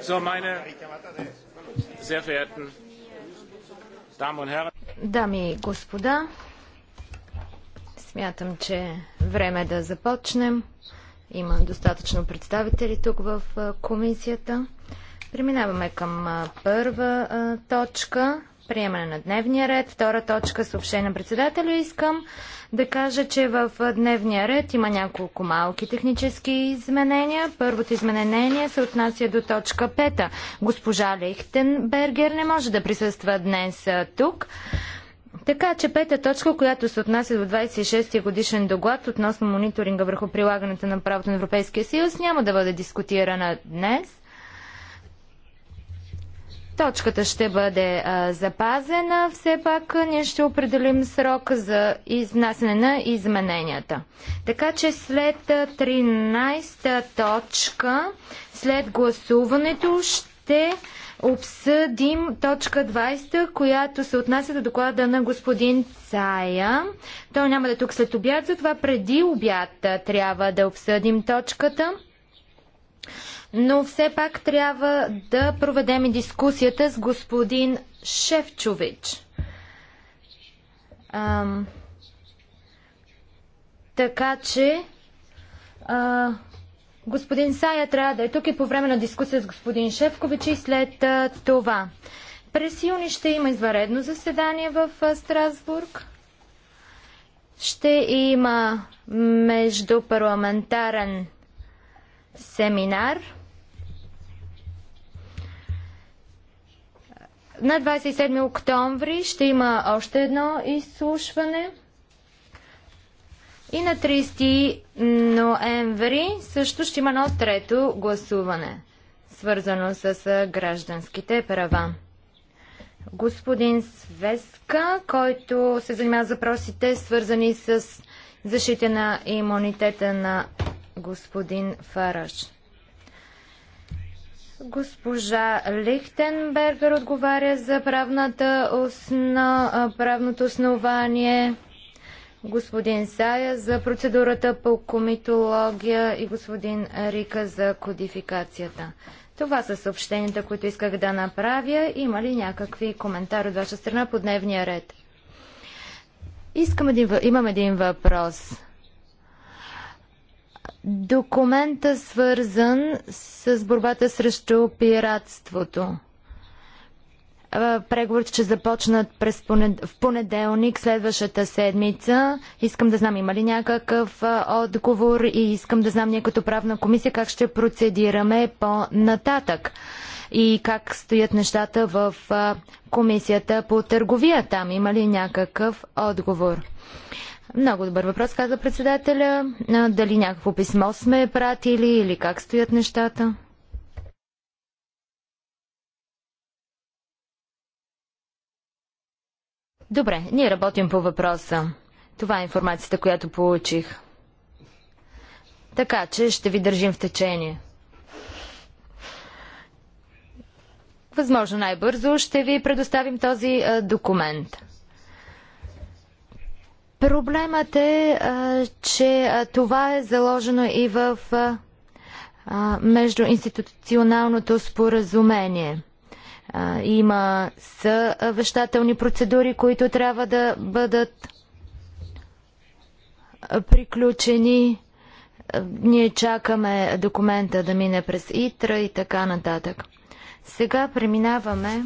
So, meine sehr verehrten Damen und Herren. Дами и господа, смятам, че е време да започнем. Има достатъчно представители тук в комисията. Преминаваме към първа точка приемане на дневния ред. Втора точка съобщение на председателя. Искам да кажа, че в дневния ред има няколко малки технически изменения. Първото изменение се отнася до точка 5. Госпожа Лихтенбергер не може да присъства днес тук. Така че пета точка, която се отнася до 26-я годишен доклад относно мониторинга върху прилагането на правото на Европейския съюз, няма да бъде дискутирана днес. Точката ще бъде а, запазена. Все пак ние ще определим срок за изнасяне на измененията. Така че след 13-та точка, след гласуването ще обсъдим точка 20, която се отнася до доклада на господин Цая. Той няма да е тук след обяд, затова преди обяд трябва да обсъдим точката но все пак трябва да проведем и дискусията с господин Шевчович. Ам, така че а, господин Сая трябва да е тук и по време на дискусия с господин Шевкович и след а, това. През юни ще има изваредно заседание в а, Страсбург. Ще има междупарламентарен семинар. На 27 октомври ще има още едно изслушване. И на 30 ноември също ще има едно трето гласуване, свързано с гражданските права. Господин Свеска, който се занимава с въпросите, свързани с защита на имунитета на господин Фараш. Госпожа Лихтенбергер отговаря за правната осна, правното основание, господин Сая за процедурата по комитология и господин Рика за кодификацията. Това са съобщенията, които исках да направя. Има ли някакви коментари от ваша страна по дневния ред? Искам един, имам един въпрос документа свързан с борбата срещу пиратството. Преговорите ще започнат през понед... в понеделник, следващата седмица. Искам да знам има ли някакъв отговор и искам да знам ние като правна комисия как ще процедираме по-нататък и как стоят нещата в комисията по търговия. Там има ли някакъв отговор? Много добър въпрос, каза председателя. Дали някакво писмо сме пратили или как стоят нещата? Добре, ние работим по въпроса. Това е информацията, която получих. Така че ще ви държим в течение. Възможно най-бързо ще ви предоставим този документ. Проблемът е, че това е заложено и в междуинституционалното споразумение. Има съвещателни процедури, които трябва да бъдат приключени. Ние чакаме документа да мине през ИТРА и така нататък. Сега преминаваме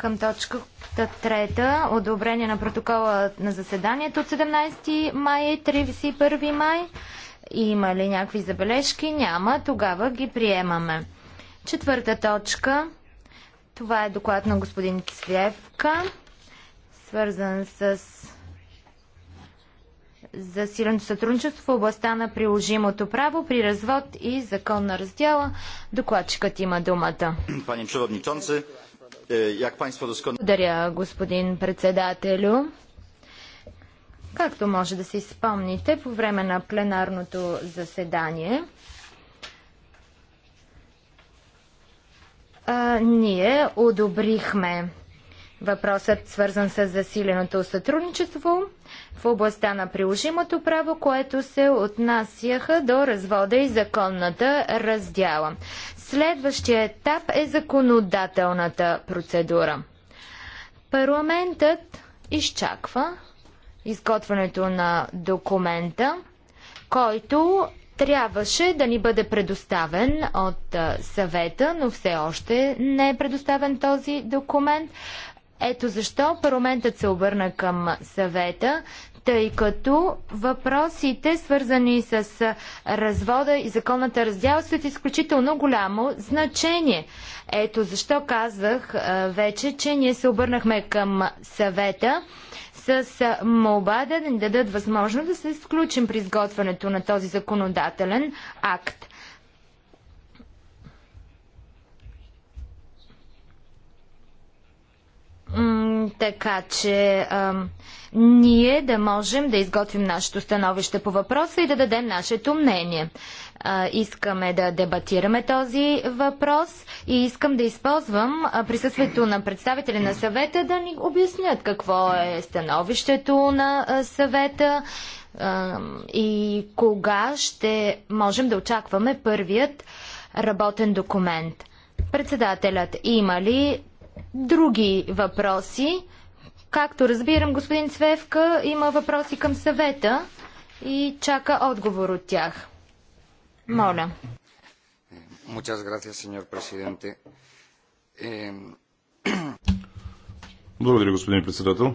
към точката трета, одобрение на протокола на заседанието от 17 май и 31 май. Има ли някакви забележки? Няма. Тогава ги приемаме. Четвърта точка. Това е доклад на господин Кислевка, свързан с засилено сътрудничество в областта на приложимото право при развод и закон на раздела. Докладчикът има думата. Пане Przewodniczący, е, Благодаря, господин председателю. Както може да си спомните, по време на пленарното заседание а, ние одобрихме въпросът свързан с засиленото сътрудничество в областта на приложимото право, което се отнасяха до развода и законната раздяла. Следващия етап е законодателната процедура. Парламентът изчаква изготвянето на документа, който трябваше да ни бъде предоставен от съвета, но все още не е предоставен този документ. Ето защо парламентът се обърна към съвета тъй като въпросите, свързани с развода и законната раздяла, са изключително голямо значение. Ето защо казах вече, че ние се обърнахме към съвета с молба да ни дадат възможност да се изключим при изготвянето на този законодателен акт. така че а, ние да можем да изготвим нашето становище по въпроса и да дадем нашето мнение. А, искаме да дебатираме този въпрос и искам да използвам присъствието на представители на съвета да ни обяснят какво е становището на съвета а, и кога ще можем да очакваме първият работен документ. Председателят има ли други въпроси. Както разбирам, господин Цвевка има въпроси към съвета и чака отговор от тях. Моля. Muchas gracias, señor presidente. Благодаря, господин председател.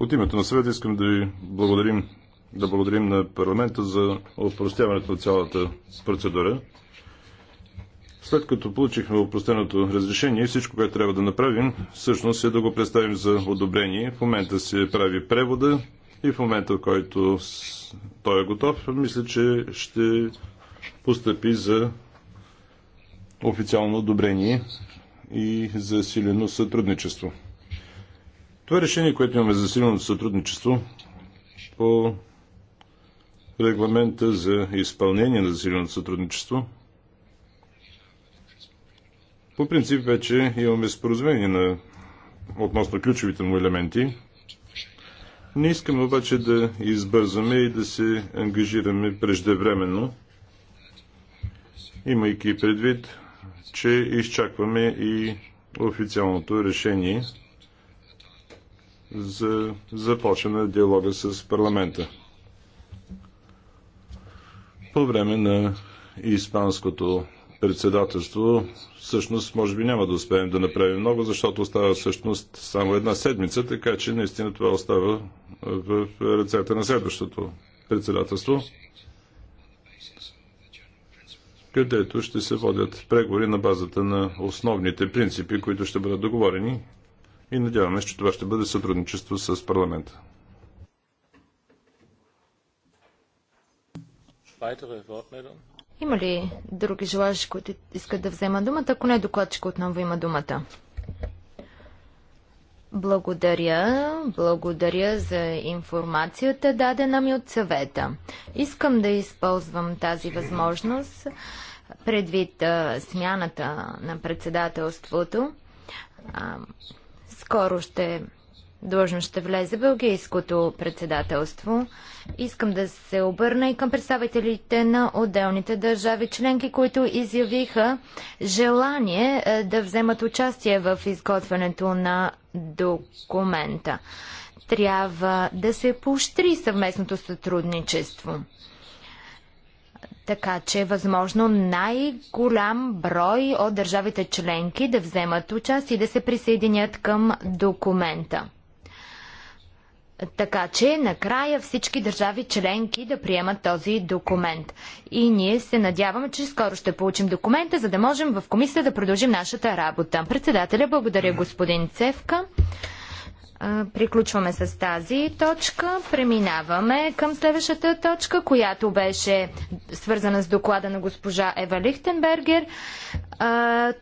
От името на съвета искам да ви благодарим, да благодарим на парламента за опростяването на цялата процедура. След като получихме опростеното разрешение, всичко, което трябва да направим, всъщност е да го представим за одобрение. В момента се прави превода и в момента, в който той е готов, мисля, че ще постъпи за официално одобрение и засилено сътрудничество. Това е решение, което имаме за силното сътрудничество по регламента за изпълнение на засиленото сътрудничество. По принцип вече имаме споразумение на относно ключовите му елементи. Не искаме обаче да избързаме и да се ангажираме преждевременно, имайки предвид, че изчакваме и официалното решение – за започване на диалога с парламента. По време на испанското председателство, всъщност, може би няма да успеем да направим много, защото остава всъщност само една седмица, така че наистина това остава в ръцете на следващото председателство, където ще се водят преговори на базата на основните принципи, които ще бъдат договорени и надяваме, че това ще бъде сътрудничество с парламента. Има ли други желаящи, които искат да вземат думата? Ако не, докладчика отново има думата. Благодаря. Благодаря за информацията, дадена ми от съвета. Искам да използвам тази възможност предвид а, смяната на председателството. А, скоро ще длъжно ще влезе бългийското председателство. Искам да се обърна и към представителите на отделните държави членки, които изявиха желание е, да вземат участие в изготвянето на документа. Трябва да се поощри съвместното сътрудничество. Така че е възможно най-голям брой от държавите членки да вземат участие и да се присъединят към документа. Така че накрая всички държави членки да приемат този документ. И ние се надяваме, че скоро ще получим документа, за да можем в комисия да продължим нашата работа. Председателя, благодаря господин Цевка. Приключваме с тази точка. Преминаваме към следващата точка, която беше свързана с доклада на госпожа Ева Лихтенбергер.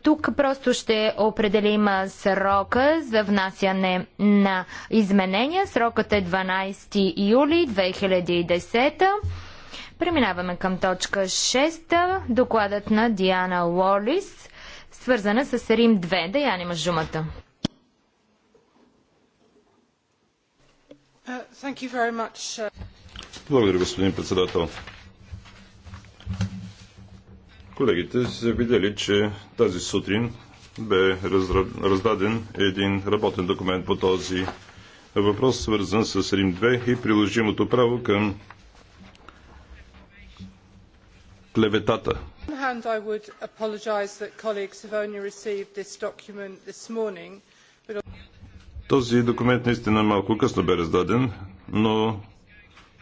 Тук просто ще определим срока за внасяне на изменения. Срокът е 12 юли 2010. Преминаваме към точка 6. Докладът на Диана Лолис, свързана с Рим 2. я имаш думата. Благодаря, господин председател. Колегите са видели, че тази сутрин бе раздаден един работен документ по този въпрос, свързан с Рим 2 и приложимото право към клеветата. Този документ наистина малко късно бе раздаден, но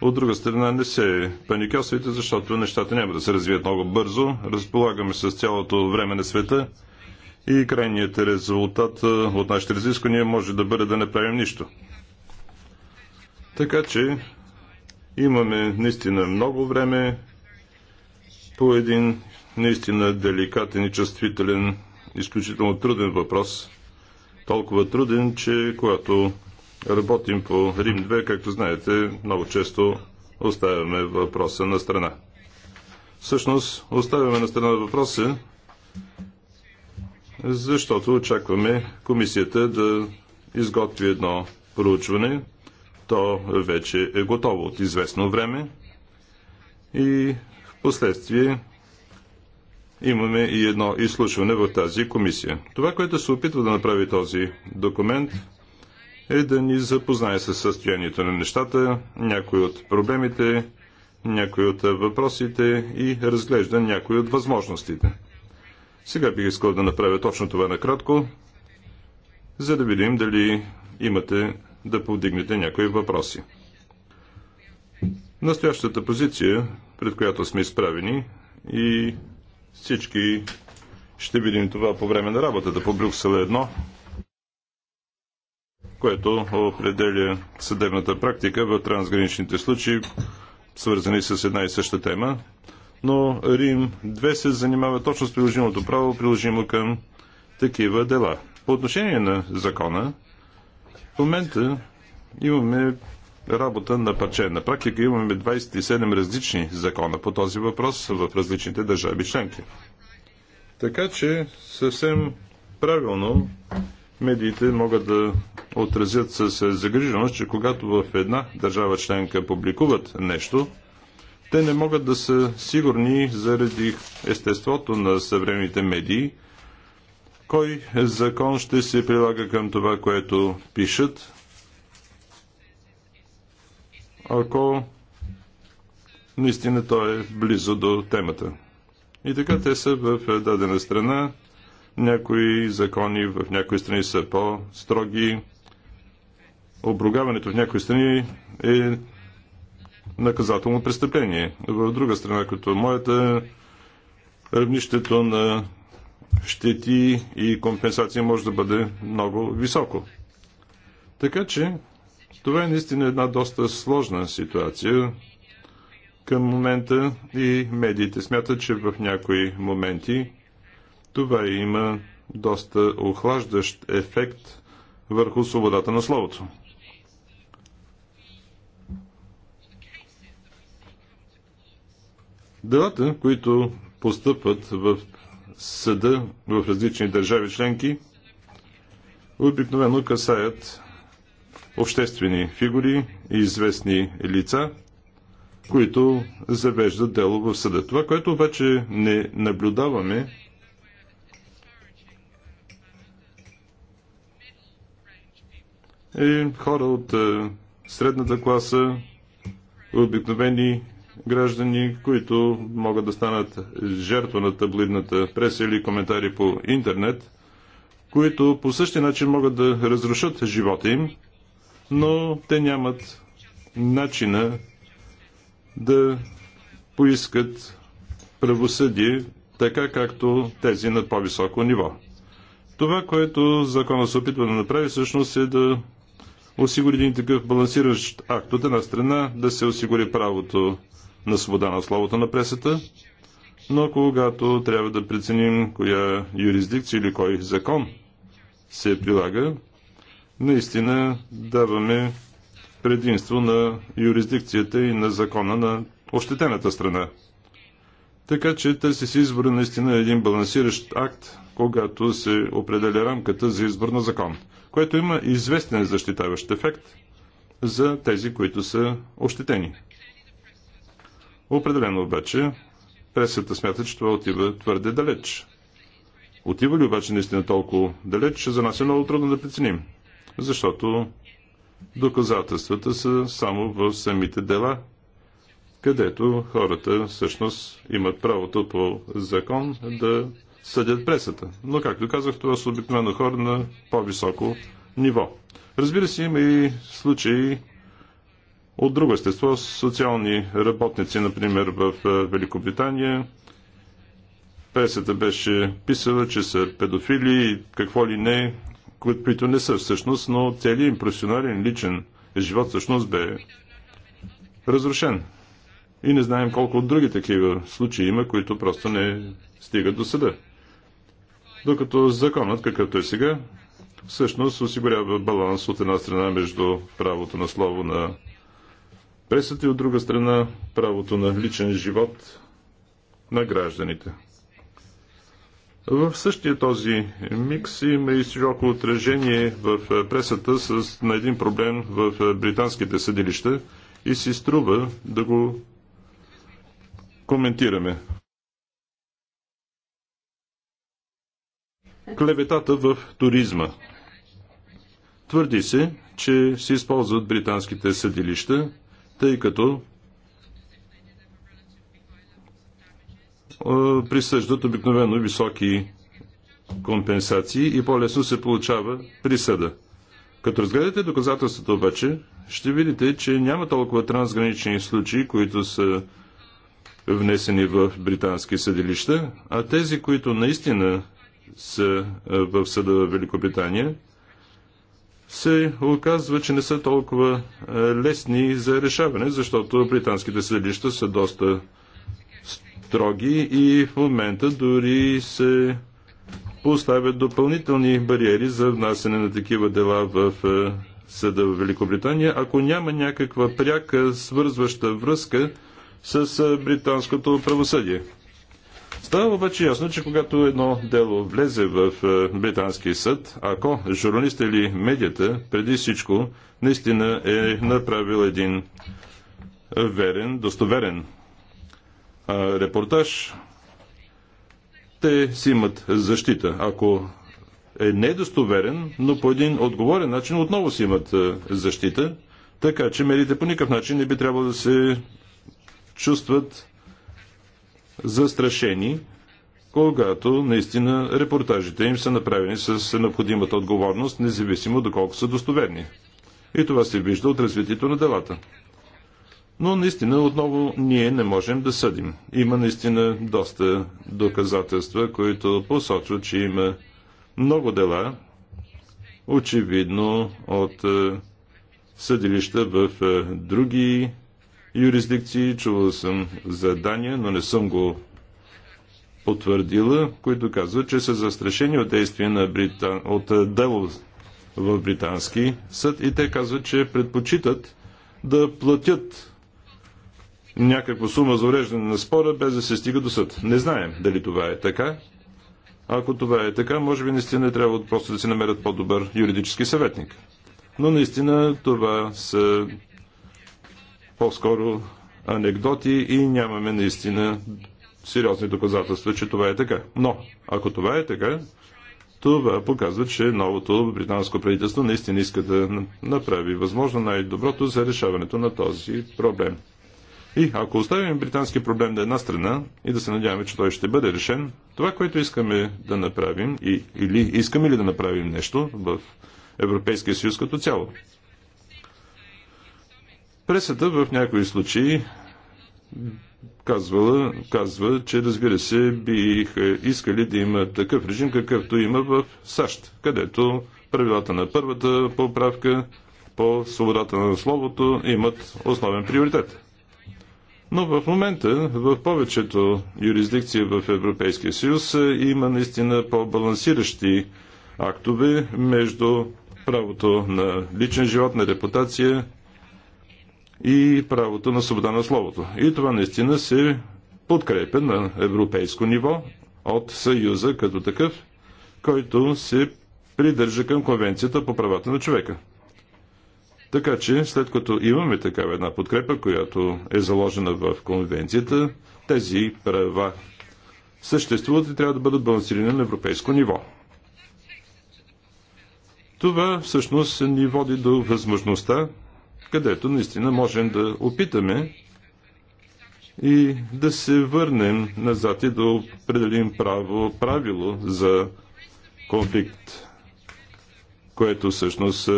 от друга страна не се паникосвайте, защото нещата няма да се развият много бързо. Разполагаме с цялото време на света и крайният резултат от нашите разисквания може да бъде да не правим нищо. Така че имаме наистина много време по един наистина деликатен и чувствителен, изключително труден въпрос – толкова труден, че когато работим по Рим 2, както знаете, много често оставяме въпроса на страна. Всъщност, оставяме на страна въпроса, защото очакваме комисията да изготви едно проучване. То вече е готово от известно време и в последствие имаме и едно изслушване в тази комисия. Това, което се опитва да направи този документ, е да ни запознае с състоянието на нещата, някои от проблемите, някои от въпросите и разглежда някои от възможностите. Сега бих искал да направя точно това накратко, за да видим дали имате да повдигнете някои въпроси. Настоящата позиция, пред която сме изправени и всички ще видим това по време на работата по Брюксел 1, което определя съдебната практика в трансграничните случаи, свързани с една и съща тема. Но Рим 2 се занимава точно с приложимото право, приложимо към такива дела. По отношение на закона, в момента имаме работа на парче. На практика имаме 27 различни закона по този въпрос в различните държави членки. Така че съвсем правилно медиите могат да отразят с загриженост, че когато в една държава членка публикуват нещо, те не могат да са сигурни заради естеството на съвременните медии, кой закон ще се прилага към това, което пишат, ако наистина той е близо до темата. И така те са в дадена страна. Някои закони в някои страни са по-строги. Обругаването в някои страни е наказателно престъпление. В друга страна, като моята, равнището на щети и компенсации може да бъде много високо. Така че това е наистина една доста сложна ситуация към момента и медиите смятат, че в някои моменти това има доста охлаждащ ефект върху свободата на словото. Делата, които постъпват в съда в различни държави членки, обикновено касаят обществени фигури и известни лица, които завеждат дело в съда. Това, което обаче не наблюдаваме, е хора от е, средната класа, обикновени граждани, които могат да станат жертва на таблидната преса или коментари по интернет, които по същия начин могат да разрушат живота им но те нямат начина да поискат правосъдие така както тези на по-високо ниво. Това, което законът се опитва да направи, всъщност е да осигури един такъв балансиращ акт. От една страна да се осигури правото на свобода на словото на пресата, но когато трябва да преценим коя юрисдикция или кой закон се прилага, наистина даваме предимство на юрисдикцията и на закона на ощетената страна. Така че търси се избора наистина един балансиращ акт, когато се определя рамката за избор на закон, което има известен защитаващ ефект за тези, които са ощетени. Определено обаче, пресата смята, че това отива твърде далеч. Отива ли обаче наистина толкова далеч, за нас е много трудно да преценим защото доказателствата са само в самите дела, където хората всъщност имат правото по закон да съдят пресата. Но, както казах, това са обикновено хора на по-високо ниво. Разбира се, има и случаи от друго естество, социални работници, например в е, Великобритания. Пресата беше писала, че са педофили и какво ли не, които не са всъщност, но целият им професионален личен живот всъщност бе разрушен. И не знаем колко от други такива случаи има, които просто не стигат до съда. Докато законът, какъвто е сега, всъщност осигурява баланс от една страна между правото на слово на пресата и от друга страна правото на личен живот на гражданите. В същия този микс има и широко отражение в е, пресата с, на един проблем в е, британските съдилища и си струва да го коментираме. Клеветата в туризма. Твърди се, че се използват британските съдилища, тъй като присъждат обикновено високи компенсации и по-лесно се получава присъда. Като разгледате доказателствата обаче, ще видите, че няма толкова трансгранични случаи, които са внесени в британски съдилища, а тези, които наистина са в съда в Великобритания, се оказва, че не са толкова лесни за решаване, защото британските съдилища са доста строги и в момента дори се поставят допълнителни бариери за внасене на такива дела в е, съда в Великобритания, ако няма някаква пряка свързваща връзка с е, британското правосъдие. Става обаче ясно, че когато едно дело влезе в е, британски съд, ако журналист или медията преди всичко наистина е направил един верен, достоверен а, репортаж, те си имат защита. Ако е недостоверен, но по един отговорен начин отново си имат а, защита, така че медиите по никакъв начин не би трябвало да се чувстват застрашени, когато наистина репортажите им са направени с необходимата отговорност, независимо доколко са достоверни. И това се вижда от развитието на делата. Но наистина отново ние не можем да съдим. Има наистина доста доказателства, които посочват, че има много дела, очевидно от е, съдилища в е, други юрисдикции. Чувал съм за Дания, но не съм го потвърдила, които казват, че са застрашени от действия на Брита... от е, дело в британски съд и те казват, че предпочитат да платят някаква сума за уреждане на спора, без да се стига до съд. Не знаем дали това е така. Ако това е така, може би наистина трябва просто да се намерят по-добър юридически съветник. Но наистина това са по-скоро анекдоти и нямаме наистина сериозни доказателства, че това е така. Но, ако това е така, това показва, че новото британско правителство наистина иска да направи възможно най-доброто за решаването на този проблем. И ако оставим британски проблем на една страна и да се надяваме, че той ще бъде решен, това, което искаме да направим и, или искаме ли да направим нещо в Европейския съюз като цяло. Пресата в някои случаи казва, казва, че разбира се, бих искали да има такъв режим, какъвто има в САЩ, където правилата на първата поправка по свободата на словото имат основен приоритет. Но в момента в повечето юрисдикции в Европейския съюз е, има наистина по-балансиращи актове между правото на личен живот, на репутация и правото на свобода на словото. И това наистина се подкрепя на европейско ниво от Съюза като такъв, който се придържа към Конвенцията по правата на човека. Така че, след като имаме такава една подкрепа, която е заложена в конвенцията, тези права съществуват и трябва да бъдат балансирани на европейско ниво. Това всъщност ни води до възможността, където наистина можем да опитаме и да се върнем назад и да определим право, правило за конфликт, което всъщност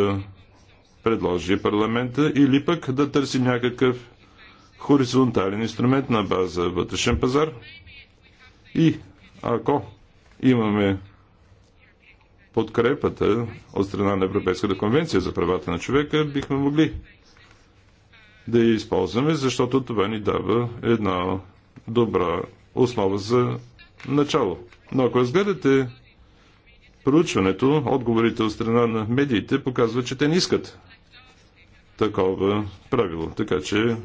предложи парламента или пък да търси някакъв хоризонтален инструмент на база вътрешен пазар. И ако имаме подкрепата от страна на Европейската конвенция за правата на човека, бихме могли да я използваме, защото това ни дава една добра основа за начало. Но ако разгледате проучването, отговорите от страна на медиите показват, че те не искат такова правило. Така че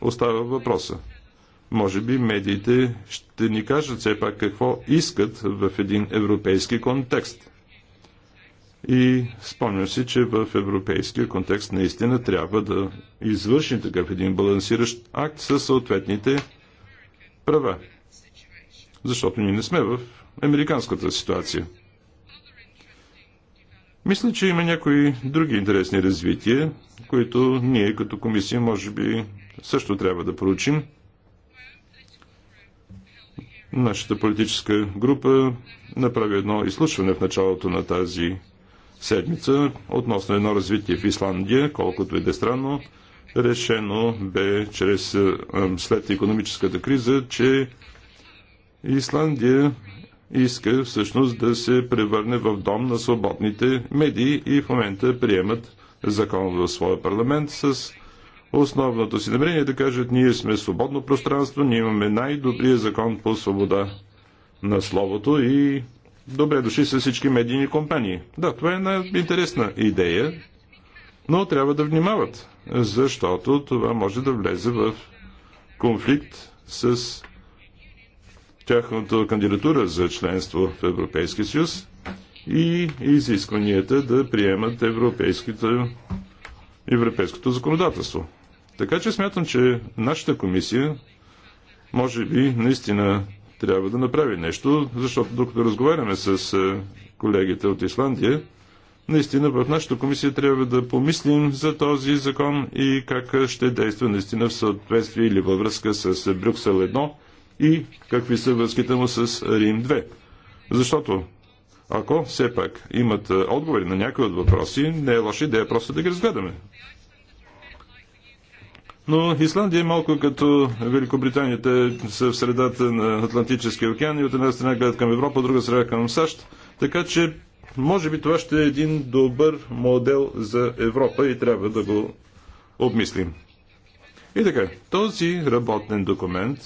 остава въпроса. Може би медиите ще ни кажат все пак какво искат в един европейски контекст. И спомням си, че в европейския контекст наистина трябва да извърши такъв един балансиращ акт със съответните права. Защото ние не сме в американската ситуация. Мисля, че има някои други интересни развития, които ние като комисия може би също трябва да проучим. Нашата политическа група направи едно изслушване в началото на тази седмица относно едно развитие в Исландия, колкото и е странно, Решено бе чрез, след економическата криза, че Исландия иска всъщност да се превърне в дом на свободните медии и в момента приемат закон в своя парламент с основното си намерение да кажат ние сме свободно пространство, ние имаме най-добрия закон по свобода на словото и добре дошли са всички медийни компании. Да, това е една интересна идея, но трябва да внимават, защото това може да влезе в конфликт с тяхната кандидатура за членство в Европейския съюз и изискванията да приемат европейското законодателство. Така че смятам, че нашата комисия може би наистина трябва да направи нещо, защото докато разговаряме с е, колегите от Исландия, наистина в нашата комисия трябва да помислим за този закон и как е, ще действа наистина в съответствие или във връзка с е, Брюксел 1 и какви са връзките му с Рим 2. Защото ако все пак имат е, отговори на някои от въпроси, не е лоша идея просто да ги разгледаме. Но Исландия е малко като Великобритания. Те са в средата на Атлантическия океан и от една страна гледат към Европа, от друга страна към САЩ. Така че, може би това ще е един добър модел за Европа и трябва да го обмислим. И така, този работен документ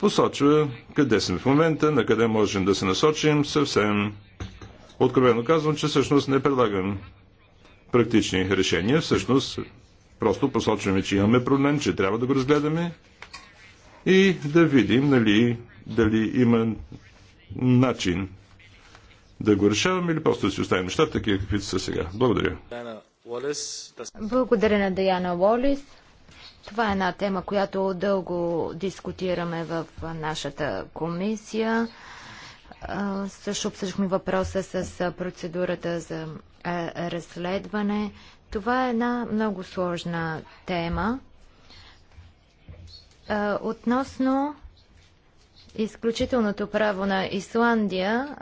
посочва къде сме в момента, на къде можем да се насочим. Съвсем откровено казвам, че всъщност не предлагам практични решения. Всъщност просто посочваме, че имаме проблем, че трябва да го разгледаме и да видим нали, дали има начин да го решаваме или просто да си оставим нещата такива, каквито са сега. Благодаря. Благодаря на Даяна Уолис. Това е една тема, която дълго дискутираме в нашата комисия. Също обсъждахме въпроса с процедурата за разследване. Това е една много сложна тема. Относно изключителното право на Исландия,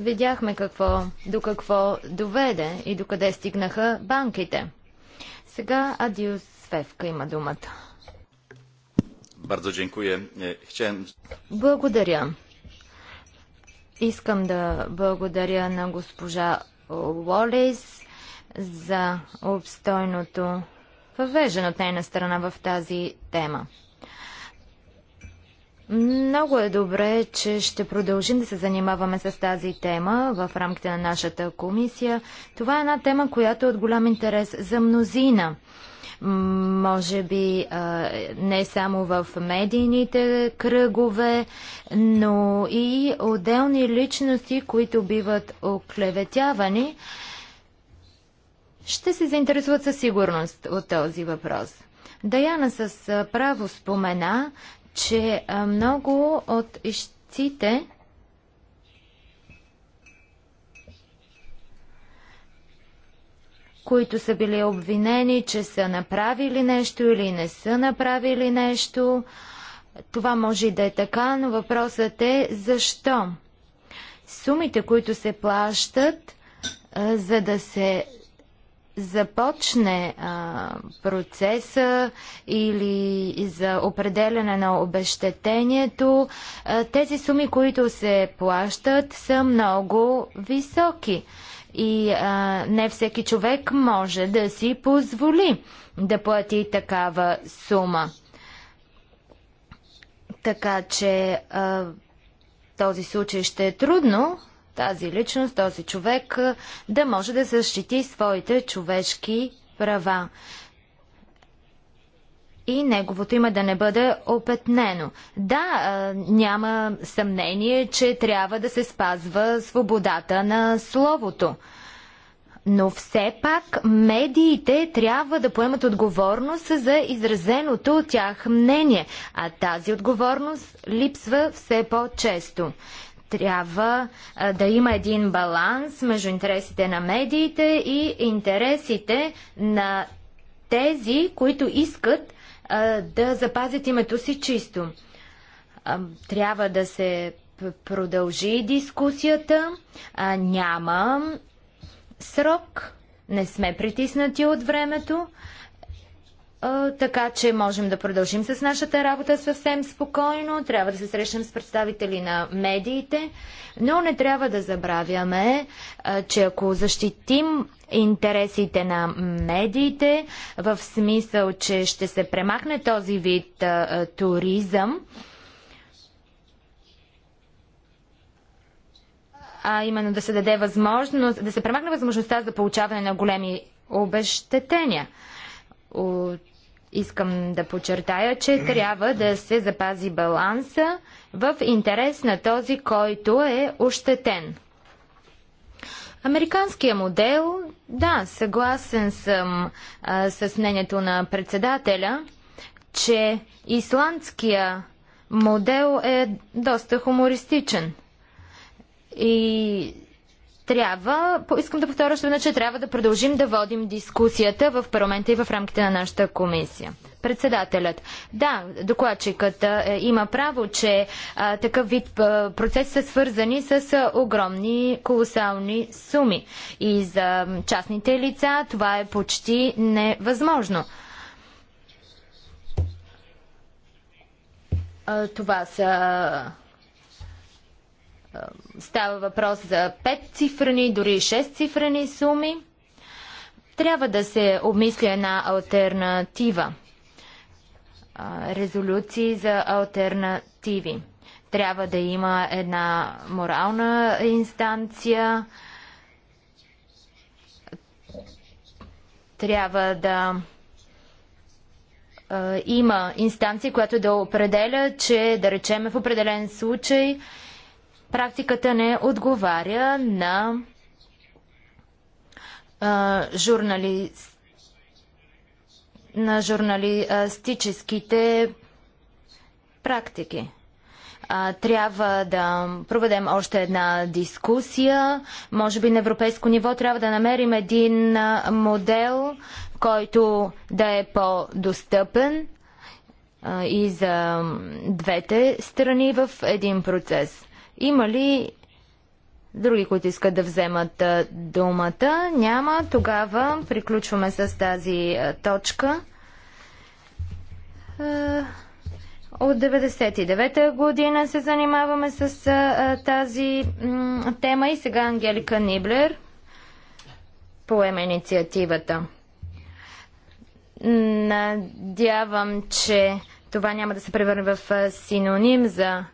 видяхме какво, до какво доведе и до къде стигнаха банките. Сега Адиус Свевка има думата. Е, благодаря. Искам да благодаря на госпожа Уолис за обстойното въвеждане от нейна страна в тази тема. Много е добре, че ще продължим да се занимаваме с тази тема в рамките на нашата комисия. Това е една тема, която е от голям интерес за мнозина. Може би не само в медийните кръгове, но и отделни личности, които биват оклеветявани, ще се заинтересуват със сигурност от този въпрос. Даяна с право спомена, че много от ищците които са били обвинени, че са направили нещо или не са направили нещо. Това може и да е така, но въпросът е защо? Сумите, които се плащат, за да се започне а, процеса или за определене на обещетението, а, тези суми, които се плащат, са много високи. И а, не всеки човек може да си позволи да плати такава сума. Така че а, този случай ще е трудно, тази личност, този човек да може да защити своите човешки права и неговото име да не бъде опетнено. Да, няма съмнение, че трябва да се спазва свободата на словото. Но все пак медиите трябва да поемат отговорност за изразеното от тях мнение, а тази отговорност липсва все по-често. Трябва а, да има един баланс между интересите на медиите и интересите на тези, които искат а, да запазят името си чисто. А, трябва да се продължи дискусията. А, няма срок. Не сме притиснати от времето така че можем да продължим с нашата работа съвсем спокойно. Трябва да се срещнем с представители на медиите, но не трябва да забравяме, че ако защитим интересите на медиите, в смисъл, че ще се премахне този вид туризъм, а именно да се даде възможност, да се премахне възможността за получаване на големи обещетения от Искам да подчертая, че трябва да се запази баланса в интерес на този, който е ощетен. Американския модел, да, съгласен съм а, с мнението на председателя, че исландския модел е доста хумористичен. И трябва, искам да повторя още че трябва да продължим да водим дискусията в парламента и в рамките на нашата комисия. Председателят. Да, докладчикът е, има право, че а, такъв вид а, процеси са свързани с а, огромни, колосални суми. И за частните лица това е почти невъзможно. А, това са Става въпрос за пет цифрени, дори 6 цифрени суми. Трябва да се обмисля една альтернатива. Резолюции за альтернативи. Трябва да има една морална инстанция. Трябва да има инстанция, която да определя, че да речем в определен случай Практиката не отговаря на на журналистическите практики. трябва да проведем още една дискусия. Може би на европейско ниво трябва да намерим един модел, който да е по-достъпен и за двете страни в един процес. Има ли други, които искат да вземат думата? Няма. Тогава приключваме с тази точка. От 99-та година се занимаваме с а, тази м, тема и сега Ангелика Ниблер поема инициативата. Надявам, че това няма да се превърне в синоним за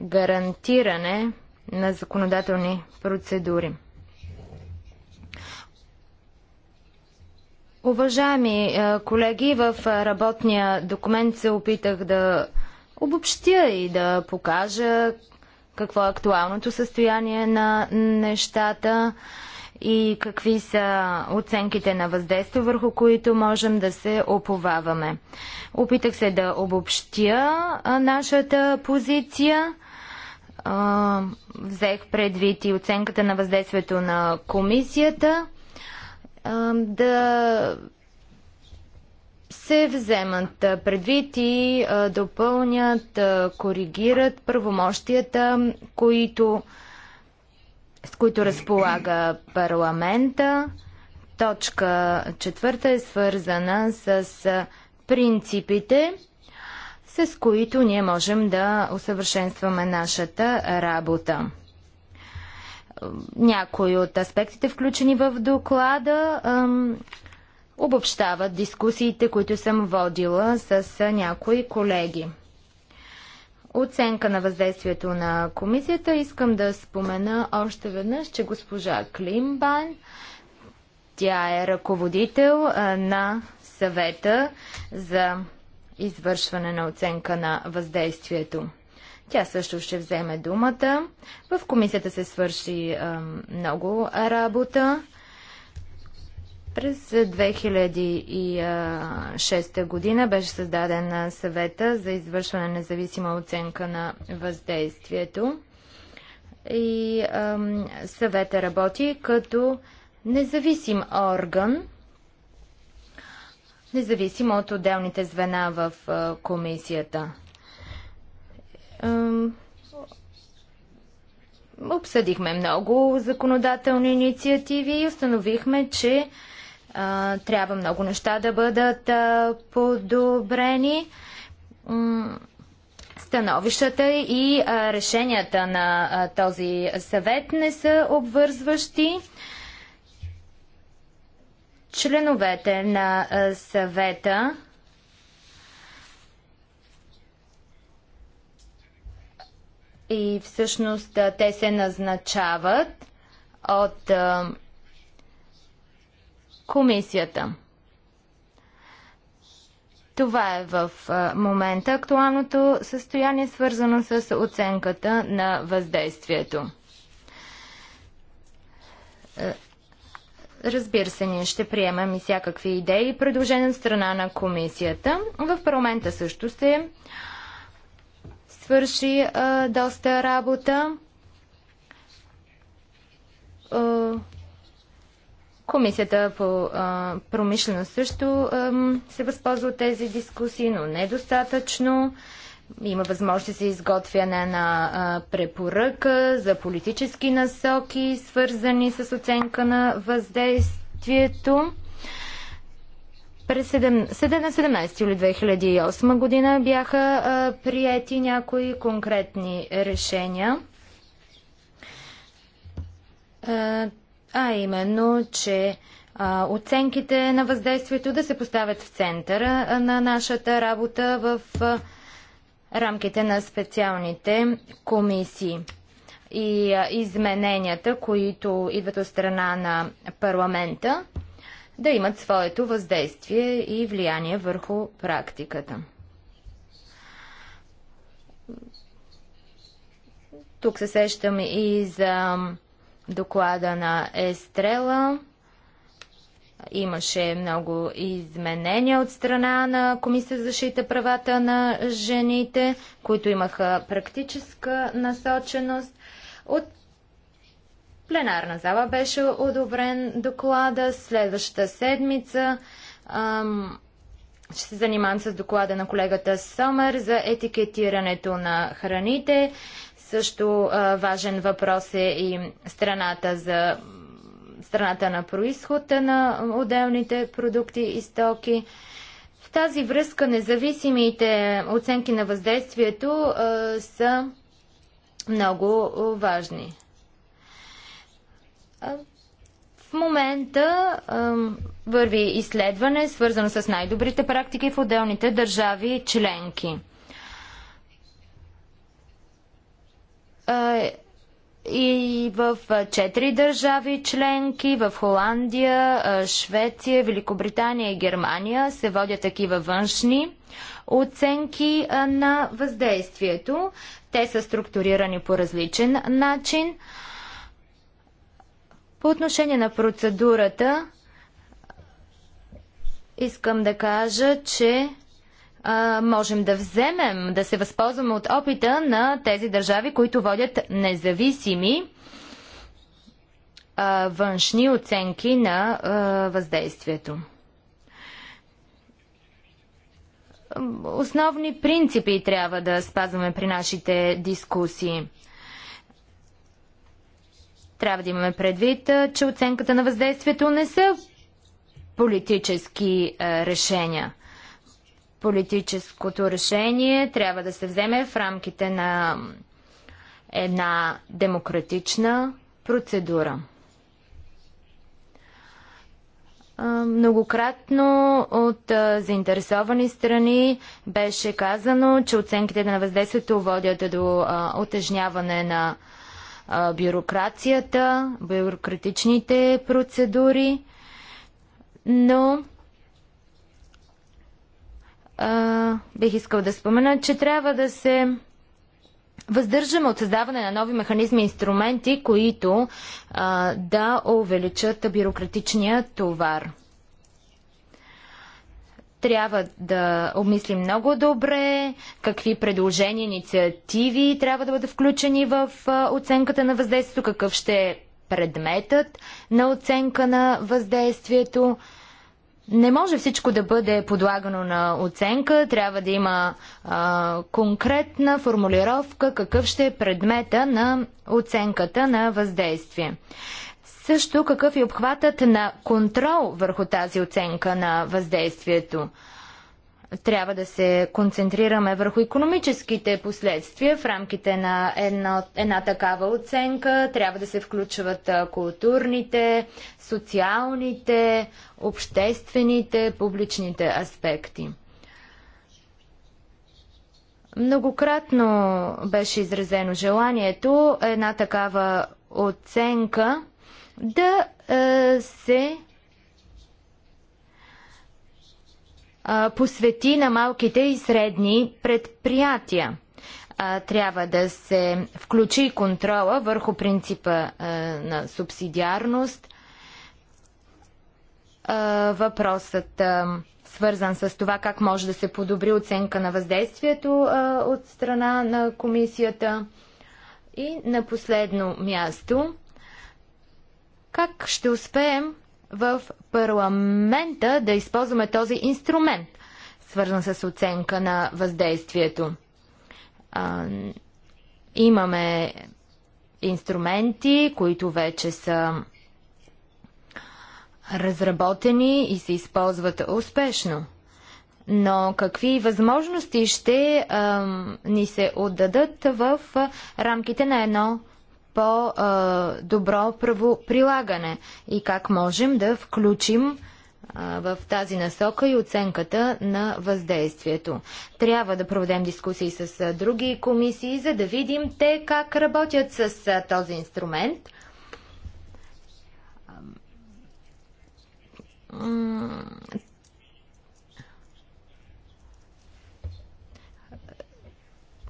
гарантиране на законодателни процедури. Уважаеми е, колеги, в е, работния документ се опитах да обобщя и да покажа какво е актуалното състояние на нещата и какви са оценките на въздействие, върху които можем да се оповаваме. Опитах се да обобщя нашата позиция. Взех предвид и оценката на въздействието на комисията. Да се вземат предвид и допълнят, коригират правомощията, които с които разполага парламента. Точка четвърта е свързана с принципите, с които ние можем да усъвършенстваме нашата работа. Някои от аспектите, включени в доклада, обобщават дискусиите, които съм водила с някои колеги оценка на въздействието на комисията. Искам да спомена още веднъж, че госпожа Климбан, тя е ръководител на съвета за извършване на оценка на въздействието. Тя също ще вземе думата. В комисията се свърши много работа. През 2006 година беше създаден съвета за извършване на независима оценка на въздействието и ам, съвета работи като независим орган, независимо от отделните звена в а, комисията. Ам, обсъдихме много законодателни инициативи и установихме, че трябва много неща да бъдат подобрени. Становищата и решенията на този съвет не са обвързващи. Членовете на съвета и всъщност те се назначават от комисията. Това е в момента актуалното състояние, свързано с оценката на въздействието. Е, разбира се, ние ще приемем и всякакви идеи и предложения от страна на комисията. В парламента също се свърши а, доста работа. А, е, Комисията по а, промишленост също а, се възползва от тези дискусии, но недостатъчно. Има възможност да се изготвяне на а, препоръка за политически насоки, свързани с оценка на въздействието. През 7, 17 юли 2008 година бяха а, приети някои конкретни решения а именно, че а, оценките на въздействието да се поставят в центъра на нашата работа в а, рамките на специалните комисии и а, измененията, които идват от страна на парламента, да имат своето въздействие и влияние върху практиката. Тук се сещам и за доклада на Естрела. Имаше много изменения от страна на Комисията за защита правата на жените, които имаха практическа насоченост. От пленарна зала беше одобрен доклада. Следващата седмица ам, ще се занимавам с доклада на колегата Сомер за етикетирането на храните. Също а, важен въпрос е и страната за страната на происход на отделните продукти и стоки. В тази връзка независимите оценки на въздействието а, са много важни. В момента върви изследване, свързано с най-добрите практики в отделните държави членки. и в четири държави членки, в Холандия, Швеция, Великобритания и Германия се водят такива външни оценки на въздействието. Те са структурирани по различен начин. По отношение на процедурата, искам да кажа, че можем да вземем, да се възползваме от опита на тези държави, които водят независими външни оценки на въздействието. Основни принципи трябва да спазваме при нашите дискусии. Трябва да имаме предвид, че оценката на въздействието не са политически решения Политическото решение трябва да се вземе в рамките на една демократична процедура. Многократно от заинтересовани страни беше казано, че оценките на въздействието водят до отежняване на бюрокрацията, бюрократичните процедури, но а, бих искал да спомена, че трябва да се въздържаме от създаване на нови механизми и инструменти, които а, да увеличат бюрократичния товар. Трябва да обмислим много добре какви предложения, инициативи трябва да бъдат включени в оценката на въздействието, какъв ще е предметът на оценка на въздействието. Не може всичко да бъде подлагано на оценка, трябва да има а, конкретна формулировка какъв ще е предмета на оценката на въздействие. Също какъв е обхватът на контрол върху тази оценка на въздействието трябва да се концентрираме върху економическите последствия в рамките на една, една такава оценка. Трябва да се включват културните, социалните, обществените, публичните аспекти. Многократно беше изразено желанието една такава оценка да е, се посвети на малките и средни предприятия. трябва да се включи контрола върху принципа на субсидиарност. Въпросът свързан с това как може да се подобри оценка на въздействието от страна на комисията. И на последно място, как ще успеем в парламента да използваме този инструмент, свързан с оценка на въздействието. А, имаме инструменти, които вече са разработени и се използват успешно. Но какви възможности ще а, ни се отдадат в рамките на едно по-добро правоприлагане и как можем да включим в тази насока и оценката на въздействието. Трябва да проведем дискусии с други комисии, за да видим те как работят с този инструмент.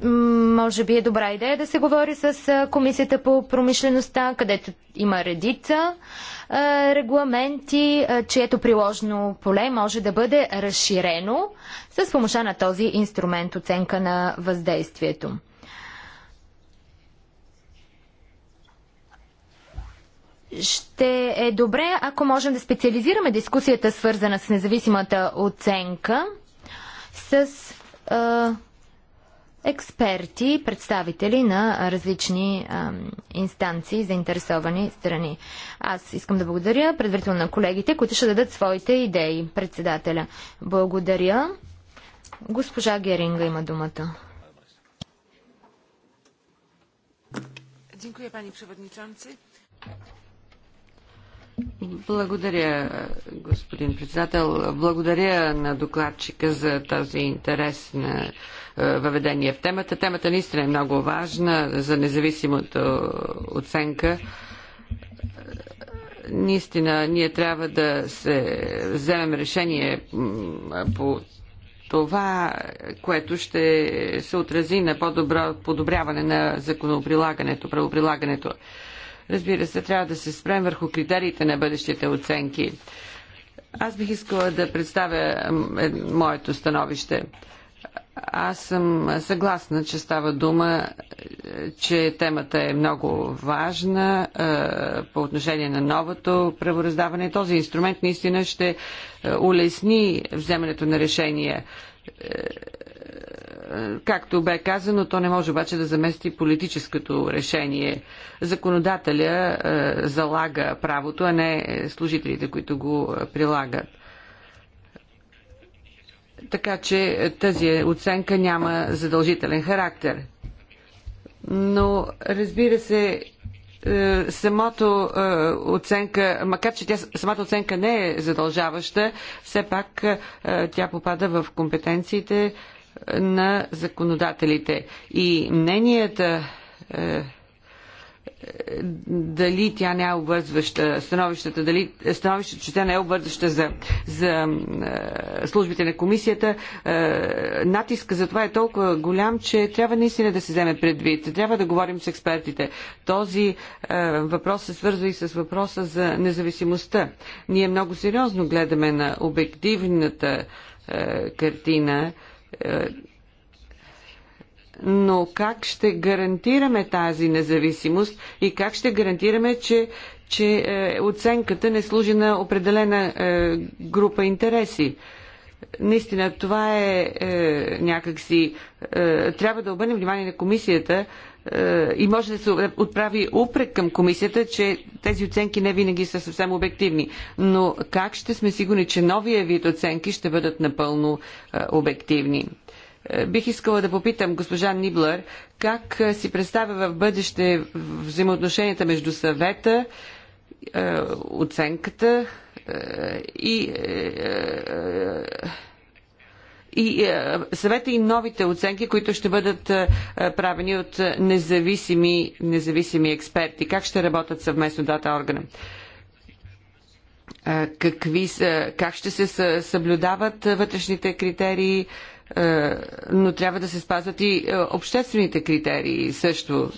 може би е добра идея да се говори с Комисията по промишлеността, където има редица регламенти, чието приложно поле може да бъде разширено с помощта на този инструмент оценка на въздействието. Ще е добре, ако можем да специализираме дискусията, свързана с независимата оценка, с експерти, представители на различни а, инстанции, заинтересовани страни. Аз искам да благодаря предварително на колегите, които ще дадат своите идеи. Председателя, благодаря. Госпожа Геринга има думата. Благодаря, господин председател. Благодаря на докладчика за този интерес е, въведение в темата. Темата наистина е много важна за независимото оценка наистина ние трябва да се вземем решение по това, което ще се отрази на по-добро подобряване на законоприлагането, правоприлагането. Разбира се, трябва да се спрем върху критериите на бъдещите оценки. Аз бих искала да представя е, моето становище. Аз съм съгласна, че става дума, е, че темата е много важна е, по отношение на новото правораздаване. Този инструмент наистина ще е, улесни вземането на решения. Както бе казано, то не може обаче да замести политическото решение. Законодателя залага правото, а не служителите, които го прилагат така че тази оценка няма задължителен характер. Но разбира се, е, самото е, оценка, макар че тя, самата оценка не е задължаваща, все пак е, тя попада в компетенциите на законодателите. И мненията дали тя не е обвързваща, становищата, дали становищата, че тя не е обвързваща за, за е, службите на комисията, е, натиска за това е толкова голям, че трябва наистина да се вземе предвид. Трябва да говорим с експертите. Този е, въпрос се свързва и с въпроса за независимостта. Ние много сериозно гледаме на обективната е, картина. Е, но как ще гарантираме тази независимост и как ще гарантираме, че, че е, оценката не служи на определена е, група интереси? Наистина, това е, е някакси. Е, трябва да обърнем внимание на комисията е, и може да се отправи упрек към комисията, че тези оценки не винаги са съвсем обективни. Но как ще сме сигурни, че новия вид оценки ще бъдат напълно е, обективни? Е, бих искала да попитам госпожа Ниблър как е, си представя в бъдеще взаимоотношенията между съвета, е, оценката и, и съвета и новите оценки, които ще бъдат правени от независими, независими експерти. Как ще работят съвместно дата органа? Какви са, как ще се съблюдават вътрешните критерии? Е, но трябва да се спазват и е, обществените критерии също.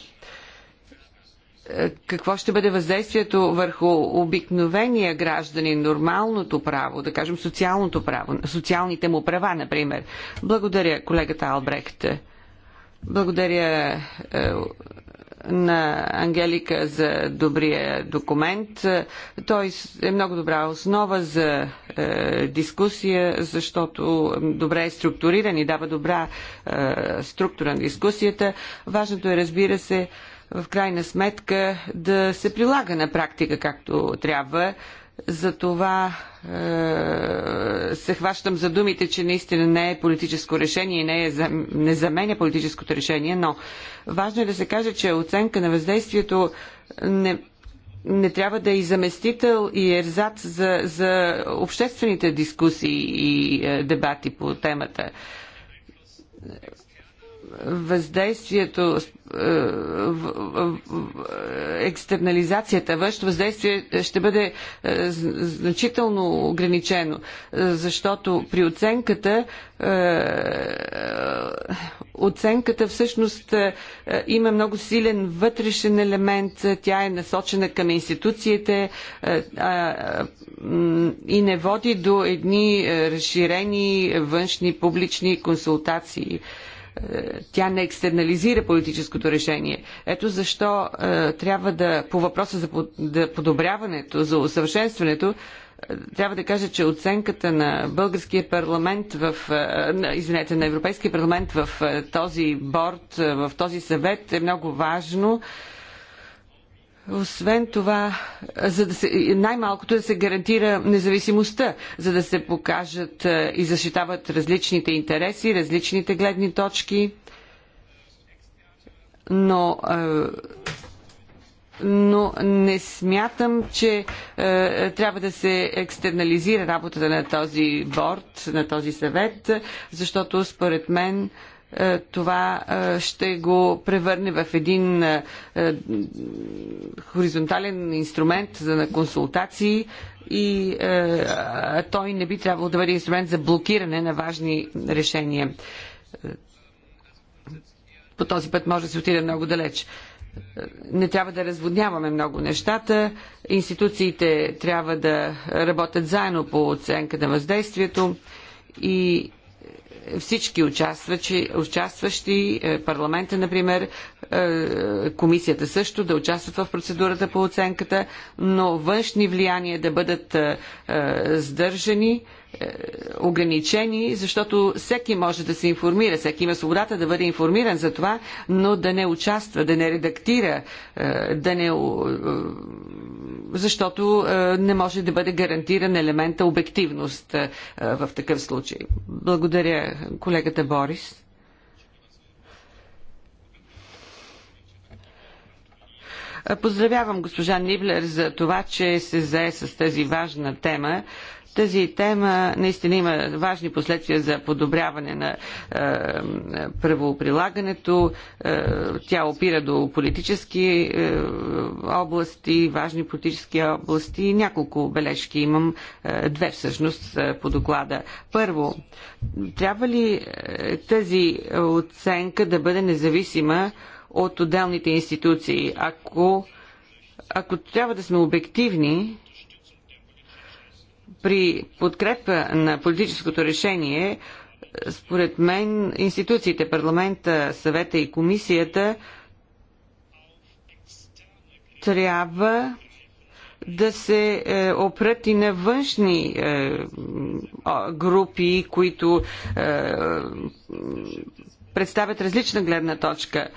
Е, какво ще бъде въздействието върху обикновения граждани, нормалното право, да кажем социалното право, социалните му права, например? Благодаря, колегата Албрехт. Благодаря, на Ангелика за добрия документ. Той е много добра основа за е, дискусия, защото добре е структуриран и дава добра е, структура на дискусията. Важното е, разбира се, в крайна сметка да се прилага на практика както трябва затова е, се хващам за думите, че наистина не е политическо решение, не, е, не заменя политическото решение, но важно е да се каже, че оценка на въздействието не, не трябва да е и заместител и ерзат за, за обществените дискусии и е, дебати по темата въздействието, е, екстернализацията, външно въздействие ще бъде е, значително ограничено, е, защото при оценката оценката всъщност има много силен вътрешен елемент, тя е насочена към институциите и не води до едни разширени външни публични консултации тя не екстернализира политическото решение. Ето защо е, трябва да, по въпроса за подобряването, за усъвършенстването, е, трябва да кажа, че оценката на българския парламент в, е, извинете, на Европейския парламент в този борт, в този съвет е много важно. Освен това, за да се, най-малкото е да се гарантира независимостта, за да се покажат е, и защитават различните интереси, различните гледни точки. Но е, но не смятам, че трябва да се екстернализира работата на този борт, на този съвет, защото според мен е, това е, ще го превърне в един е, хоризонтален инструмент на консултации и той не би трябвало да бъде инструмент за блокиране на важни решения. По този път може да се отиде много далеч не трябва да разводняваме много нещата. Институциите трябва да работят заедно по оценка на въздействието и всички участващи, участващи е, парламента, например, е, комисията също да участват в процедурата по оценката, но външни влияния да бъдат е, сдържани, ограничени, защото всеки може да се информира, всеки има свободата да бъде информиран за това, но да не участва, да не редактира, да не защото е, не може да бъде гарантиран елемента обективност е, е, в такъв случай. Благодаря колегата Борис. Поздравявам госпожа Ниблер за това, че се зае с тази важна тема. Тази тема наистина има важни последствия за подобряване на е, правоприлагането. Е, тя опира до политически е, области, важни политически области. Няколко бележки имам, е, две всъщност е, по доклада. Първо, трябва ли е, тази оценка да бъде независима от отделните институции? Ако, ако трябва да сме обективни, при подкрепа на политическото решение, според мен, институциите, парламента, съвета и комисията трябва да се е, опрат и на външни е, групи, които е, представят различна гледна точка.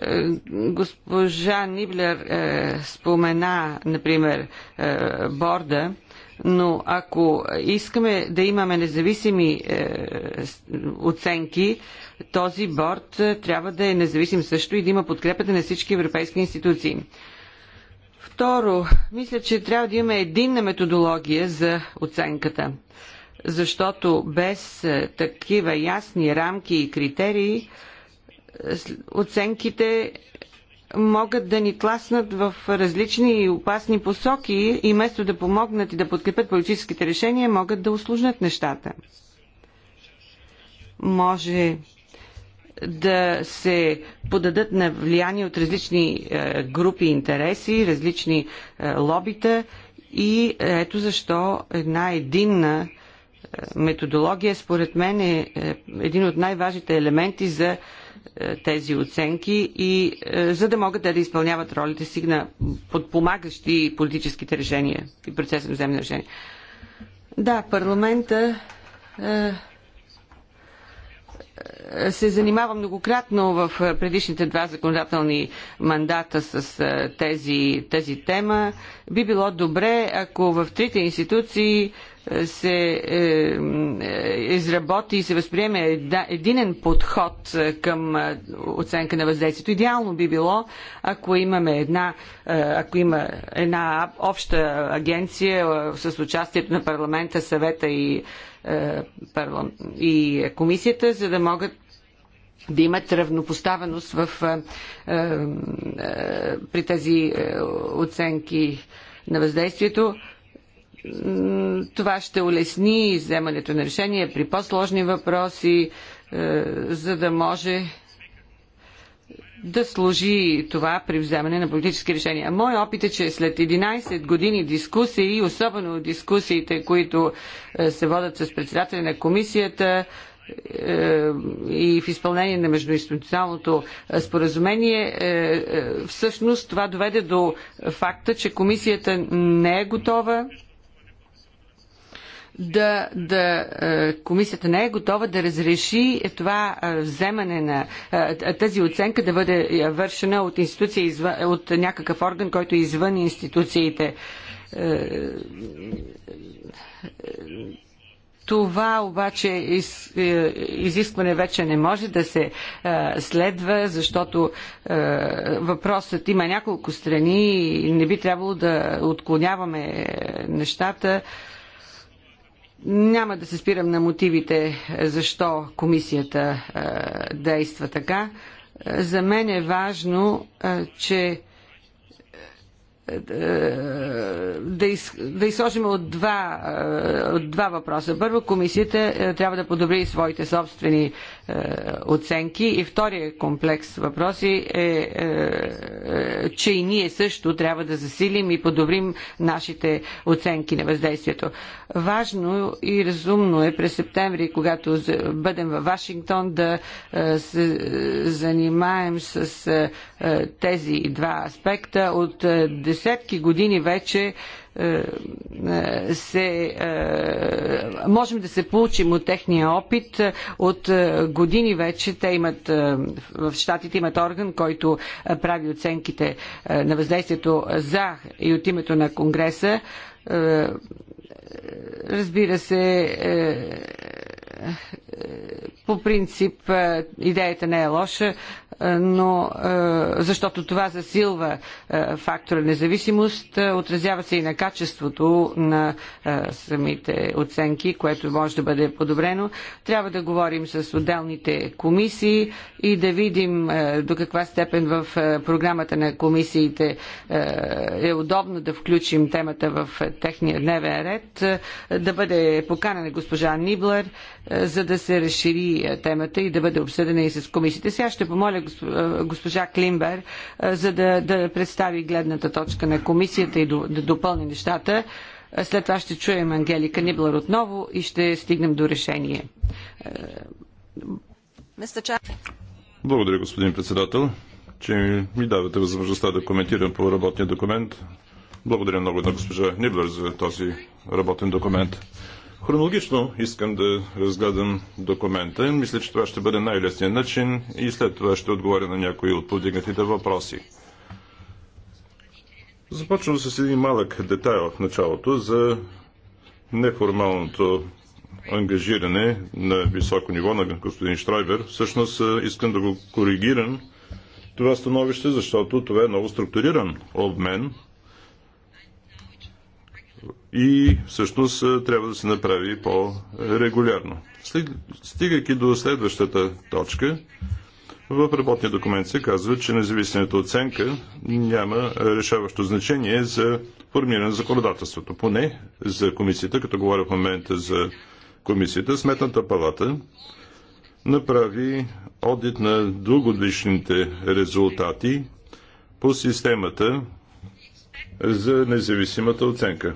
Е, госпожа Ниблер е, спомена, например, е, борда но ако искаме да имаме независими е, оценки, този борт е, трябва да е независим също и да има подкрепата на всички европейски институции. Второ, мисля, че трябва да имаме единна методология за оценката, защото без е, такива ясни рамки и критерии оценките могат да ни тласнат в различни и опасни посоки и вместо да помогнат и да подкрепят политическите решения, могат да усложнят нещата. Може да се подадат на влияние от различни е, групи интереси, различни е, лобита и ето защо една единна е, методология според мен е един от най-важните елементи за е, тези оценки и е, за да могат те да изпълняват ролите си на подпомагащи политическите решения и процеса на вземане решения. Да, парламента е, се занимава многократно в предишните два законодателни мандата с тези, тази тема. Би било добре, ако в трите институции се е, е, изработи и се възприеме единен подход е, към е, оценка на въздействието. Идеално би било, ако имаме една, ако има една обща агенция с участието на парламента, съвета и, и комисията, за да могат да имат равнопоставеност в, при тези оценки на въздействието това ще улесни вземането на решения при по-сложни въпроси, е, за да може да служи това при вземане на политически решения. Мой опит е, че след 11 години дискусии, особено дискусиите, които е, се водят с председателя на комисията, е, и в изпълнение на междуинституционалното споразумение, всъщност това доведе до факта, че комисията не е готова да, да е, комисията не е готова да разреши това е, вземане на е, тази оценка да бъде вършена от институция, от някакъв орган, който е извън институциите. Това обаче из, изискване вече не може да се е, следва, защото е, въпросът има няколко страни и не би трябвало да отклоняваме нещата. Е, няма да се спирам на мотивите е, защо комисията е, действа така. Е, за мен е важно, е, че е, да, из, да изложим от два, от два въпроса. Първо, комисията трябва да подобри своите собствени е, оценки. И втория комплекс въпроси е, е, е, че и ние също трябва да засилим и подобрим нашите оценки на въздействието. Важно и разумно е през септември, когато бъдем във Вашингтон, да се занимаем с тези два аспекта. От десетки години вече е, е, се, е, можем да се получим от техния опит. От години вече те имат, в щатите имат орган, който прави оценките на въздействието за и от името на Конгреса. Разбира се, по принцип е, идеята не е лоша, е, но е, защото това засилва фактора независимост, отразява се и на качеството на самите оценки, което може да бъде подобрено. Трябва да говорим с отделните комисии и да видим до каква степен в програмата на комисиите е удобно да включим темата в техния дневен ред, да бъде поканена госпожа Ниблер, за да се се разшири е, темата и да бъде обсъдена и с комисиите. Сега ще помоля е, госпожа Климбер е, за да, да представи гледната точка на комисията и да допълни нещата. След това ще чуем Ангелика Ниблар отново и ще стигнем до решение. Благодаря, господин председател, че ми давате възможността да коментирам по работния документ. Благодаря много на госпожа Ниблер за този работен документ. Хронологично искам да разгледам документа. Мисля, че това ще бъде най-лесният начин и след това ще отговоря на някои от повдигнатите въпроси. Започвам с един малък детайл в началото за неформалното ангажиране на високо ниво на господин Штрайбер. Всъщност искам да го коригирам това становище, защото това е много структуриран обмен и всъщност е, трябва да се направи по-регулярно. Стигайки до следващата точка, в работния документ се казва, че независимата оценка няма решаващо значение за формиране на законодателството. Поне за комисията, като говоря в момента за комисията, Сметната палата направи одит на дългодишните резултати по системата за независимата оценка.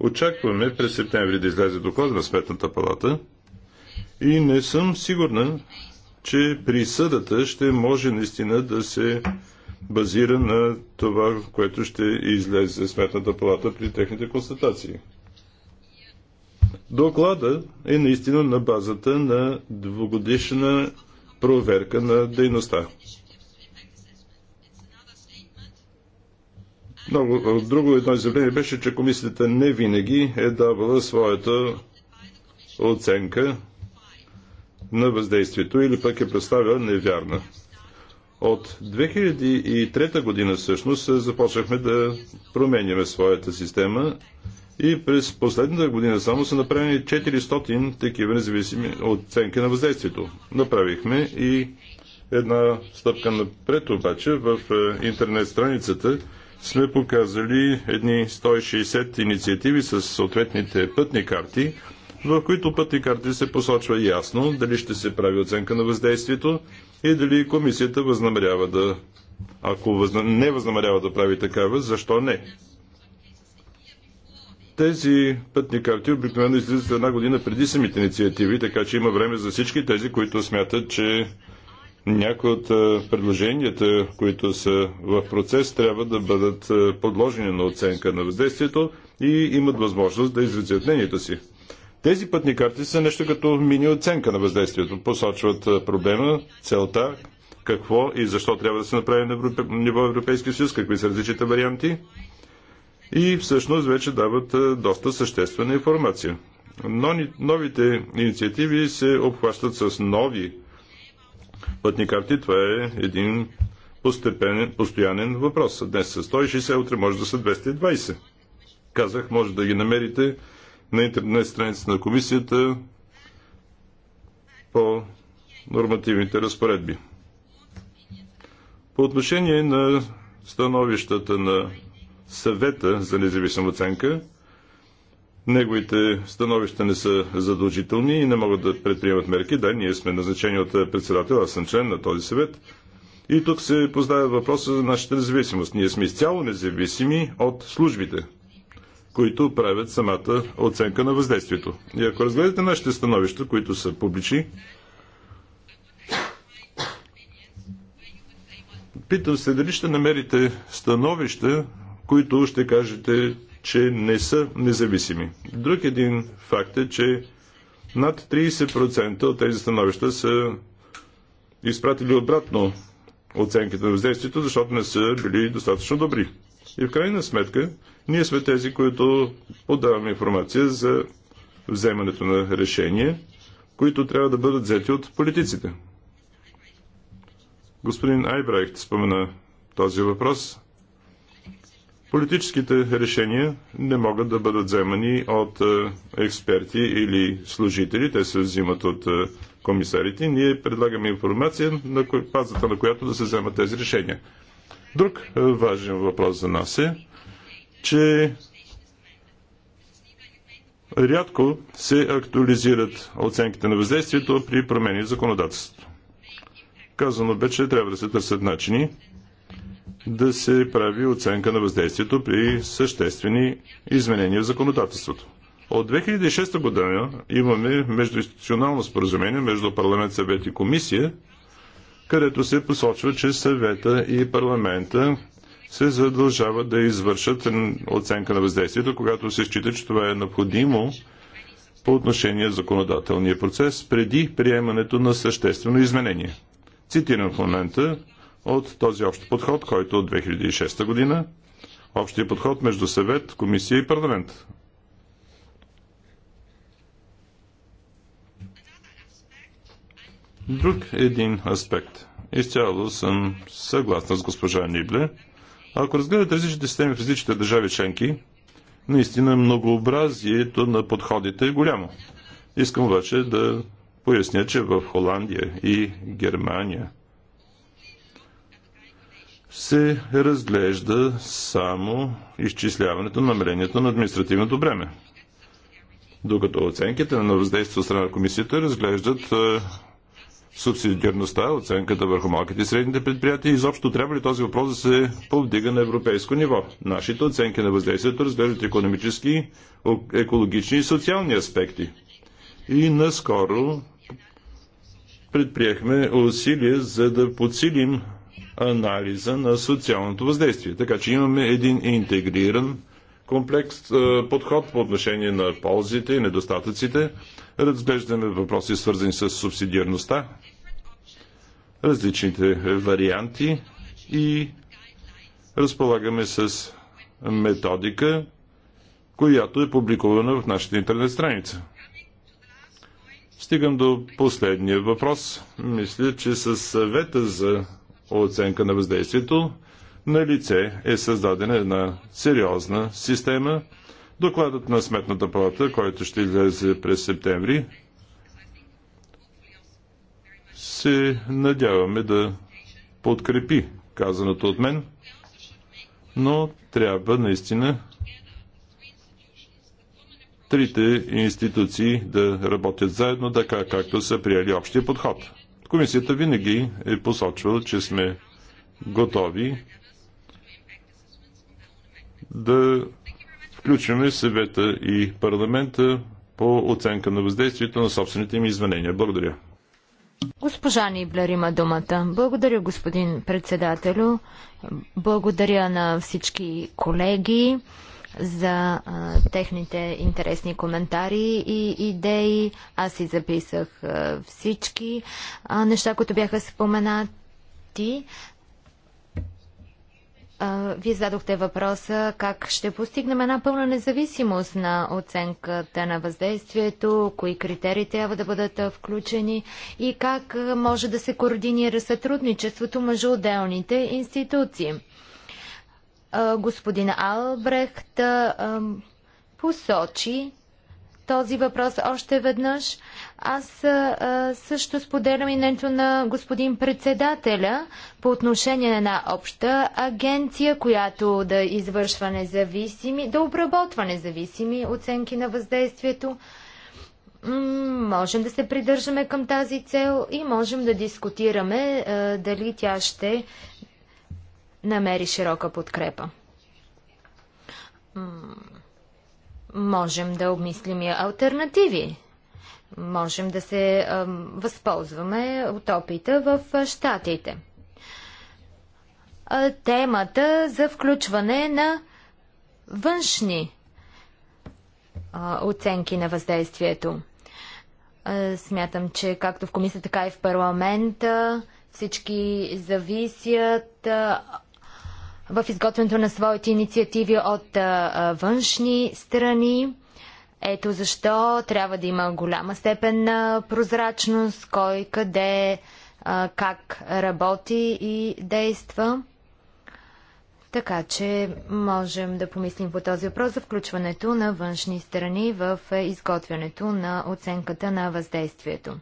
Очакваме през септември да излезе доклад на Сметната палата и не съм сигурна, че присъдата ще може наистина да се базира на това, което ще излезе Сметната палата при техните констатации. Доклада е наистина на базата на двогодишна проверка на дейността. Много, друго едно изявление беше, че комисията не винаги е давала своята оценка на въздействието или пък е представила невярна. От 2003 година всъщност започнахме да променяме своята система и през последната година само са направени 400 такива независими оценки на въздействието. Направихме и една стъпка напред обаче в интернет страницата сме показали едни 160 инициативи с съответните пътни карти, в които пътни карти се посочва ясно дали ще се прави оценка на въздействието и дали комисията възнамерява да, ако възна, не възнамерява да прави такава, защо не? Тези пътни карти обикновено излизат една година преди самите инициативи, така че има време за всички тези, които смятат, че някои от е, предложенията, които са в процес, трябва да бъдат е, подложени на оценка на въздействието и имат възможност да изразят мнението си. Тези пътни карти са нещо като мини оценка на въздействието. Посочват е, проблема, целта, какво и защо трябва да се направи на ниво Европейски съюз, какви са различните варианти и всъщност вече дават доста съществена информация. Но новите инициативи се обхващат с нови пътни карти, това е един постепенен, постоянен въпрос. Днес са 160, утре може да са 220. Казах, може да ги намерите на интернет страницата на комисията по нормативните разпоредби. По отношение на становищата на съвета за независима оценка, Неговите становища не са задължителни и не могат да предприемат мерки. Да, ние сме назначени от е, председател, аз съм член на този съвет. И тук се поставя въпроса за нашата независимост. Ние сме изцяло независими от службите, които правят самата оценка на въздействието. И ако разгледате нашите становища, които са публични, питам се дали ще намерите становища, които ще кажете, че не са независими. Друг един факт е, че над 30% от тези становища са изпратили обратно оценките на въздействието, защото не са били достатъчно добри. И в крайна сметка, ние сме тези, които подаваме информация за вземането на решения, които трябва да бъдат взети от политиците. Господин Айбрайхт спомена този въпрос. Политическите решения не могат да бъдат вземани от е, експерти или служители. Те се взимат от е, комисарите. Ние предлагаме информация, на базата на която да се вземат тези решения. Друг е, важен въпрос за нас е, че рядко се актуализират оценките на въздействието при промени в законодателството. Казано бе, че трябва да се търсят начини да се прави оценка на въздействието при съществени изменения в законодателството. От 2006 година имаме междуинституционално споразумение между парламент, съвет и комисия, където се посочва, че съвета и парламента се задължават да извършат оценка на въздействието, когато се счита, че това е необходимо по отношение на законодателния процес преди приемането на съществено изменение. Цитирам в момента от този общ подход, който от 2006 година, общия подход между съвет, комисия и парламент. Друг един аспект. Изцяло съм съгласна с госпожа Нибле. Ако разгледате различните системи в различните държави членки, наистина многообразието на подходите е голямо. Искам обаче да поясня, че в Холандия и Германия – се разглежда само изчисляването на намерението на административното бреме. Докато оценките на въздействието от страна на комисията разглеждат е, субсидиарността, оценката върху малките и средните предприятия. Изобщо трябва ли този въпрос да се повдига на европейско ниво? Нашите оценки на въздействието разглеждат економически, екологични и социални аспекти. И наскоро предприехме усилия за да подсилим анализа на социалното въздействие. Така че имаме един интегриран комплекс подход по отношение на ползите и недостатъците. Разглеждаме въпроси свързани с субсидиарността, различните варианти и разполагаме с методика, която е публикувана в нашата интернет страница. Стигам до последния въпрос. Мисля, че със съвета за оценка на въздействието, на лице е създадена една сериозна система. Докладът на Сметната палата, който ще излезе през септември, се надяваме да подкрепи казаното от мен, но трябва наистина трите институции да работят заедно, така както са приели общия подход. Комисията винаги е посочвала, че сме готови да включваме съвета и парламента по оценка на въздействието на собствените им изменения. Благодаря. Госпожа Ниблер има думата. Благодаря, господин председателю. Благодаря на всички колеги за а, техните интересни коментари и идеи. Аз си записах а, всички а, неща, които бяха споменати. Вие зададохте въпроса как ще постигнем една пълна независимост на оценката на въздействието, кои критерии трябва да бъдат включени и как може да се координира сътрудничеството между отделните институции господин Албрехт посочи този въпрос още веднъж. Аз също споделям нещо на господин председателя по отношение на една обща агенция, която да извършва независими, да обработва независими оценки на въздействието. можем да се придържаме към тази цел и можем да дискутираме дали тя ще намери широка подкрепа. Можем да обмислим и альтернативи. Можем да се а, възползваме от опита в Штатите. темата за включване на външни а, оценки на въздействието. Смятам, че както в комисията, така и в парламента всички зависят в изготвянето на своите инициативи от външни страни. Ето защо трябва да има голяма степен на прозрачност, кой къде, как работи и действа. Така че можем да помислим по този въпрос за включването на външни страни в изготвянето на оценката на въздействието.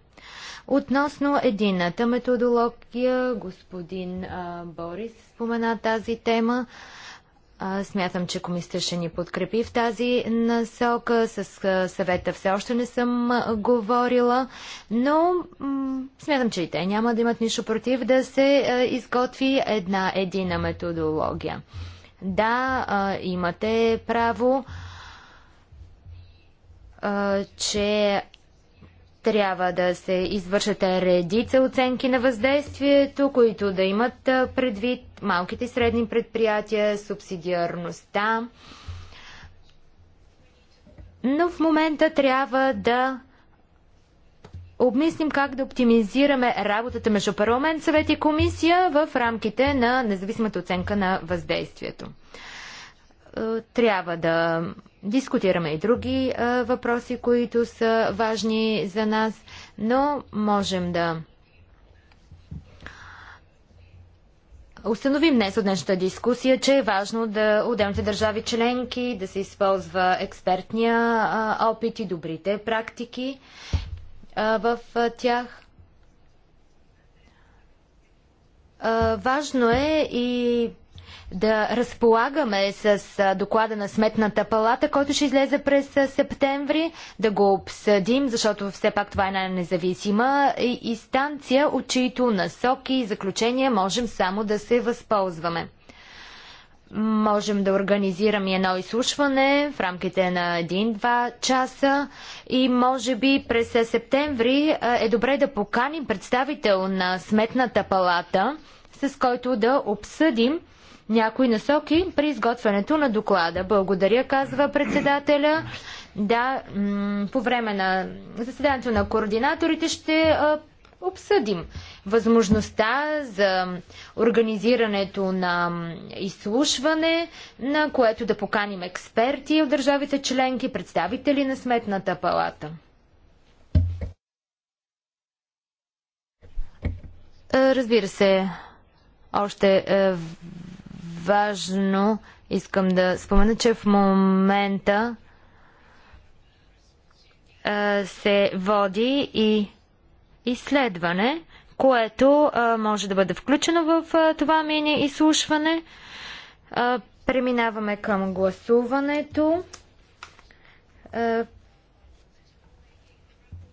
Относно едината методология, господин а, Борис спомена тази тема. А, смятам, че комисията ще ни подкрепи в тази насока. С а, съвета все още не съм а, говорила, но смятам, че и те няма да имат нищо против да се а, изготви една едина методология. Да, а, имате право, а, че трябва да се извършат редица оценки на въздействието, които да имат предвид малките и средни предприятия, субсидиарността. Но в момента трябва да обмислим как да оптимизираме работата между парламент, съвет и комисия в рамките на независимата оценка на въздействието. Е, трябва да дискутираме и други е, въпроси, които са важни за нас, но можем да установим днес от днешната дискусия, че е важно да отделните държави членки да се използва експертния е, опит и добрите практики в тях. Важно е и да разполагаме с доклада на Сметната палата, който ще излезе през септември, да го обсъдим, защото все пак това е най независима инстанция, от чието насоки и заключения можем само да се възползваме. Можем да организираме едно изслушване в рамките на 1-2 часа и може би през септември е добре да поканим представител на Сметната палата, с който да обсъдим някои насоки при изготвянето на доклада. Благодаря, казва председателя. Да, по време на заседанието на координаторите ще обсъдим възможността за организирането на изслушване, на което да поканим експерти от държавите членки, представители на Сметната палата. Разбира се, още е, важно, искам да спомена, че в момента се води и изследване, което може да бъде включено в това мини изслушване. Преминаваме към гласуването.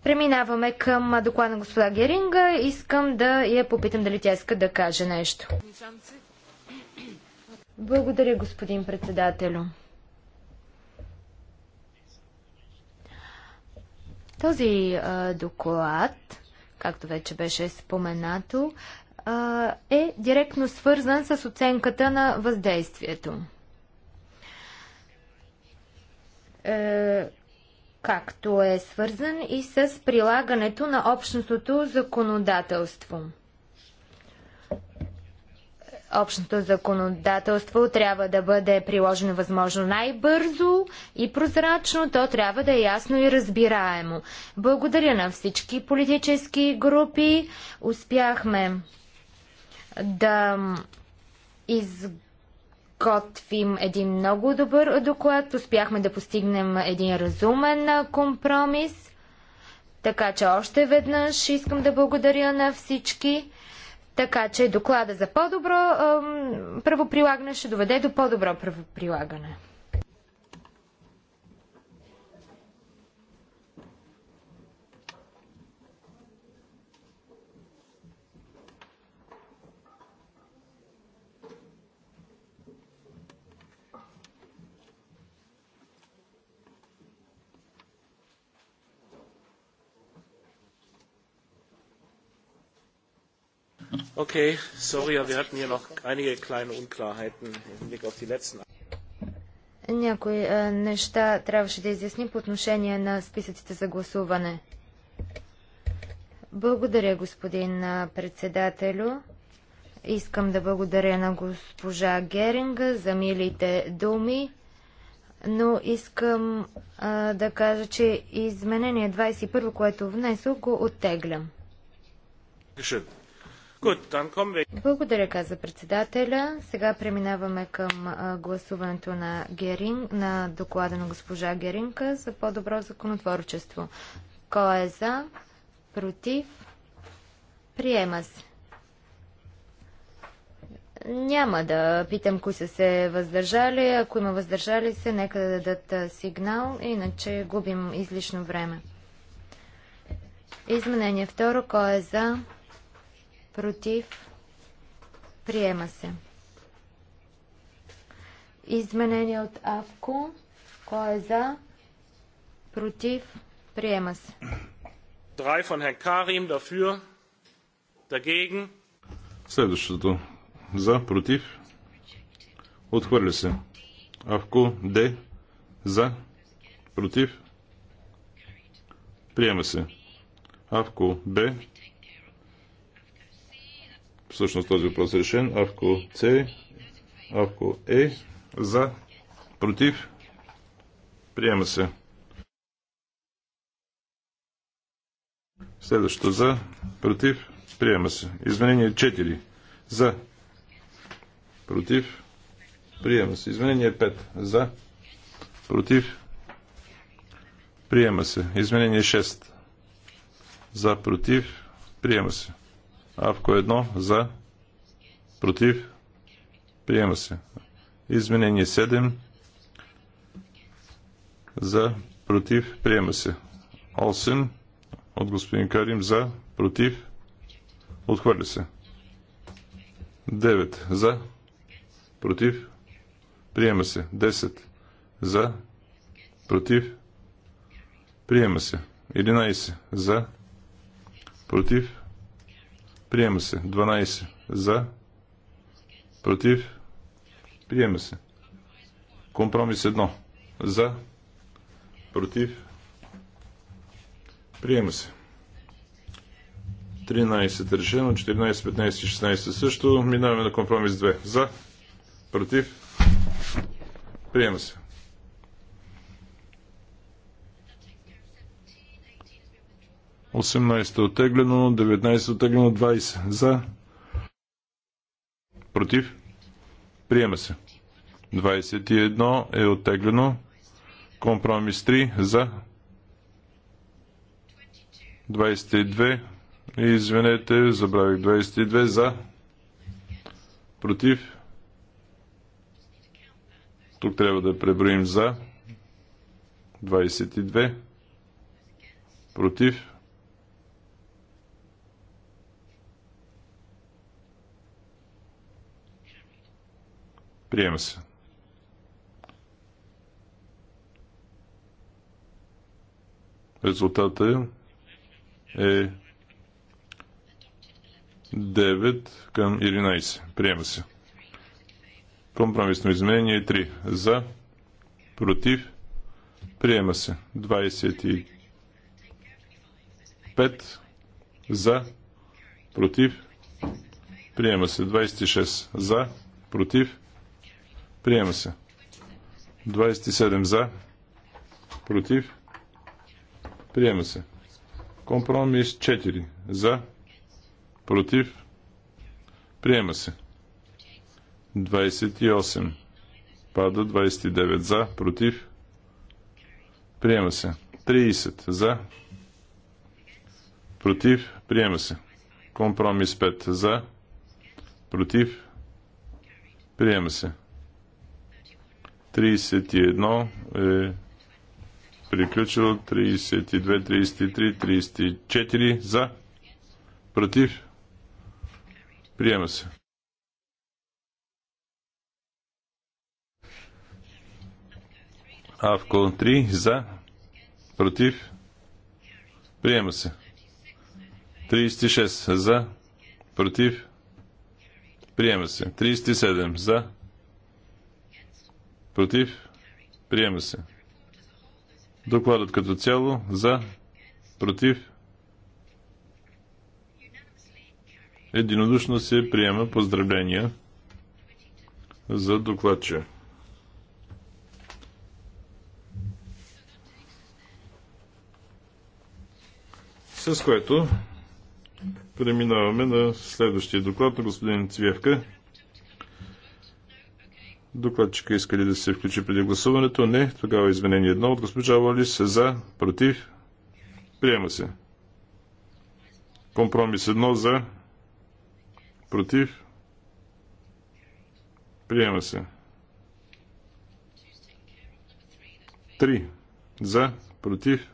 Преминаваме към доклада на господа Геринга. Искам да я попитам дали тя иска да каже нещо. Благодаря, господин председателю. Този а, доклад, както вече беше споменато, а, е директно свързан с оценката на въздействието. Е, както е свързан и с прилагането на общностното законодателство. Общото законодателство трябва да бъде приложено възможно най-бързо и прозрачно, то трябва да е ясно и разбираемо. Благодаря на всички политически групи. Успяхме да изготвим един много добър доклад, успяхме да постигнем един разумен компромис. Така че още веднъж искам да благодаря на всички. Така че доклада за по-добро правоприлагане ще доведе до по-добро правоприлагане. Okay, sorry, wir hatten hier noch einige kleine Unklarheiten im auf die letzten. Някои е, неща трябваше да изясним по отношение на списъците за гласуване. Благодаря, господин е, председателю. Искам да благодаря на госпожа Геринга за милите думи, но искам а, е, да кажа, че изменение 21, което внесох, го оттеглям. Благодаря. Благодаря, каза председателя. Сега преминаваме към гласуването на, Геринг, на доклада на госпожа Геринка за по-добро законотворчество. Кой е за? Против? Приема се. Няма да питам кои са се въздържали. Ако има въздържали се, нека да дадат сигнал, иначе губим излишно време. Изменение второ. Кой е за? против, приема се. Изменение от АВКО, кой е за, против, приема се. 3 von Herrn Карим, дафюр, дагеген. Следващото. За, против. Отхвърля се. Авко, Д. За, против. Приема се. Авко, Б всъщност този въпрос е решен. Ако С, ако Е, за, против, приема се. Следващото за, против, приема се. Изменение 4. За, против, приема се. Изменение 5. За, против, приема се. Изменение 6. За, против, приема се. Авко едно, за, против, приема се. Изменение 7 за, против, приема се. 8 от господин Карим за, против, отхвърля се. 9 за, против, приема се. 10 за, против, приема се. 11 за, против, Приема се. 12 за. Против. Приема се. Компромис 1. За. Против. Приема се. 13 решено, 14, 15 16 също. Минаваме на компромис 2. За. Против. Приема се. 18 е оттеглено, 19 е оттеглено, 20 за. Против. Приема се. 21 е оттеглено. Компромис 3 за. 22. Извинете, забравих 22 за. Против. Тук трябва да преброим за. 22. Против. Приема се. Резултата е 9 е към 11. Приема се. Компромисно изменение 3. Е За. Против. Приема се. 25. За. Против. Приема се. 26. За. Против. Приема се. 27 за. Против. Приема се. Компромис 4 за. Против. Приема се. 28. Пада 29 за. Против. Приема се. 30 за. Против. Приема се. Компромис 5 за. Против. Приема се. 31 е Приключил. 32, 33, 34 за. Против. Приема се. Авко 3 за. Против. Приема се. 36 за. Против. Приема се. 37 за. Против? Приема се. Докладът като цяло за, против, единодушно се приема поздравления за докладча. С което преминаваме на следващия доклад на господин Цвевка. Докладчика иска ли да се включи преди гласуването? Не. Тогава изменение едно от госпожа Валис за, против. Приема се. Компромис едно за, против. Приема се. Три за, против.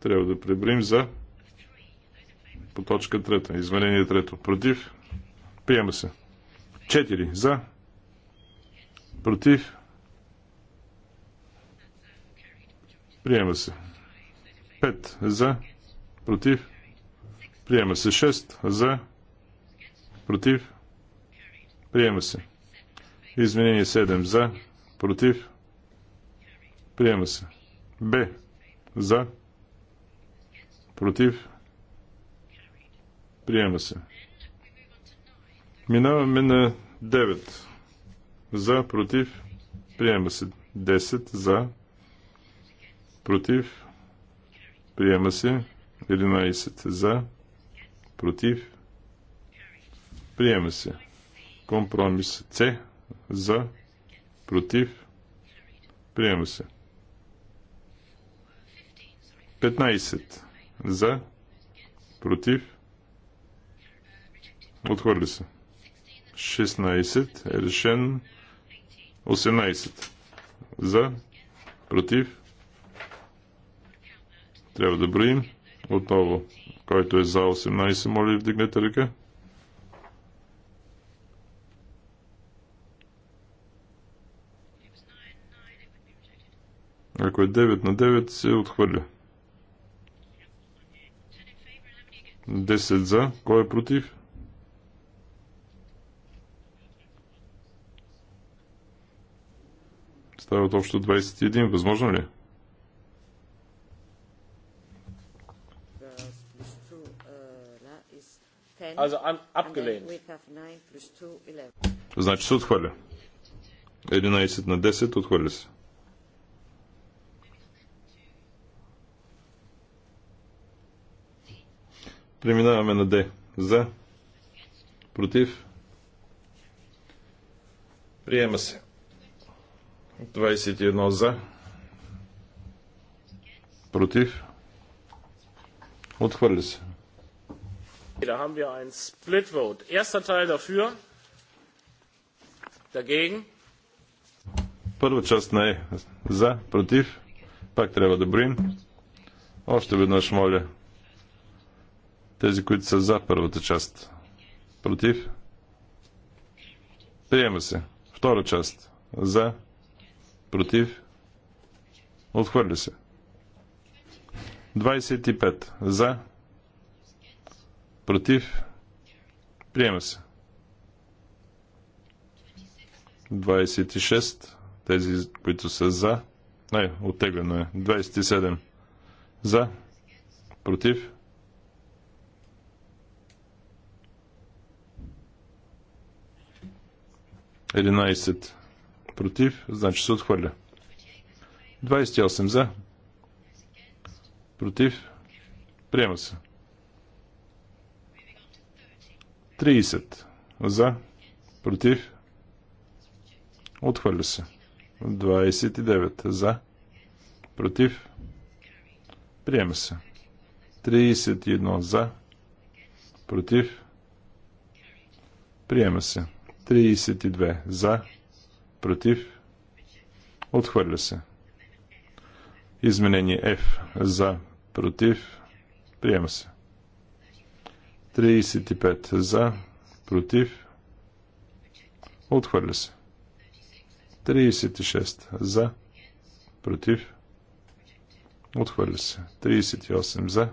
Трябва да преброим за по точка трета. Изменение трето. Против. Приема се. Четири. за. Против. Приема се. Пет. за. Против. Приема се. Шест. за. Против. Приема се. Изменение 7 за. Против. Приема се. Б. За. Против. Приема се. Минаваме на 9. За, против, приема се. 10 за, против, приема се. 11 за, против, приема се. Компромис С за, против, приема се. 15 за, против, отхвърли се. 16 16 е решен 18 за, против. Трябва да броим отново. Който е за 18, моля ви вдигнете ръка. Ако е 9 на 9, се отхвърля. 10 за. Кой е против? Стават общо 21. Възможно ли? Е? Значи се отхвърля. 11 на 10 отхвърля се. Преминаваме на Д. За. Против. Приема се. 21 за. Против. Отхвърли се. Да, haben wir ein Split Vote. Erster Teil dafür. Първа част не е за, против. Пак трябва да броим. Още веднъж моля. Тези, които са за първата част. Против. Приема се. Втора част. За. Против. Отхвърля се. 25. За. Против. Приема се. 26. Тези, които са за. Не, оттеглено е. 27. За. Против. Единайсет. Против. Значи се отхвърля. 28 за. Против. Приема се. 30 за. Против. Отхвърля се. 29 за. Против. Приема се. 31 за. Против. Приема се. 32 за против, отхвърля се. Изменение F за, против, приема се. 35 за, против, отхвърля се. 36 за, против, отхвърля се. 38 за,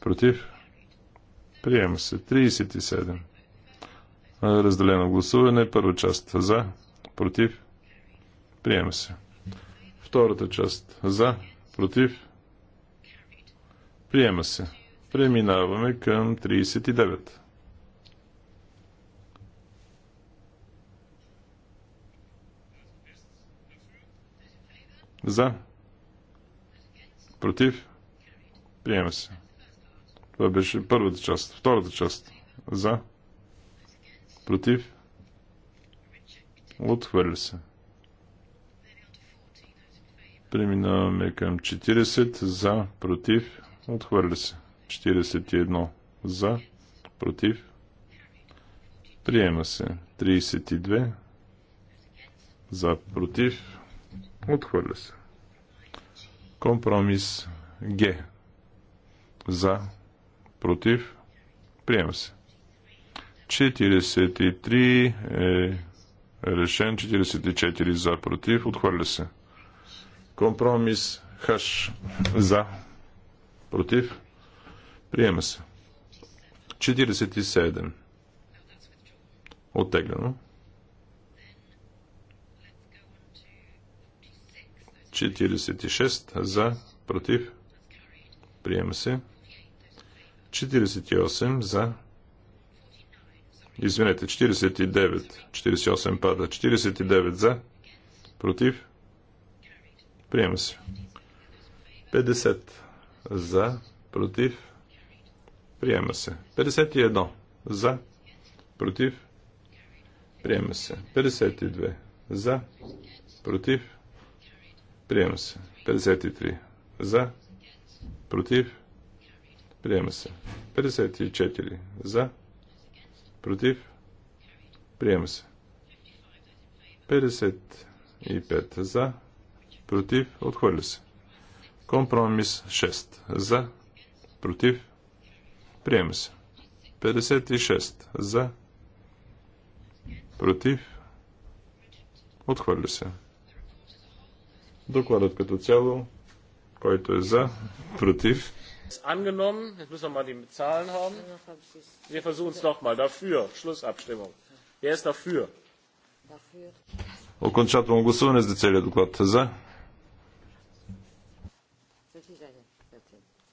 против, приема се. 37 Разделено гласуване. Първа част за, против, приема се. Втората част за, против, приема се. Преминаваме към 39. За. Против. Приема се. Това беше първата част. Втората част. За. Против? Отхвърля се. Преминаваме към 40 за, против, отхвърля се. 41 за, против, приема се. 32 за, против, отхвърля се. Компромис Г за, против, приема се. 43 е решен, 44 за, против, отхвърля се. Компромис хаш за, против, приема се. 47. Оттеглено. 46 за, против, приема се. 48 за, Извинете, 49. 48 пада. 49 за. Против. Приема се. 50 за. Против. Приема се. 51 за. Против. Приема се. 52 за. Против. Приема се. 53 за. Против. Приема се. 54 за. Против. Против. Приема се. 55 за. Против. Отхвърля се. Компромис 6 за. Против. Приема се. 56 за. Против. Отхвърля се. Докладът като цяло, който е за, против, Ist angenommen. Jetzt müssen wir mal die Zahlen haben. Wir versuchen es nochmal. Dafür. Schlussabstimmung. Wer ist dafür? Окончателно гласуване за целият доклад. За.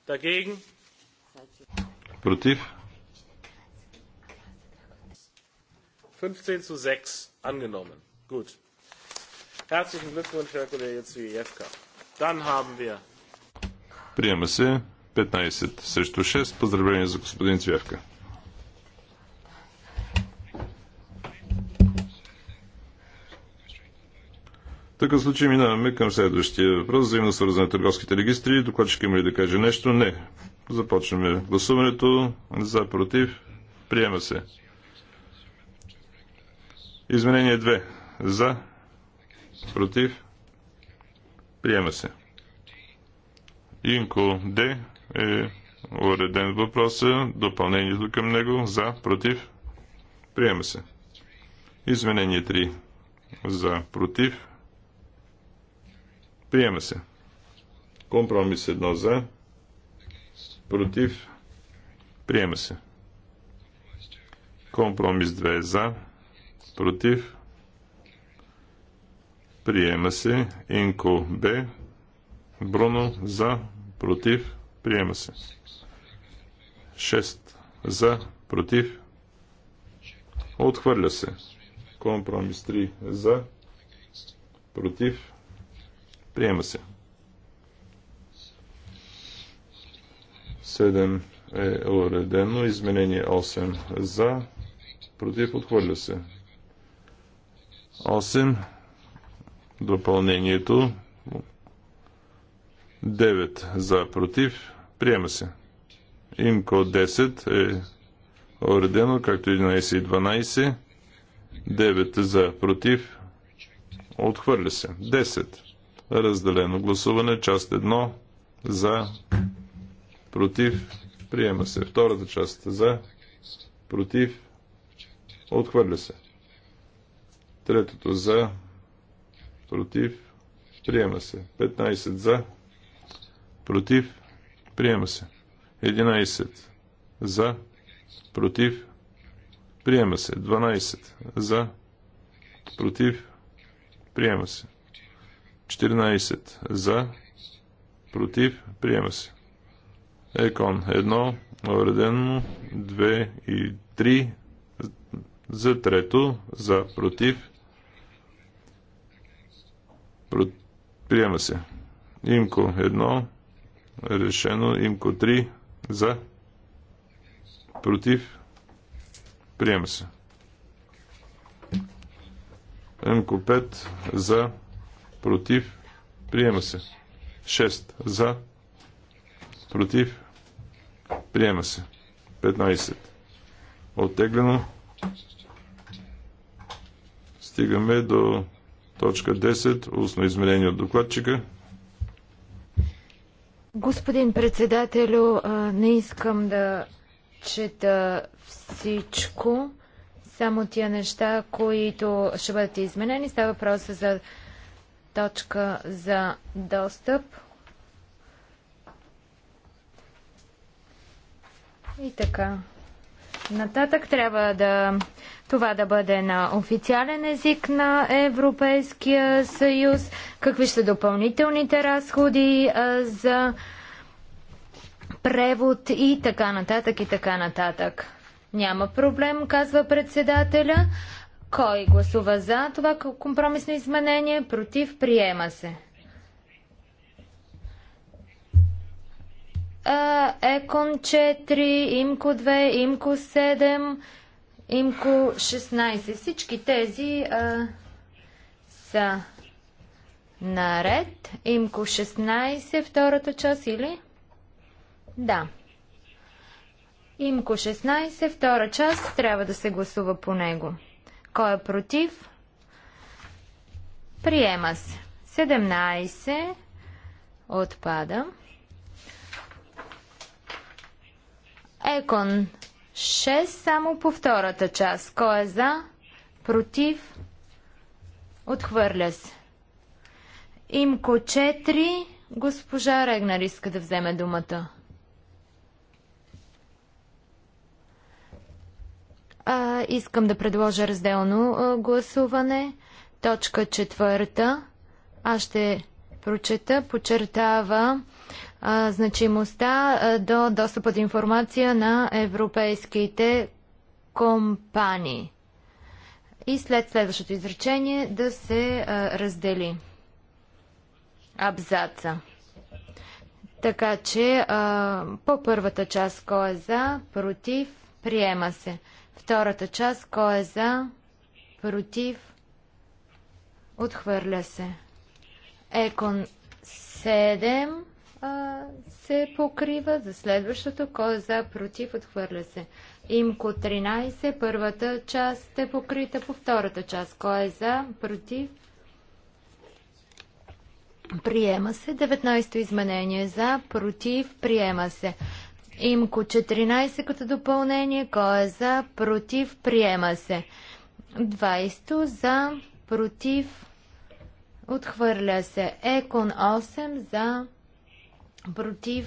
Dagegen? Против? 15 zu 6 angenommen. Gut. Herzlichen Glückwunsch, Herr Kollege Zwiejewka. Dann haben wir. Приема се 15 срещу 6. Поздравление за господин Цвявка. В такъв случай минаваме към следващия въпрос. Взаимно свързане на търговските регистри. Докладчик има ли да каже нещо? Не. Започваме гласуването. За, против. Приема се. Изменение 2. За. Против. Приема се. Инко Д е уреден въпроса, допълнението към него, за, против, приема се. Изменение 3, за, против, приема се. Компромис 1 за, против, приема се. Компромис 2 за, против, приема се. Инко Б, Бруно за, против, Приема се. 6 за, против. Отхвърля се. Компромис 3 за, против. Приема се. 7 е уредено. Изменение 8 за, против. Отхвърля се. 8. Допълнението. 9 за, против. Приема се. Имко 10 е уредено, както 11 и 12. 9 за против. Отхвърля се. 10. Разделено гласуване. Част 1 за против. Приема се. Втората част за против. Отхвърля се. Третото за против. Приема се. 15 за против. Приема се. 11. За. Против. Приема се. 12. За. Против. Приема се. 14. За. Против. Приема се. Екон 1. увредено. 2 и 3. За трето. За. Против. Приема се. Имко 1 решено. Имко 3 за, против, приема се. Имко 5 за, против, приема се. 6 за, против, приема се. 15. Оттеглено. Стигаме до точка 10. Устно измерение от докладчика. Господин председателю, не искам да чета всичко, само тия неща, които ще бъдат изменени. Става въпрос за точка за достъп. И така. Нататък трябва да това да бъде на официален език на Европейския съюз. Какви ще допълнителните разходи а, за превод и така нататък и така нататък. Няма проблем, казва председателя. Кой гласува за това компромисно изменение? Против, приема се. ЕКОН 4, ИМКО 2, ИМКО 7, ИМКО 16. Всички тези а, са наред. ИМКО 16, втората част или? Да. ИМКО 16, втора част, трябва да се гласува по него. Кой е против? Приема се. 17 отпада. Екон 6 само по втората част. Кой е за? Против? Отхвърля се. Имко 4. Госпожа Регнар иска да вземе думата. А, искам да предложа разделно а, гласуване. Точка четвърта. Аз ще прочета. Почертава значимостта до достъп до информация на европейските компании. И след следващото изречение да се раздели абзаца. Така че по първата част кой е за, против, приема се. Втората част кой е за, против, отхвърля се. Екон 7 се покрива за следващото, кой е за, против, отхвърля се. Имко 13, първата част е покрита по втората част. Кой е за, против? Приема се. 19-то изменение е за, против, приема се. Имко 14 като допълнение. Кой е за, против, приема се. 20 за, против, отхвърля се. Екон 8 за, против,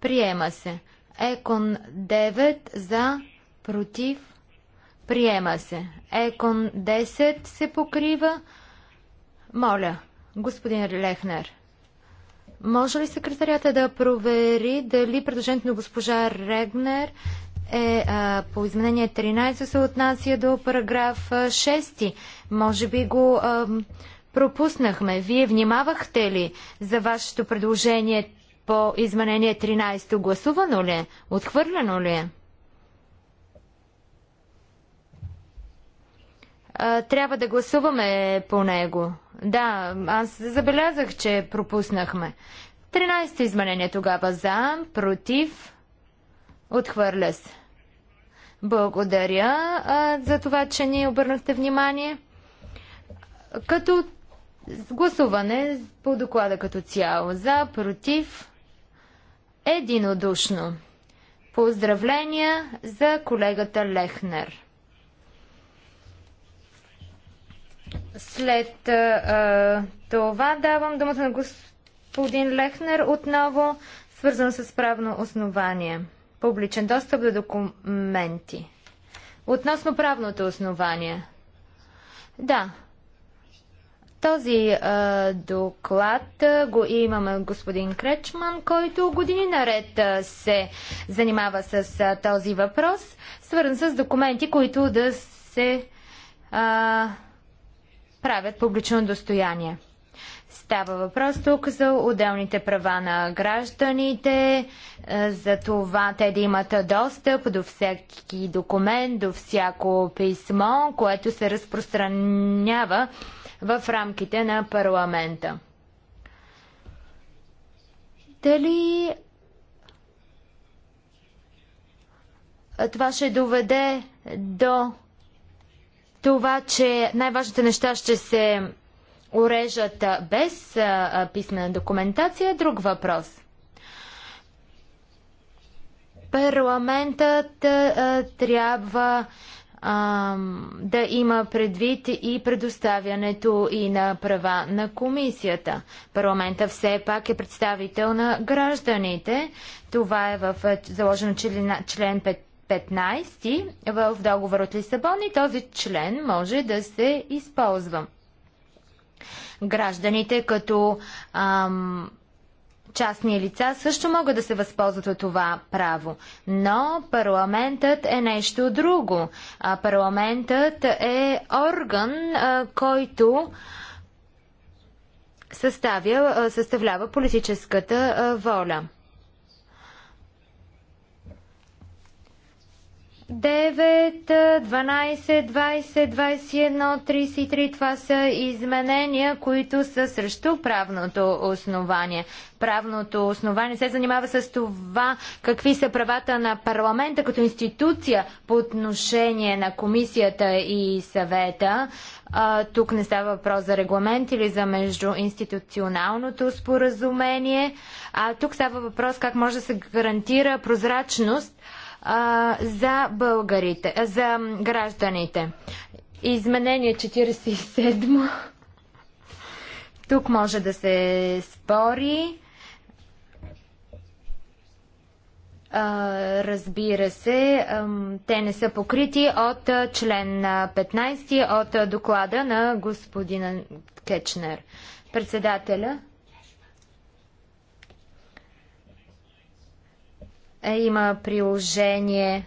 приема се. Екон 9 за, против, приема се. Екон 10 се покрива. Моля, господин Лехнер. Може ли секретарята да провери дали предложението на госпожа Регнер е а, по изменение 13 се отнася до параграф 6? Може би го а, пропуснахме. Вие внимавахте ли за вашето предложение по изменение 13 гласувано ли е? Отхвърлено ли е? Трябва да гласуваме по него. Да, аз забелязах, че пропуснахме. 13 изменение тогава за, против, отхвърля се. Благодаря а, за това, че ни обърнахте внимание. Като гласуване по доклада като цяло за, против, единодушно. Поздравления за колегата Лехнер. След а, това давам думата на господин Лехнер отново, свързано с правно основание. Публичен достъп до документи. Относно правното основание. Да, този а, доклад а, го имаме господин Кречман, който години наред а, се занимава с а, този въпрос, свързан с документи, които да се а, правят публично достояние. Става въпрос тук за отделните права на гражданите, за това те да имат достъп до всеки документ, до всяко писмо, което се разпространява в рамките на парламента. Дали това ще доведе до това, че най-важните неща ще се урежат без писмена документация, друг въпрос. Парламентът а, трябва а, да има предвид и предоставянето и на права на комисията. Парламента все пак е представител на гражданите. Това е в е, заложено член, 5. 15 в договор от Лисабон и този член може да се използва. Гражданите като ам, частни лица също могат да се възползват от това право. Но парламентът е нещо друго. А парламентът е орган, а, който съставя, а, съставлява политическата а, воля. 9, 12, 20, 21, 33. Това са изменения, които са срещу правното основание. Правното основание се занимава с това какви са правата на парламента като институция по отношение на комисията и съвета. А, тук не става въпрос за регламент или за междуинституционалното споразумение, а тук става въпрос как може да се гарантира прозрачност а, за българите, а, за гражданите. Изменение 47. Тук може да се спори. разбира се, те не са покрити от член 15 от доклада на господина Кечнер. Председателя. Е, има приложение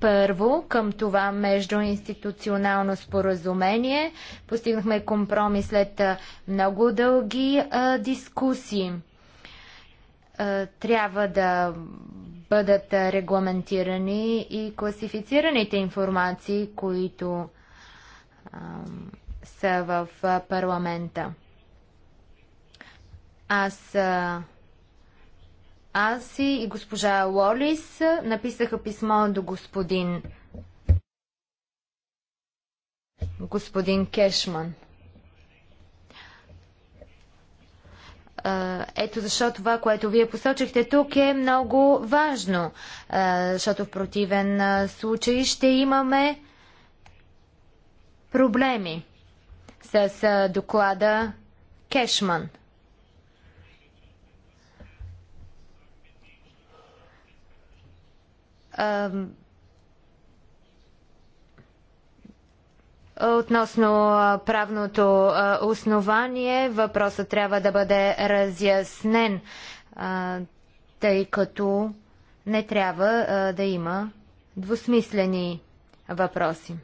първо към това междуинституционално споразумение. Постигнахме компромис след много дълги а, дискусии. А, трябва да бъдат регламентирани и класифицираните информации, които а, са в парламента. Аз а, аз и госпожа Лолис написаха писмо до господин господин Кешман. Ето защо това, което вие посочихте тук е много важно, защото в противен случай ще имаме проблеми с доклада Кешман. Относно правното основание, въпросът трябва да бъде разяснен, тъй като не трябва да има двусмислени въпроси.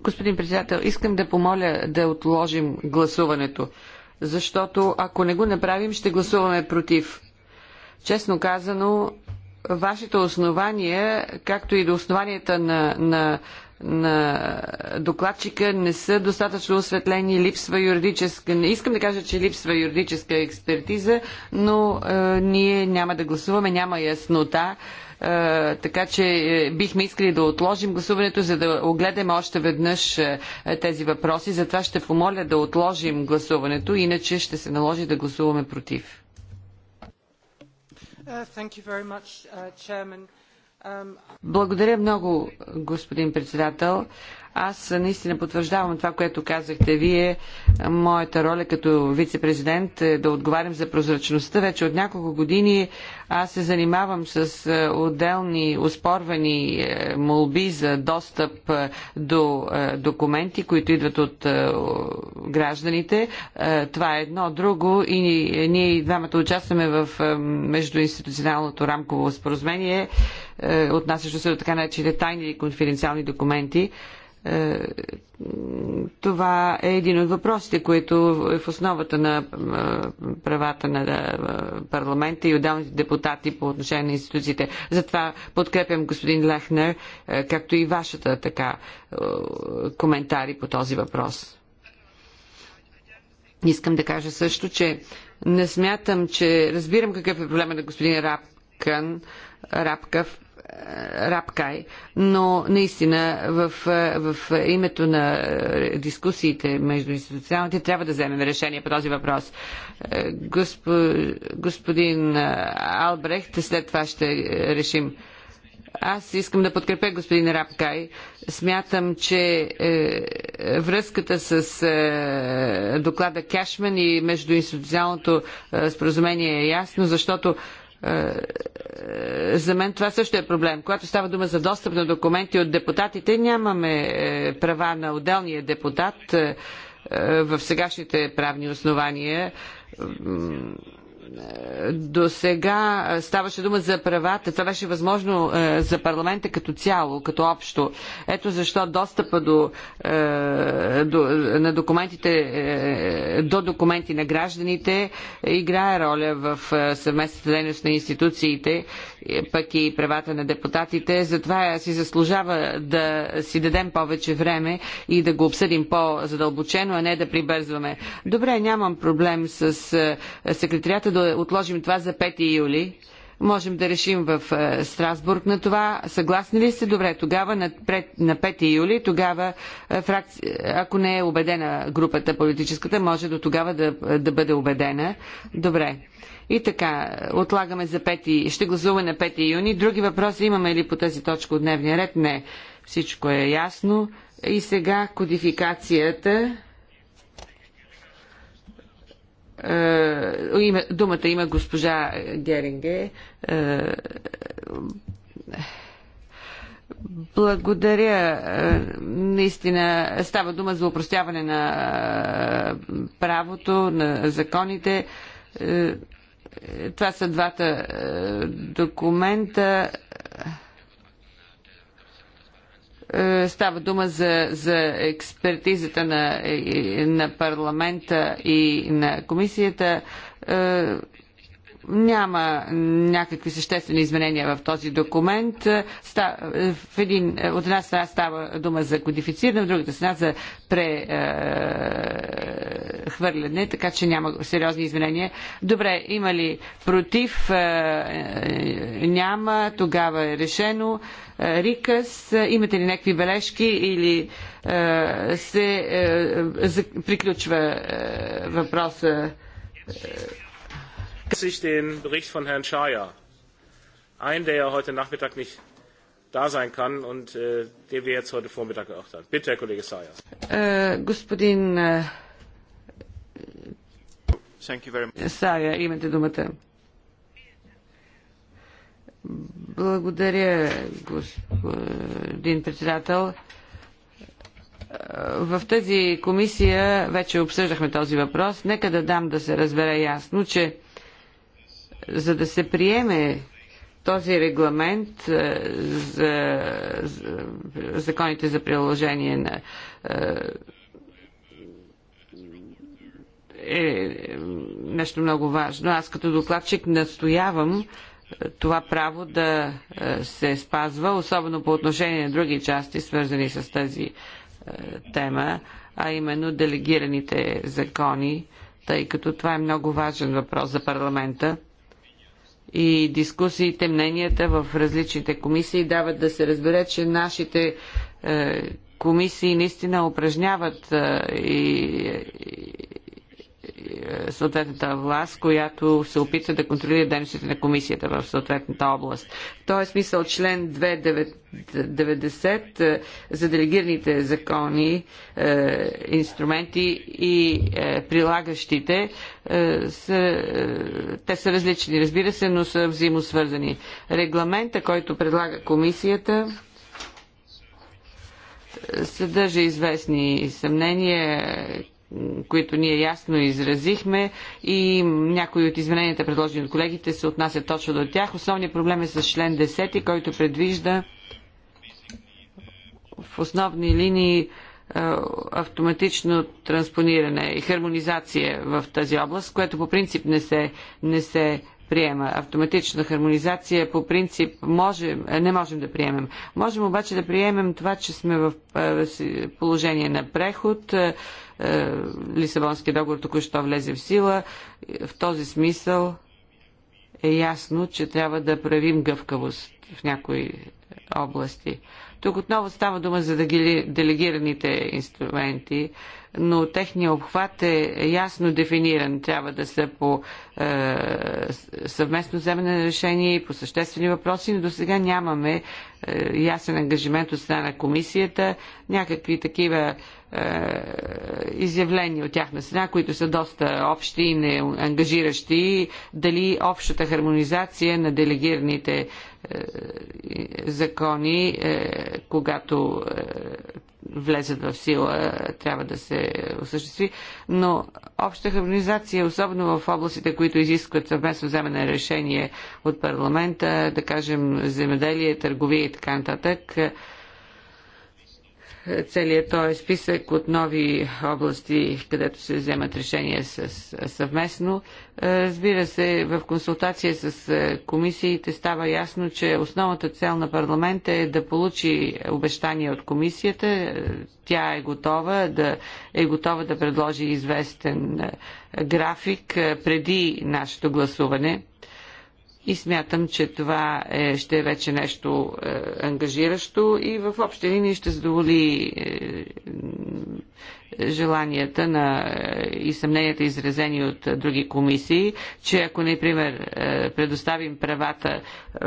Господин председател, искам да помоля да отложим гласуването, защото ако не го направим, ще гласуваме против. Честно казано, вашите основания, както и до основанията на, на, на докладчика, не са достатъчно осветлени, липсва юридическа. Не искам да кажа, че липсва юридическа експертиза, но е, ние няма да гласуваме, няма яснота. Е, така че е, бихме искали да отложим гласуването, за да огледаме още веднъж е, тези въпроси. Затова ще помоля да отложим гласуването, иначе ще се наложи да гласуваме против. Uh, uh, um, Благодаря много, господин председател. Аз наистина потвърждавам това, което казахте вие. Моята роля като вице-президент е да отговарям за прозрачността. Вече от няколко години аз се занимавам с е, отделни успорвани е, молби за достъп е, до документи, които идват от гражданите. Това е едно друго и ние двамата участваме в междуинституционалното рамково споразумение, отнасящо се до така наречените тайни или конфиденциални документи. Е, това е един от въпросите, които е в основата на е, правата на е, парламента и отделните депутати по отношение на институциите. Затова подкрепям господин Лехнер, както и вашата така коментари по този въпрос. Искам да кажа също, че не смятам, че разбирам какъв е проблема на господин Рапкан, Рапкав, Рапкай, но наистина в, в името на дискусиите между институционалните трябва да вземем решение по този въпрос. Госп, господин Албрехт, след това ще решим. Аз искам да подкрепя господин Рапкай. Смятам, че е, връзката с е, доклада Кешман и междуинституционалното е, споразумение е ясно, защото е, е, за мен това също е проблем. Когато става дума за достъп на документи от депутатите, нямаме е, права на отделния депутат в сегашните правни основания до сега ставаше дума за правата. Това беше възможно е, за парламента като цяло, като общо. Ето защо достъпа до, е, до, на документите, е, до документи на гражданите играе роля в съвместната дейност на институциите, пък и правата на депутатите. Затова си заслужава да си дадем повече време и да го обсъдим по-задълбочено, а не да прибързваме. Добре, нямам проблем с секретарията да отложим това за 5 юли. Можем да решим в е, Страсбург на това. Съгласни ли сте? Добре, тогава на 5 юли, тогава е, е, ако не е убедена групата политическата, може до тогава да, да бъде убедена. Добре. И така, отлагаме за 5... Ще гласуваме на 5 юни. Други въпроси имаме ли по тази точка от дневния ред? Не. Всичко е ясно. И сега кодификацията е, има, думата има госпожа Геринге. Е, благодаря. Е, наистина става дума за упростяване на правото, на законите. Това са двата документа. Е, става дума за, за експертизата на, е, на парламента и на комисията е, няма някакви съществени изменения в този документ. В един, от една страна става дума за кодифициране, в другата страна за прехвърляне, така че няма сериозни изменения. Добре, има ли против? Е, е, няма. Тогава е решено. Е, Рикас. имате ли някакви бележки или се приключва въпроса? ich den Bericht von Herrn Schaier ein, der ja heute Nachmittag nicht da sein kann und äh, den wir jetzt heute Vormittag erörtern. Bitte, Herr Kollege Schaier. Äh, господин äh, Сая, имате думата. Благодаря, господин председател. В тази комисия вече обсъждахме този въпрос. Нека да дам да се разбере ясно, че за да се приеме този регламент е, за, законите за приложение на е, е нещо много важно. Аз като докладчик настоявам е, това право да се спазва, особено по отношение на други части, свързани с тази тема, а именно делегираните закони, тъй като това е много важен въпрос за парламента и дискусиите, мненията в различните комисии дават да се разбере, че нашите е, комисии наистина упражняват е, и, съответната власт, която се опитва да контролира дейностите на комисията в съответната област. В този смисъл член 290 е, за делегираните закони, е, инструменти и е, прилагащите, са, те са различни, разбира се, но са взаимосвързани. Регламента, който предлага комисията, съдържа известни съмнения които ние ясно изразихме и някои от измененията, предложени от колегите, се отнасят точно до тях. Основният проблем е с член 10, който предвижда в основни линии е, автоматично транспониране и хармонизация в тази област, което по принцип не се, не се приема. Автоматична хармонизация по принцип може, е, не можем да приемем. Можем обаче да приемем това, че сме в е, положение на преход е, Лисабонския договор току-що влезе в сила. В този смисъл е ясно, че трябва да проявим гъвкавост в някои области. Тук отново става дума за делегираните инструменти, но техният обхват е ясно дефиниран. Трябва да са по е, съвместно вземане на решение и по съществени въпроси, но до сега нямаме е, ясен ангажимент от страна на комисията, някакви такива е, изявления от тяхна страна, които са доста общи и неангажиращи, дали общата хармонизация на делегираните закони, когато влезат в сила, трябва да се осъществи. Но обща хармонизация, особено в областите, които които изискват съвместно вземане на решение от парламента, да кажем земеделие, търговия и така нататък целият този списък от нови области, където се вземат решения с, съвместно. Е, разбира се, в консултация с е, комисиите става ясно, че основната цел на парламента е да получи обещания от комисията. Е, тя е готова да, е готова да предложи известен график преди нашето гласуване и смятам, че това е, ще е вече нещо е, ангажиращо и в общи линии ще задоволи е, желанията на, е, и съмненията изразени от други комисии, че ако, например, е, предоставим правата е,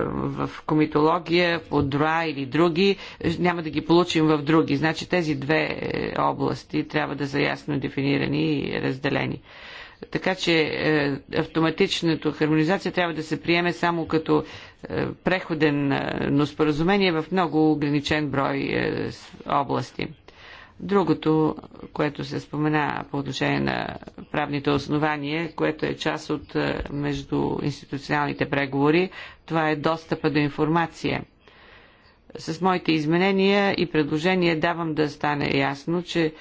в комитология, по ДРА или други, няма да ги получим в други. Значи тези две области трябва да са ясно дефинирани и разделени. Така че е, автоматичната хармонизация трябва да се приеме само като е, преходен, е, но споразумение в много ограничен брой области. Другото, което се спомена по отношение на правните основания, което е част от междуинституционалните преговори, това е достъпа до информация. С моите изменения и предложения давам да стане ясно, че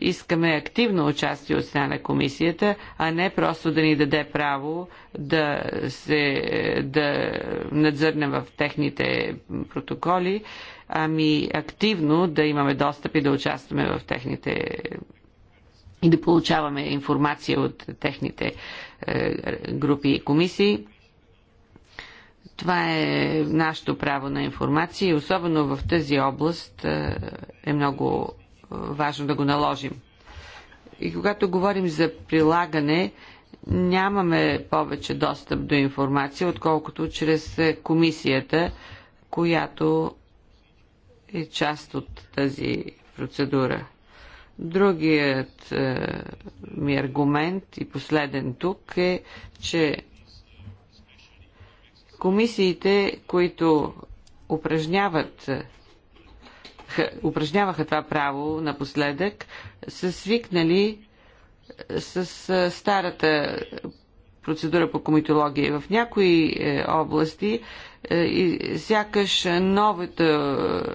искаме активно участие от страна на комисията, а не просто да ни даде право да, се, да надзърнем в техните протоколи, ами активно да имаме достъп и да участваме в техните и да получаваме информация от техните е, групи и комисии. Това е нашето право на информация и особено в тази област е, е много важно да го наложим. И когато говорим за прилагане, нямаме повече достъп до информация, отколкото чрез комисията, която е част от тази процедура. Другият е, ми аргумент и последен тук е, че комисиите, които упражняват упражняваха това право напоследък, са свикнали е, с е, старата процедура по комитология. В някои е, области и сякаш новите,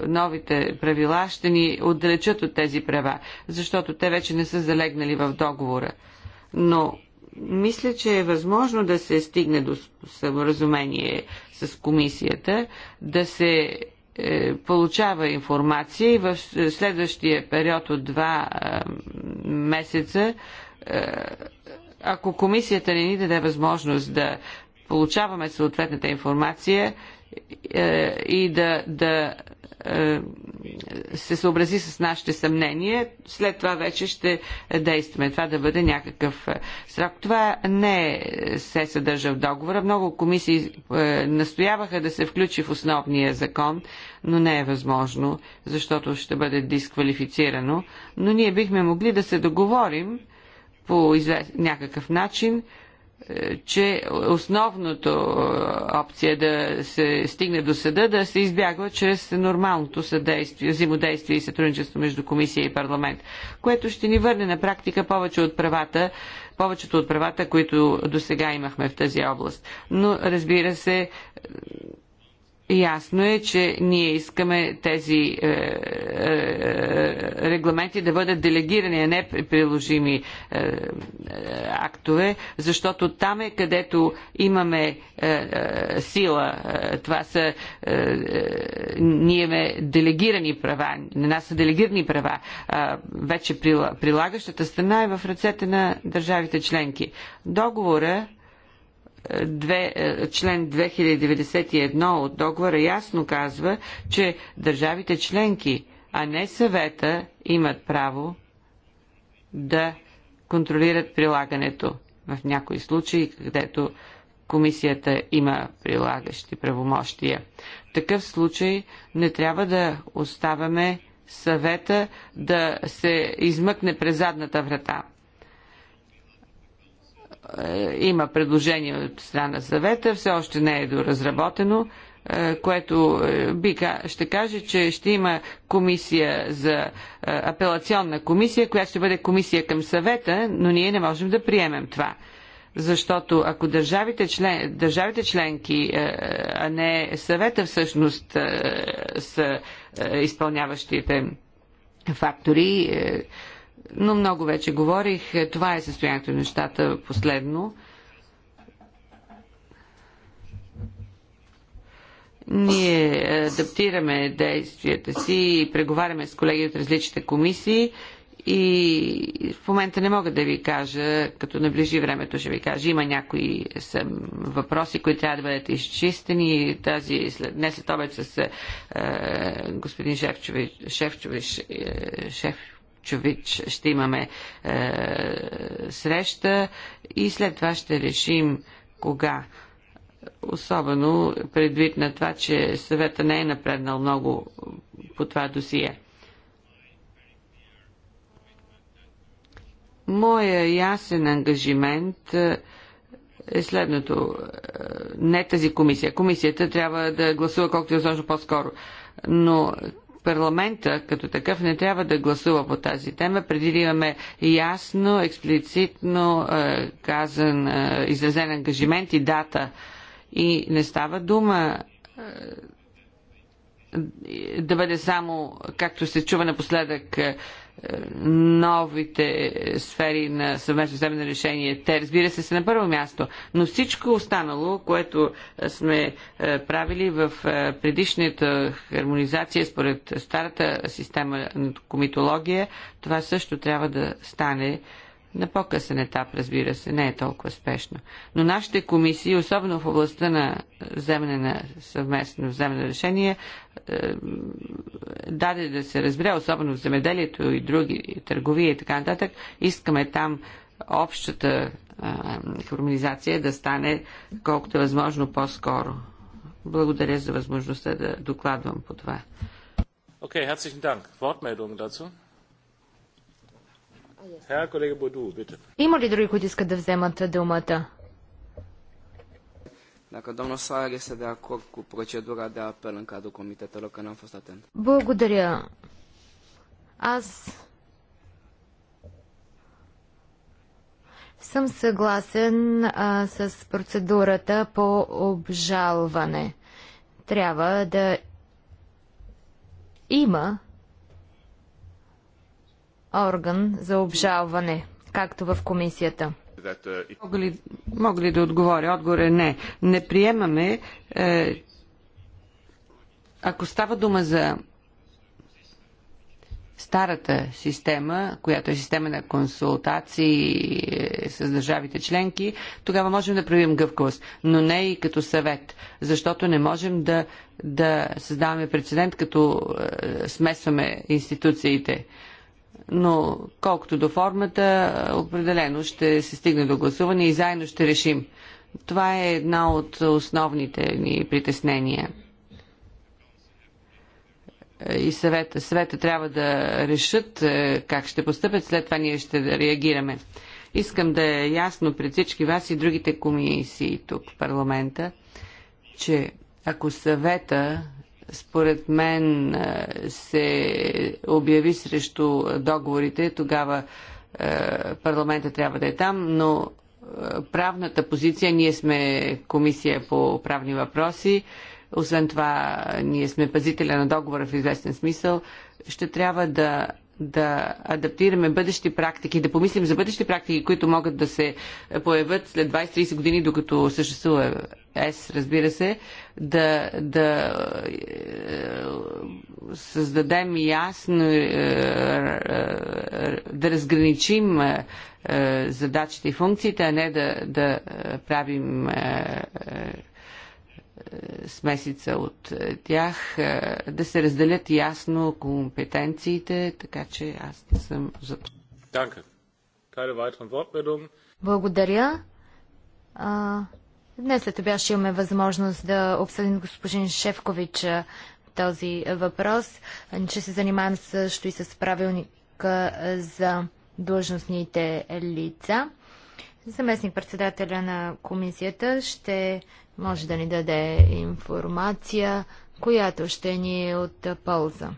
новите правила ще ни отдалечат от тези права, защото те вече не са залегнали в договора. Но мисля, че е възможно да се стигне до съвразумение с комисията, да се е, получава информация и в следващия период от два е, месеца, е, ако комисията не ни даде възможност да получаваме съответната информация, е, и да, да е, се съобрази с нашите съмнения, след това вече ще действаме. Това да бъде някакъв е, срок. Това не се съдържа в договора. Много комисии настояваха да се включи в основния закон, но не е възможно, защото ще бъде дисквалифицирано. Но ние бихме могли да се договорим по някакъв начин че основното е, опция да се стигне до съда да се избягва чрез нормалното съдействие, взаимодействие и сътрудничество между комисия и парламент, което ще ни върне на практика повече от правата, повечето от правата, които до сега имахме в тази област. Но, разбира се, Ясно е, че ние искаме тези е, е, е регламенти да бъдат делегирани, а не приложими е, е, актове, защото там е където имаме е, сила. Това са ние ме делегирани права, на нас са делегирани права. Вече прилагащата страна е в ръцете на държавите членки. Договора 2, е, член 2091 от договора ясно казва, че държавите членки, а не съвета, имат право да контролират прилагането. В някои случаи, където комисията има прилагащи правомощия. В такъв случай не трябва да оставяме съвета да се измъкне през задната врата. Е, има предложение от страна на съвета, все още не е доразработено, е, което е, би, ще каже, че ще има комисия за апелационна комисия, която ще бъде комисия към съвета, но ние не можем да приемем това. Защото ако държавите, член, държавите членки, а не съвета всъщност са изпълняващите фактори, но много вече говорих. Това е състоянието на нещата последно. Ние е, адаптираме действията си и преговаряме с колеги от различните комисии и в момента не мога да ви кажа, като наближи времето ще ви кажа, има някои е, въпроси, които трябва да бъдат изчистени. Тази, след, днес след обед с е, е господин Шефчович, Шефчович е, Шеф, Чович ще имаме е, среща и след това ще решим кога. Особено предвид на това, че съвета не е напреднал много по това досие. Моя ясен ангажимент е, е следното. Е, не тази комисия. Комисията трябва да гласува колкото е възможно по-скоро. Но парламента като такъв не трябва да гласува по тази тема, преди да имаме ясно, експлицитно е, казан, е, изразен ангажимент и дата. И не става дума е, да бъде само, както се чува напоследък, е, новите сфери на съвместно вземане решение. Те, разбира се, са на първо място, но всичко останало, което е, сме е, правили в е, предишната хармонизация според старата система на комитология, това също трябва да стане на по-късен етап, разбира се, не е толкова спешно. Но нашите комисии, особено в областта на вземане на съвместно вземане на решение, е, даде да се разбере, особено в земеделието и други търговии търговия и така нататък, искаме там общата е, хармонизация да стане колкото е възможно по-скоро. Благодаря за възможността да докладвам по това. Okay, herzlichen Dank. Wortmeldungen dazu? Има ли други, които искат да вземат думата? Dacă domnul Soare este de acord cu procedura de apel în cadrul comitetelor, că n-am fost atent. Благодаря. Аз съм съгласен а, с процедурата по обжалване. Трябва да има орган за обжалване, както в комисията. Мога ли, мога ли да отговоря? Отговор е не. Не приемаме. Е, ако става дума за старата система, която е система на консултации е, с държавите членки, тогава можем да правим гъвкавост, но не и като съвет, защото не можем да, да създаваме прецедент, като е, смесваме институциите но колкото до формата, определено ще се стигне до гласуване и заедно ще решим. Това е една от основните ни притеснения. И съвета, съвета трябва да решат е, как ще постъпят, след това ние ще реагираме. Искам да е ясно пред всички вас и другите комисии тук в парламента, че ако съвета според мен е, се обяви срещу договорите, тогава е, парламента трябва да е там, но е, правната позиция, ние сме комисия по правни въпроси, освен това ние сме пазителя на договора в известен смисъл, ще трябва да да адаптираме бъдещи практики, да помислим за бъдещи практики, които могат да се появят след 20-30 години, докато съществува ЕС, разбира се, да, да е, създадем ясно, е, е, да разграничим задачите и функциите, а не да, да правим смесица от тях, да се разделят ясно компетенциите, така че аз не съм за това. Благодаря. Днес след обяд ще имаме възможност да обсъдим господин Шефкович този въпрос. Ще се занимаем също и с правилника за длъжностните лица. Заместник председателя на комисията ще може да ни даде информация, която ще ни е от полза.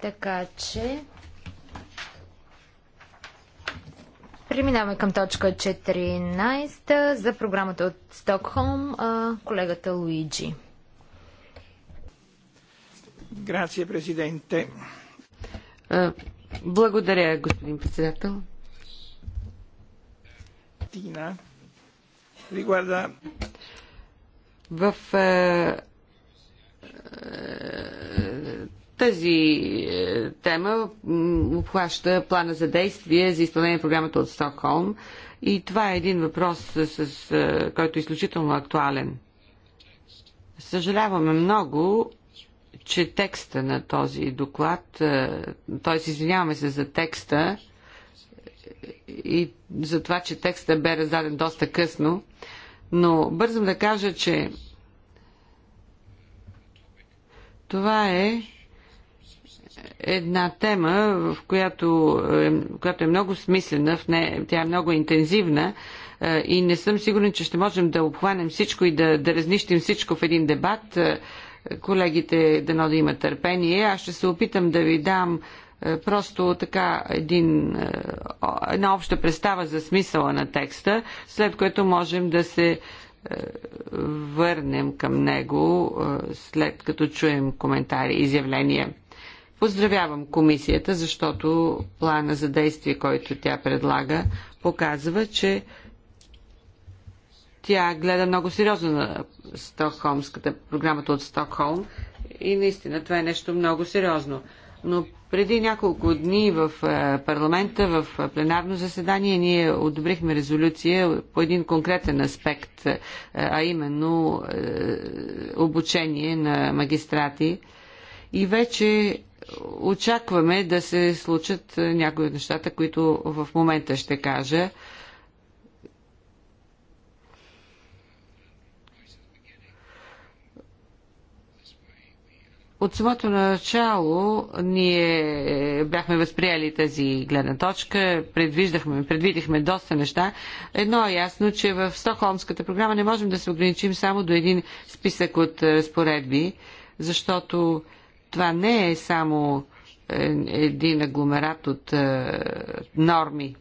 Така че Преминаваме към точка 14 за програмата от Стокхолм. Колегата Луиджи. Грация, президенте. Благодаря, господин председател. Тина. Ригуарда. В тази е, тема обхваща плана за действие за изпълнение на програмата от Стокхолм и това е един въпрос, с, с, е, който е изключително актуален. Съжаляваме много, че текста на този доклад, е, т.е. извиняваме се за текста и за това, че текста бе раздаден доста късно, но бързам да кажа, че това е една тема, в която, е, която е много смислена, в не, тя е много интензивна е, и не съм сигурен, че ще можем да обхванем всичко и да, да разнищим всичко в един дебат. Е, колегите дано да имат търпение. Аз ще се опитам да ви дам просто така един, една обща представа за смисъла на текста, след което можем да се върнем към него, след като чуем коментари и изявления. Поздравявам комисията, защото плана за действие, който тя предлага, показва, че тя гледа много сериозно на Стокхолмската, програмата от Стокхолм и наистина това е нещо много сериозно. Но преди няколко дни в е, парламента, в пленарно заседание, ние одобрихме резолюция по един конкретен аспект, е, а именно е, обучение на магистрати. И вече очакваме да се случат е, някои от нещата, които в момента ще кажа. От самото начало ние е, бяхме възприели тази гледна точка, предвиждахме, предвидихме доста неща. Едно е ясно, че в Стокхолмската програма не можем да се ограничим само до един списък от е, разпоредби, защото това не е само е, един агломерат от е, норми,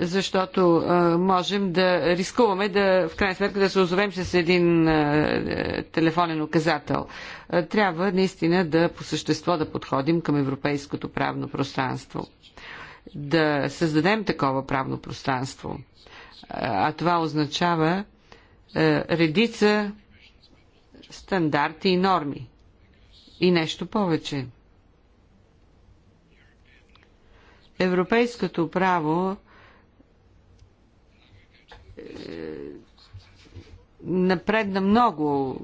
защото е, можем да рискуваме да, в крайна сметка, да се озовем с един телефонен указател. трябва наистина да по същество да подходим към европейското правно пространство. Да създадем такова правно пространство. А, това означава редица стандарти и норми и нещо повече. Европейското право е, напредна много,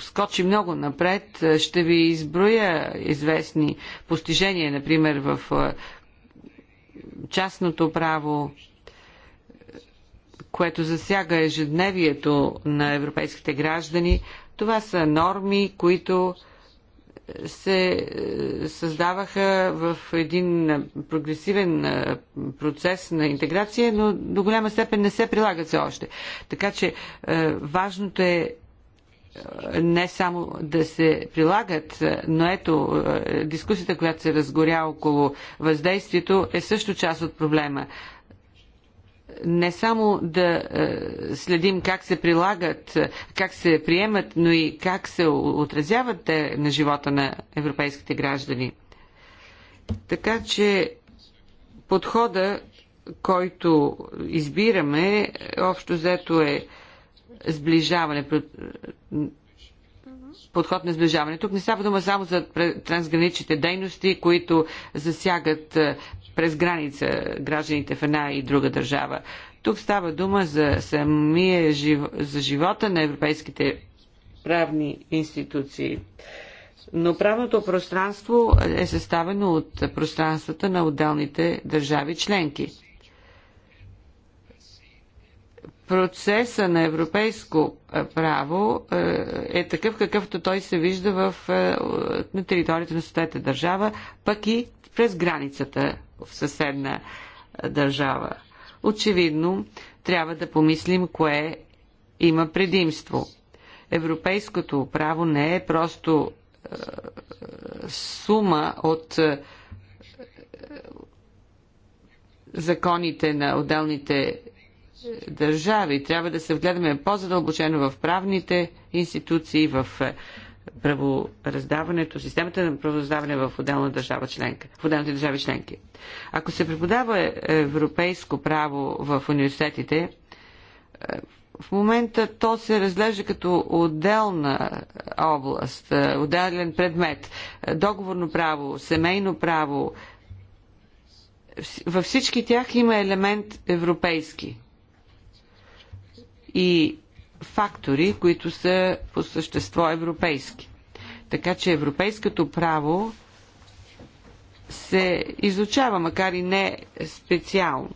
скочи много напред. Ще ви изброя известни постижения, например, в е, частното право, което засяга ежедневието на европейските граждани. Това са норми, които се е, създаваха в един прогресивен е, процес на интеграция, но до голяма степен не се прилагат все още. Така че е, важното е не само да се прилагат, но ето дискусията, която се разгоря около въздействието, е също част от проблема не само да е, следим как се прилагат, как се приемат, но и как се отразяват те на живота на европейските граждани. Така че подхода, който избираме, общо взето е сближаване, подход на сближаване. Тук не става дума само за трансграничните дейности, които засягат е, през граница гражданите в една и друга държава. Тук става дума за самия жив... за живота на европейските правни институции. Но правното пространство е съставено от пространствата на отделните държави членки. Процеса на европейско право е такъв, какъвто той се вижда в, на територията на съответната държава, пък и през границата в съседна държава. Очевидно, трябва да помислим кое има предимство. Европейското право не е просто е, сума от е, законите на отделните държави. Трябва да се вгледаме по-задълбочено в правните институции, в правораздаването, системата на правораздаване в отделна държава членка, в отделните държави членки. Ако се преподава европейско право в университетите, е, в момента то се разглежда като отделна област, е, отделен предмет. Договорно право, семейно право. Във всички тях има елемент европейски. И фактори, които са по същество европейски. Така че европейското право се изучава, макар и не специално.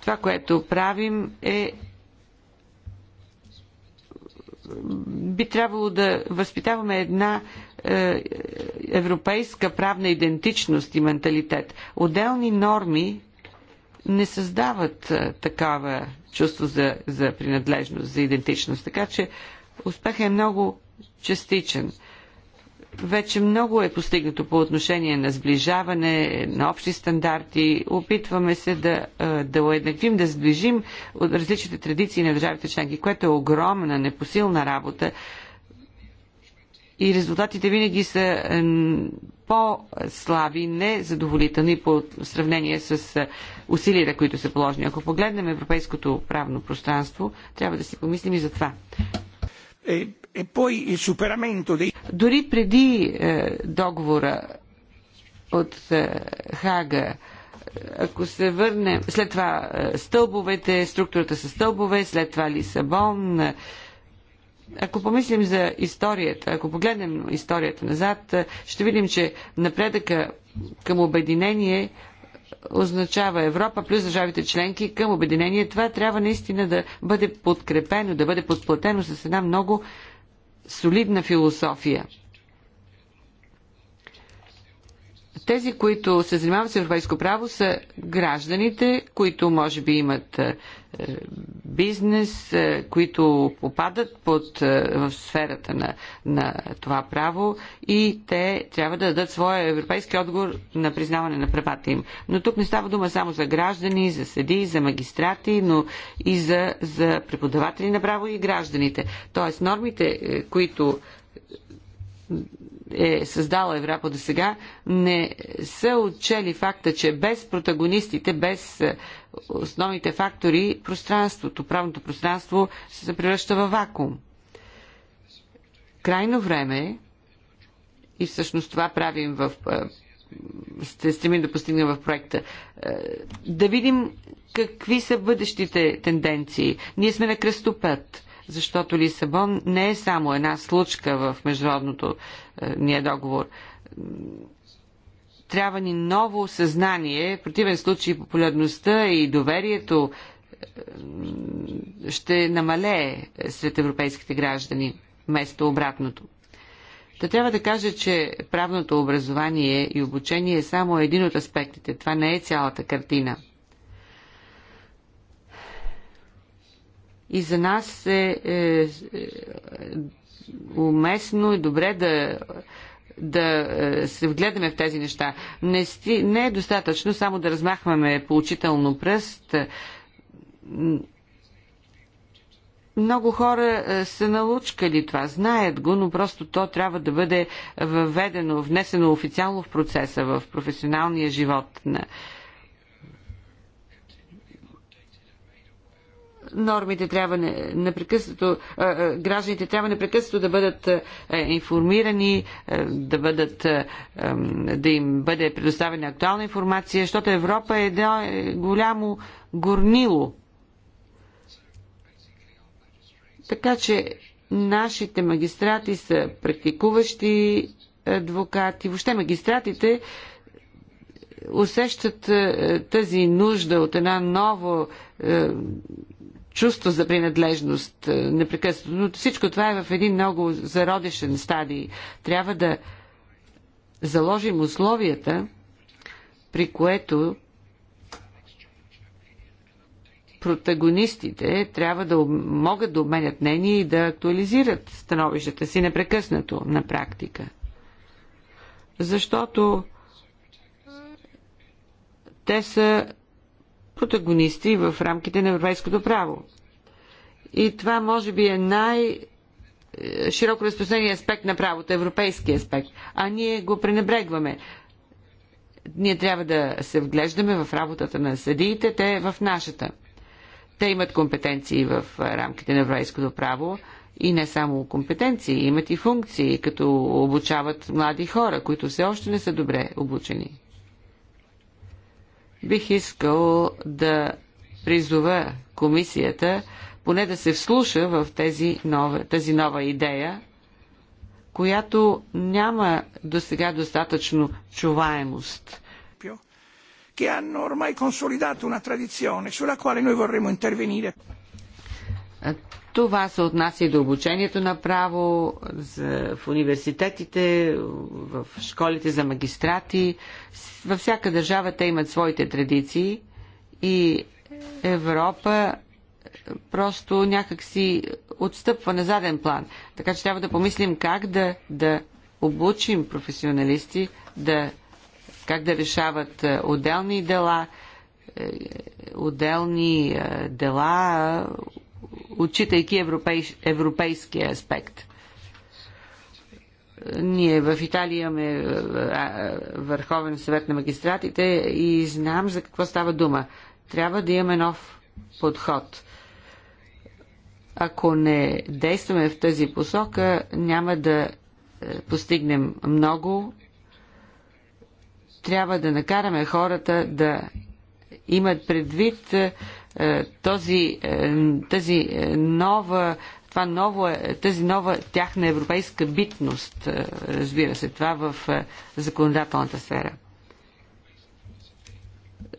Това, което правим е би трябвало да възпитаваме една е, европейска правна идентичност и менталитет. Отделни норми не създават такава чувство за, за принадлежност, за идентичност. Така че успехът е много частичен. Вече много е постигнато по отношение на сближаване, на общи стандарти. Опитваме се да, да уеднаквим, да сближим от различните традиции на държавите членки, което е огромна, непосилна работа, и резултатите винаги са е, по-слаби, незадоволителни по сравнение с е, усилията, които са положени. Ако погледнем европейското правно пространство, трябва да си помислим и за това. Е, Дори преди договора от Хага, ако се върнем, след това стълбовете, структурата с стълбове, след това Лисабон, ако помислим за историята, ако погледнем историята назад, е, ще видим, че напредъка към обединение означава Европа плюс държавите членки към обединение. Това трябва наистина да бъде подкрепено, да бъде подплатено с една много солидна философия. Тези, които се занимават с европейско право, са гражданите, които може би имат е, бизнес, е, които попадат под, е, в сферата на, на това право и те трябва да дадат своя европейски отговор на признаване на правата им. Но тук не става дума само за граждани, за съди, за магистрати, но и за, за преподаватели на право и гражданите. Тоест нормите, които е създала Европа до сега, не са отчели факта, че без протагонистите, без е, основните фактори, пространството, правното пространство се превръща в вакуум. Крайно време е, и всъщност това правим в се стремим да постигнем в проекта. Е, да видим какви са бъдещите тенденции. Ние сме на кръстопът защото Лисабон не е само една случка в международното е договор. Трябва ни ново съзнание, в противен случай популярността и доверието е, ще намалее сред европейските граждани, вместо обратното. Та трябва да кажа, че правното образование и обучение е само един от аспектите. Това не е цялата картина – и за нас е, е, е уместно и добре да да е, се вгледаме в тези неща. Не, сти, не е достатъчно само да размахваме получително пръст. Много хора е, са научкали това, знаят го, но просто то трябва да бъде въведено, внесено официално в процеса, в професионалния живот на нормите трябва непрекъснато, гражданите трябва непрекъснато да бъдат информирани, да, бъдат, да им бъде предоставена актуална информация, защото Европа е едно голямо горнило. Така че нашите магистрати са практикуващи адвокати, въобще магистратите усещат тази нужда от една ново чувство за принадлежност е, непрекъснато. Но всичко това е в един много зародишен стадий. Трябва да заложим условията, при което протагонистите трябва да могат да обменят мнение и да актуализират становищата си непрекъснато на практика. Защото те са протагонисти в рамките на европейското право. И това може би е най- широко разпространения аспект на правото, европейски аспект. А ние го пренебрегваме. Ние трябва да се вглеждаме в работата на съдиите, те е в нашата. Те имат компетенции в рамките на еврейското право и не само компетенции, имат и функции, като обучават млади хора, които все още не са добре обучени. Бих искал да призова комисията поне да се вслуша в тези нова, тази нова идея, която няма до сега достатъчно чуваемост. Che hanno ormai consolidato una tradizione sulla quale noi vorremmo intervenire. Това се отнася и до обучението на право за, в университетите, в школите за магистрати. Във всяка държава те имат своите традиции и Европа е, просто някакси отстъпва на заден план. Така че трябва да помислим как да, да обучим професионалисти, да, как да решават е, отделни дела, е, отделни дела отчитайки европейс, европейския аспект. Ние в Италия имаме е, е, Върховен съвет на магистратите и знам за какво става дума. Трябва да имаме нов подход. Ако не действаме в тази посока, няма да е, постигнем много. Трябва да накараме хората да имат предвид е, този, е, тази е, нова това ново, тази нова тяхна европейска битност, разбира се, това в законодателната сфера.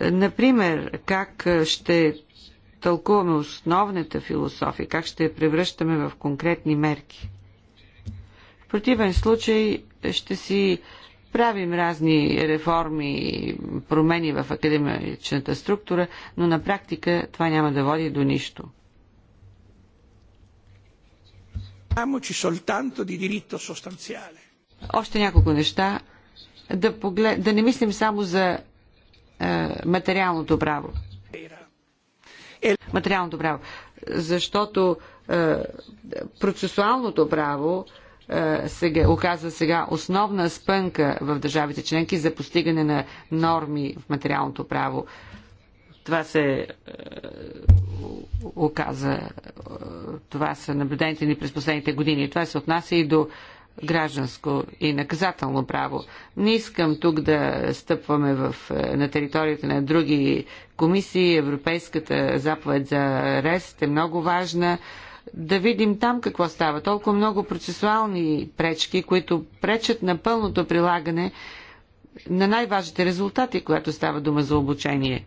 Например, как ще тълкуваме основната философия, как ще я превръщаме в конкретни мерки. В противен случай ще си Правим разни реформи и промени в академичната структура, но на практика това няма да води до нищо. Още няколко неща. Да, поглед... да не мислим само за е, материалното право. Материалното право. Защото е, процесуалното право е, сега, оказва сега основна спънка в държавите членки за постигане на норми в материалното право. Това се е, оказа, е, това са наблюдените ни през последните години. Това се отнася и до гражданско и наказателно право. Не искам тук да стъпваме в, е, на територията на други комисии. Европейската заповед за арест е много важна да видим там какво става. Толкова много процесуални пречки, които пречат на пълното прилагане на най-важните резултати, когато става дума за обучение.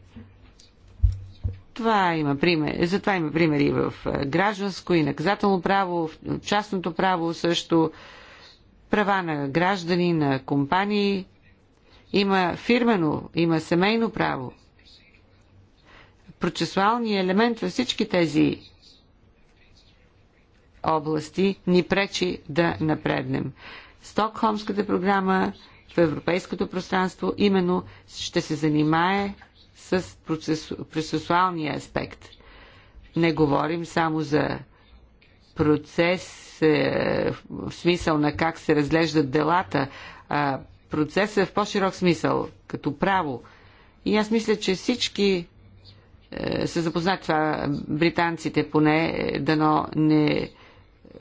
Това има пример. За това има примери и в гражданско и наказателно право, в частното право също, права на граждани, на компании. Има фирмено, има семейно право. Процесуалният елемент във всички тези области ни пречи да напреднем. Стокхолмската програма в европейското пространство именно ще се занимае с процесу... процесуалния аспект. Не говорим само за процес е, в смисъл на как се разглеждат делата, а процесът е в по-широк смисъл, като право. И аз мисля, че всички е, са запознат това, британците поне, е, дано не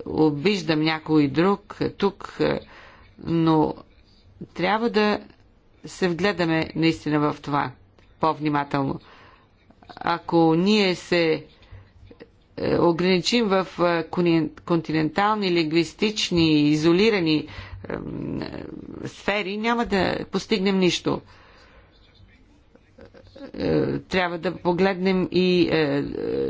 обиждам някой друг тук, но трябва да се вгледаме наистина в това по-внимателно. Ако ние се е, ограничим в е, континентални, лингвистични, изолирани е, сфери, няма да постигнем нищо. Е, трябва да погледнем и е, е,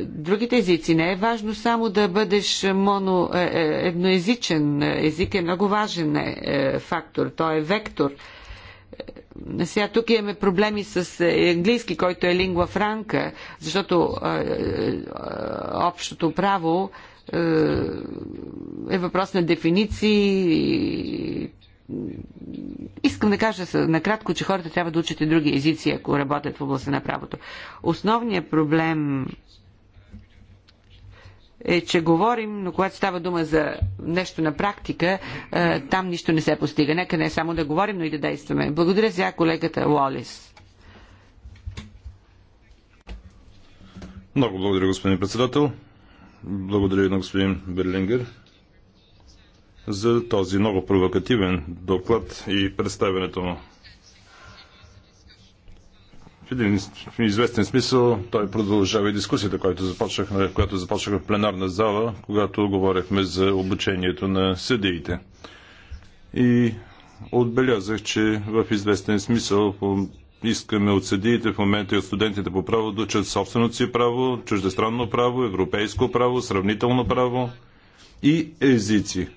другите езици. Не е важно само да бъдеш моно е, е едноезичен. Език е много важен е, фактор. Той е вектор. Сега тук имаме проблеми с английски, който е лингва франка, защото е, е, общото право е въпрос на дефиниции, и искам да кажа накратко, че хората трябва да учат и други езици, ако работят в областта на правото. Основният проблем е, че говорим, но когато става дума за нещо на практика, е, там нищо не се постига. Нека не само да говорим, но и да действаме. Благодаря сега колегата Лолис. Много благодаря, господин председател. Благодаря на господин Берлингер за този много провокативен доклад и представянето му. В един известен смисъл той продължава и дискусията, която започнахме, която започнахме в пленарна зала, когато говорихме за обучението на съдиите. И отбелязах, че в известен смисъл искаме от съдиите в момента и от студентите по право да учат собственото си право, чуждестранно право, европейско право, сравнително право и езици.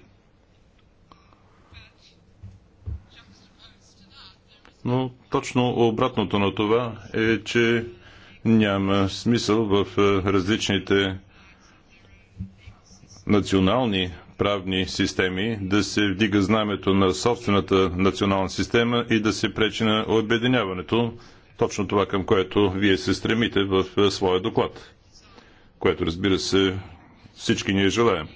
Но точно обратното на това е, че няма смисъл в е, различните национални правни системи да се вдига знамето на собствената национална система и да се пречи на обединяването, точно това към което вие се стремите в е, своя доклад, което разбира се всички ние желаем.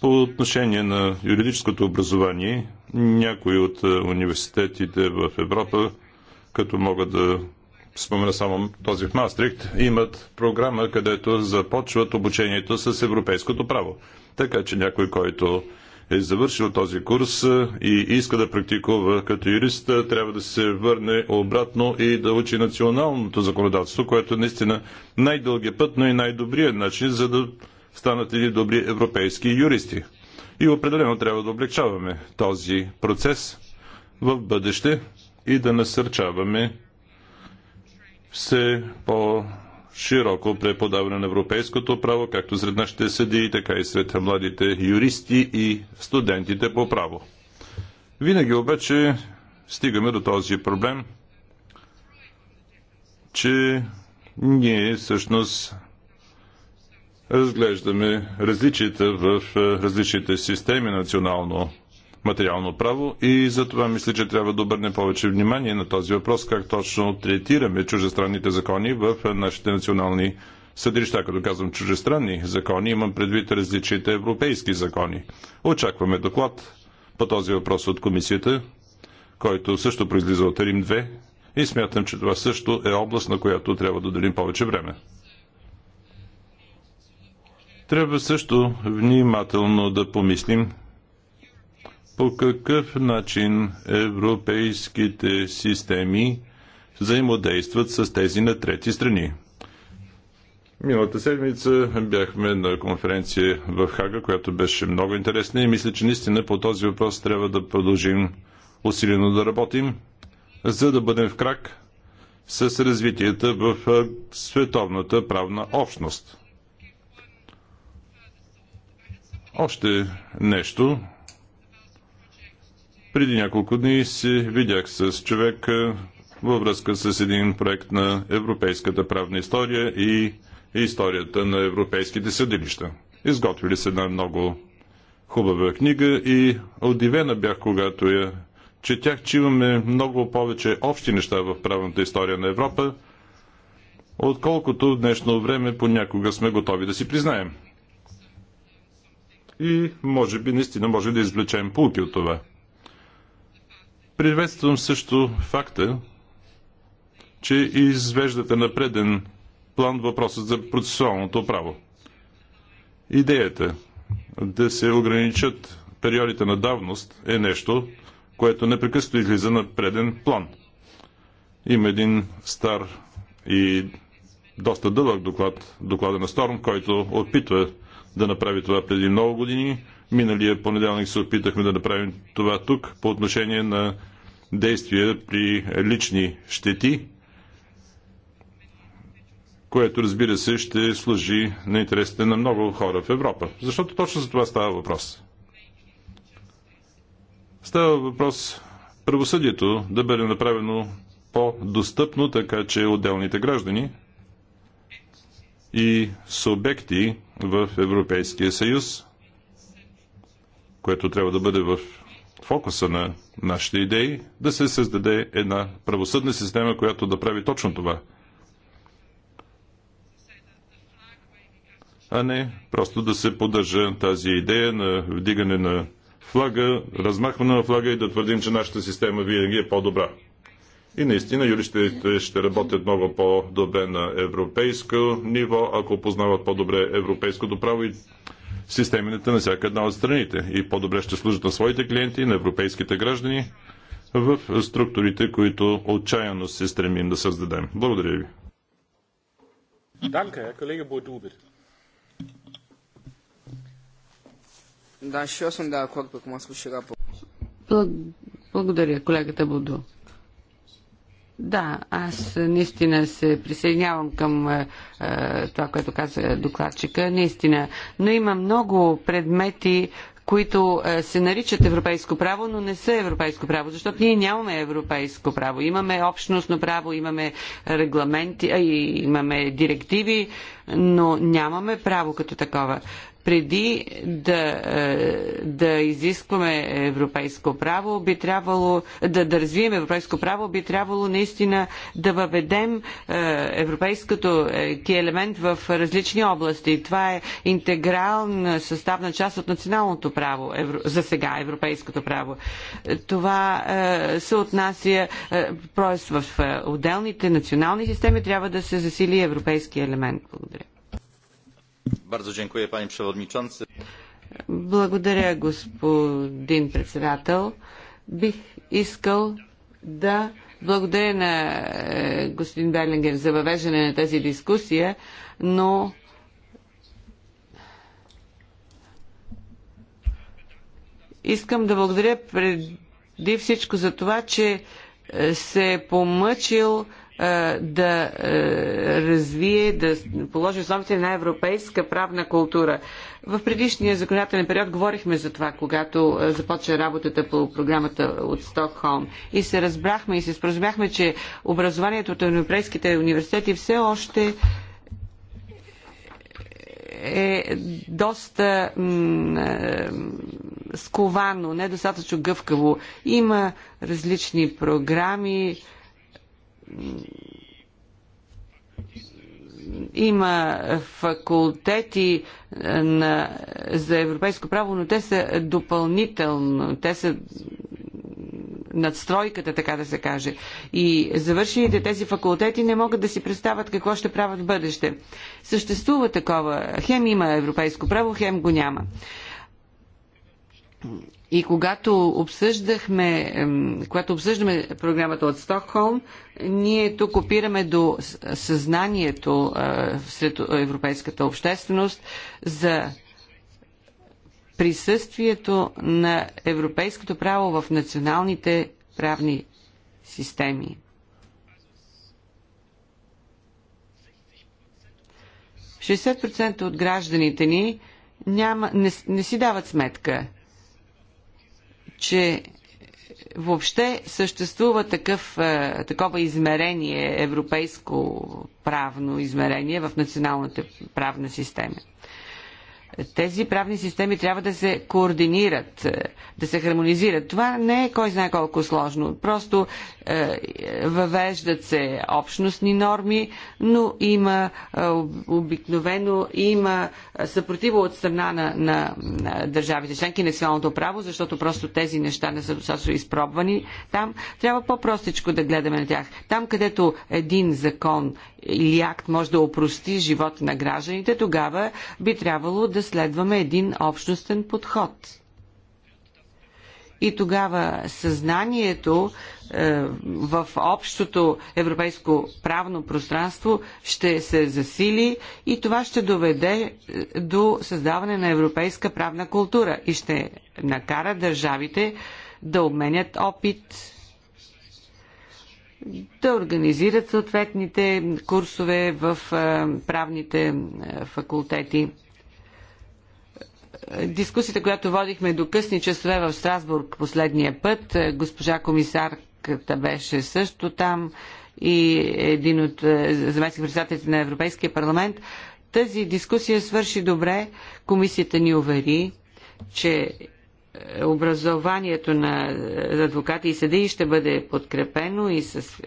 По отношение на юридическото образование, някои от е, университетите в Европа, като мога да спомена само този в Мастрихт, имат програма, където започват обучението с европейското право. Така че някой, който е завършил този курс е, и иска да практикува като юрист, е, трябва да се върне обратно и да учи националното законодателство, което е наистина най-дългия път, но и най-добрият начин, за да станат едни добри европейски юристи. И определено трябва да облегчаваме този процес в бъдеще и да насърчаваме все по широко преподаване на европейското право, както сред нашите съдии, така и сред младите юристи и студентите по право. Винаги обаче стигаме до този проблем, че ние всъщност разглеждаме различията в различните системи национално материално право и за това мисля, че трябва да обърнем повече внимание на този въпрос, как точно третираме чужестранните закони в нашите национални съдилища. Като казвам чужестранни закони, имам предвид различните европейски закони. Очакваме доклад по този въпрос от комисията, който също произлиза от Рим 2 и смятам, че това също е област, на която трябва да делим повече време. Трябва също внимателно да помислим по какъв начин европейските системи взаимодействат с тези на трети страни. Миналата седмица бяхме на конференция в Хага, която беше много интересна и мисля, че наистина по този въпрос трябва да продължим усилено да работим, за да бъдем в крак с развитията в световната правна общност. Още нещо. Преди няколко дни се видях с човек във връзка с един проект на европейската правна история и историята на европейските съдилища. Изготвили се една много хубава книга и удивена бях, когато я четях, че имаме много повече общи неща в правната история на Европа, отколкото в днешно време понякога сме готови да си признаем и може би наистина може да извлечем полки от това. Приветствам също факта, че извеждате на преден план въпросът за процесуалното право. Идеята да се ограничат периодите на давност е нещо, което непрекъснато излиза на преден план. Има един стар и доста дълъг доклад, доклада на Сторм, който опитва да направи това преди много години. Миналия понеделник се опитахме да направим това тук по отношение на действия при лични щети, което разбира се ще служи на интересите на много хора в Европа. Защото точно за това става въпрос. Става въпрос правосъдието да бъде направено по-достъпно, така че отделните граждани и субекти в Европейския съюз, което трябва да бъде в фокуса на нашите идеи, да се създаде една правосъдна система, която да прави точно това. А не просто да се поддържа тази идея на вдигане на флага, размахване на флага и да твърдим, че нашата система винаги е по-добра. И наистина юристите ще работят много по-добре на европейско ниво, ако познават по-добре европейското право и системите на всяка една от страните. И по-добре ще служат на своите клиенти, на европейските граждани в структурите, които отчаяно се стремим да създадем. Благодаря ви. Danke, колега Боду, Да, ще съм да, ако Благодаря, колегата Боду. Да, аз наистина се присъединявам към е, е, това, което каза докладчика. Наистина. Но има много предмети, които е, се наричат европейско право, но не са европейско право, защото ние нямаме европейско право. Имаме общностно право, имаме регламенти, а, имаме директиви, но нямаме право като такова преди да, е, да изискваме европейско право, би трябвало да, да развием европейско право, би трябвало наистина да въведем е, европейското е, ки елемент в различни области. Това е интегрална съставна част от националното право, евро, за сега европейското право. Това се отнася, проест в отделните национални системи трябва да се засили европейски елемент. Благодаря. Благодаря, господин председател. Бих искал да благодаря на е, господин Берлингер за въвеждане на тази дискусия, но искам да благодаря преди всичко за това, че е, се е помъчил е, да е, развие, да положи основите на европейска правна култура. В предишния законодателен период говорихме за това, когато е, започна работата по програмата от Стокхолм и се разбрахме и се споразумяхме, че образованието от европейските университети все още е доста сковано, недостатъчно гъвкаво. Има различни програми, има факултети е, на, за европейско право, но те са допълнително, те са надстройката, така да се каже. И завършените тези факултети не могат да си представят какво ще правят в бъдеще. Съществува такова. Хем има европейско право, хем го няма. И когато обсъждахме, когато обсъждаме програмата от Стокхолм, ние тук опираме до съзнанието е, сред европейската общественост за присъствието на европейското право в националните правни системи. 60% от гражданите ни няма, не, не си дават сметка – че въобще съществува такъв, е, такова измерение, европейско правно измерение в националната правна система. Тези правни системи трябва да се координират, е, да се хармонизират. Това не е кой знае колко сложно. Просто е, въвеждат се общностни норми, но има е, обикновено има съпротива от страна на, на, на държавите членки и националното право, защото просто тези неща не са достатъчно изпробвани там. Трябва по-простичко да гледаме на тях. Там, където един закон или акт може да опрости живота на гражданите, тогава би трябвало да следваме един общностен подход. И тогава съзнанието е, в общото европейско правно пространство ще се засили и това ще доведе е, до създаване на европейска правна култура и ще накара държавите да обменят опит, да организират съответните курсове в е, правните е, факултети дискусията, която водихме до късни часове в Страсбург последния път, е, госпожа комисарката беше също там и един от е, заместник председателите на Европейския парламент, тази дискусия свърши добре. Комисията ни увери, че е, образованието на адвокати и съдии ще бъде подкрепено и с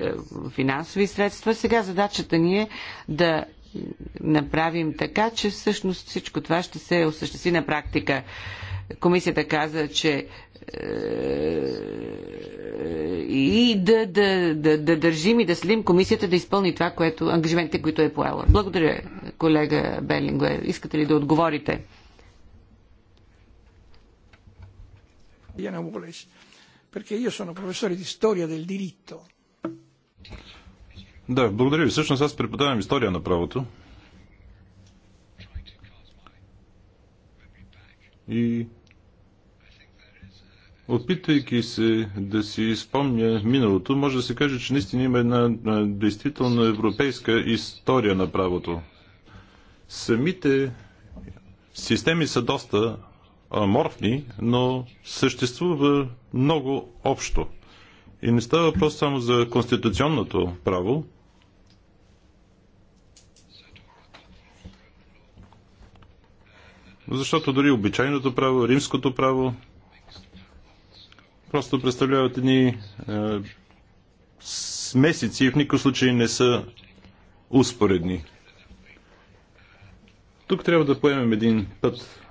финансови средства. Сега задачата ни е да направим така, че всъщност всичко това ще се осъществи на практика. Комисията каза, че е, и да, да, да, да държим и да следим комисията да изпълни това, което, ангажиментите, които е поела. Благодаря, колега Белингле. Искате ли да отговорите? Diana Wallace, защото io съм професор di история на diritto. Да, благодаря ви. Всъщност аз преподавам история на правото. И опитвайки се да си спомня миналото, може да се каже, че наистина има една действително европейска история на правото. Самите системи са доста аморфни, но съществува много общо. И не става въпрос само за конституционното право, Защото дори обичайното право, римското право, просто представляват едни е, смесици и в никакъв случай не са успоредни. Тук трябва да поемем един път.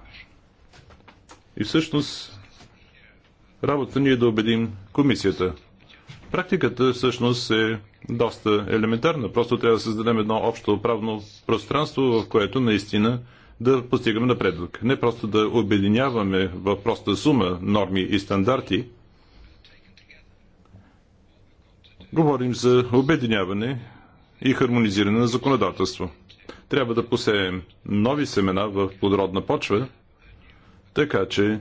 И всъщност работа ни е да убедим комисията. Практиката всъщност е доста елементарна. Просто трябва да създадем едно общо правно пространство, в което наистина да постигаме напредък. Не просто да обединяваме в проста сума норми и стандарти. Говорим за обединяване и хармонизиране на законодателство. Трябва да посеем нови семена в плодородна почва, така че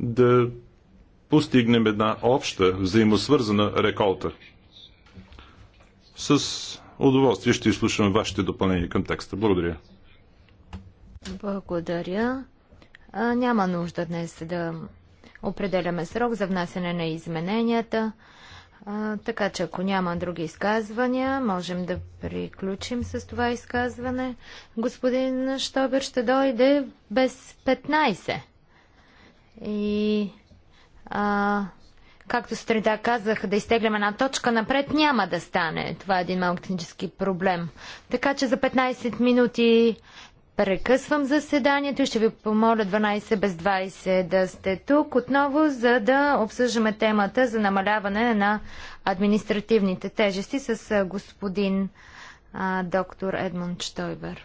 да постигнем една обща, взаимосвързана реколта. С удоволствие ще изслушам вашите допълнения към текста. Благодаря. Благодаря. А, няма нужда днес да определяме срок за внасяне на измененията. А, така че ако няма други изказвания, можем да приключим с това изказване. Господин Штобер ще дойде без 15. И а, както сутринта казах, да изтеглям една точка напред няма да стане. Това е един малко технически проблем. Така че за 15 минути Прекъсвам заседанието и ще ви помоля 12 без 20 да сте тук отново, за да обсъждаме темата за намаляване на административните тежести с господин а, доктор Едмунд Штойбер.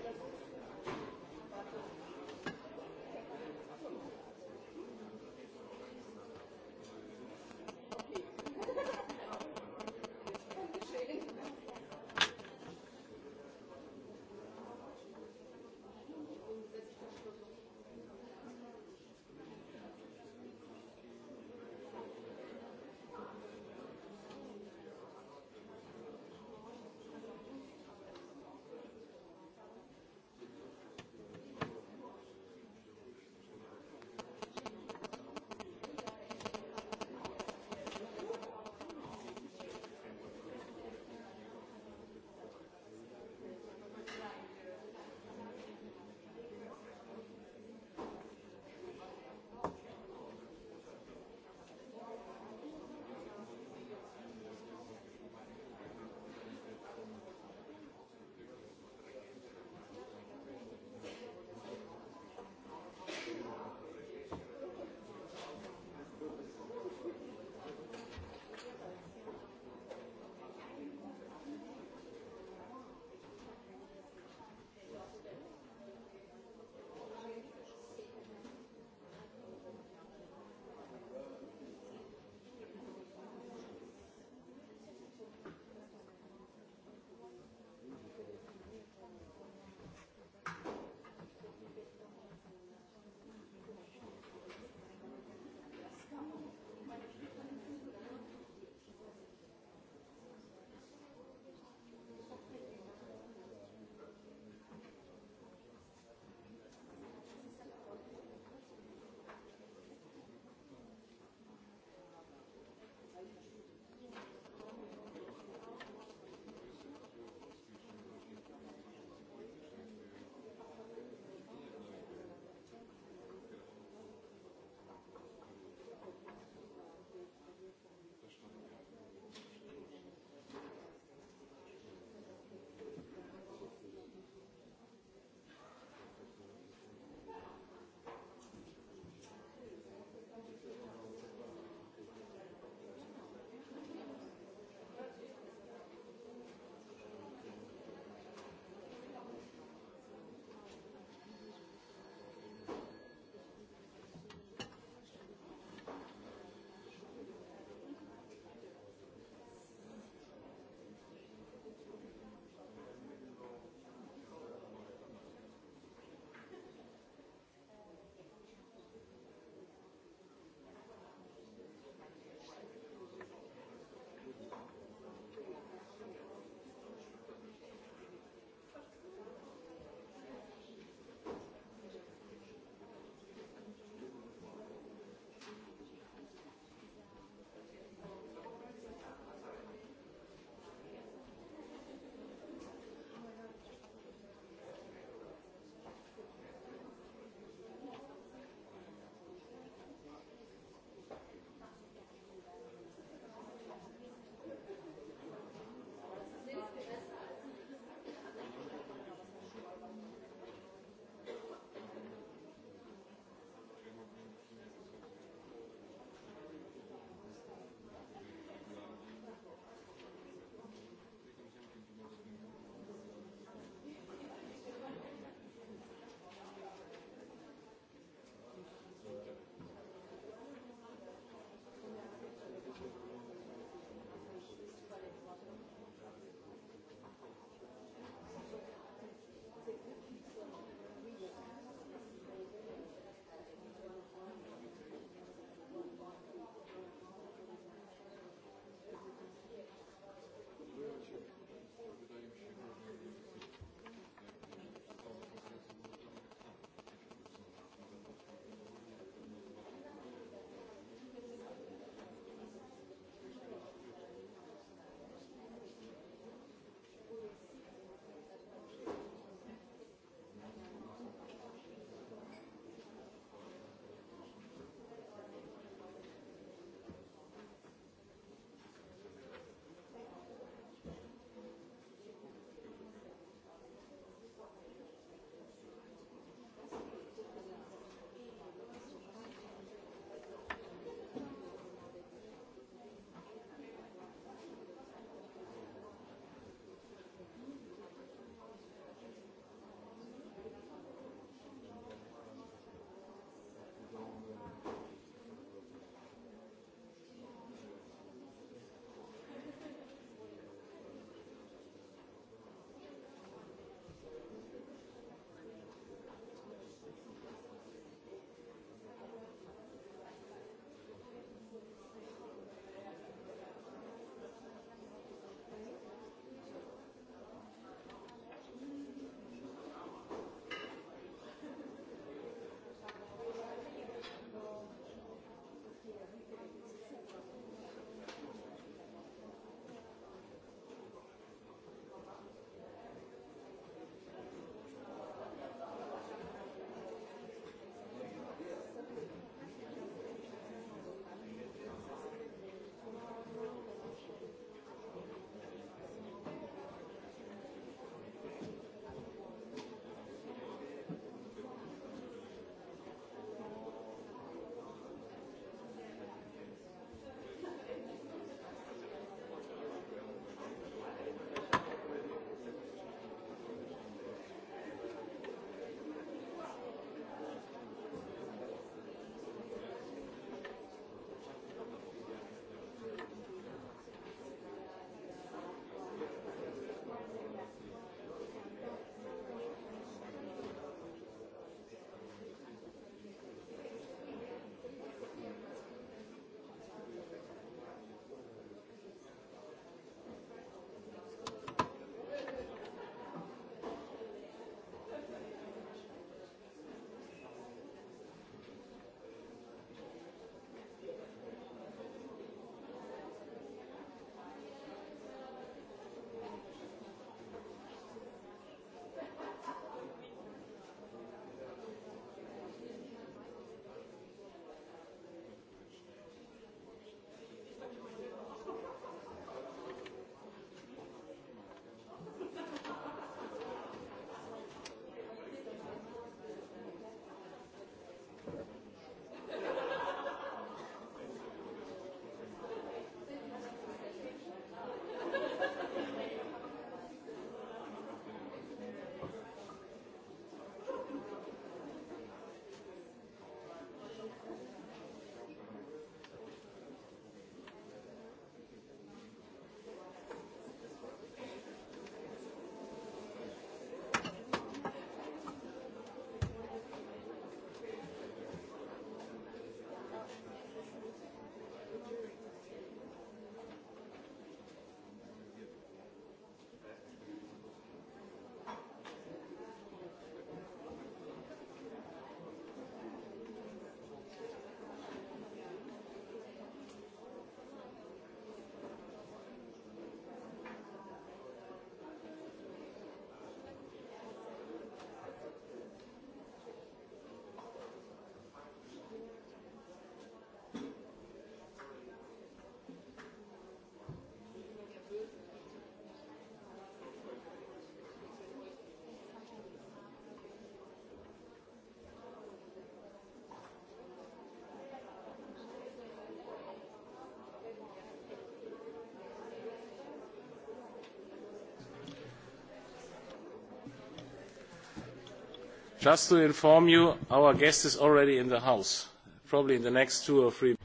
Just to inform you, our guest is already in the house. Probably in the next two or three...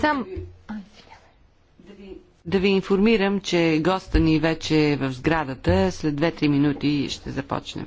Сам... Да ви информирам, че гостът ни вече е в сградата. След 2-3 минути ще започнем.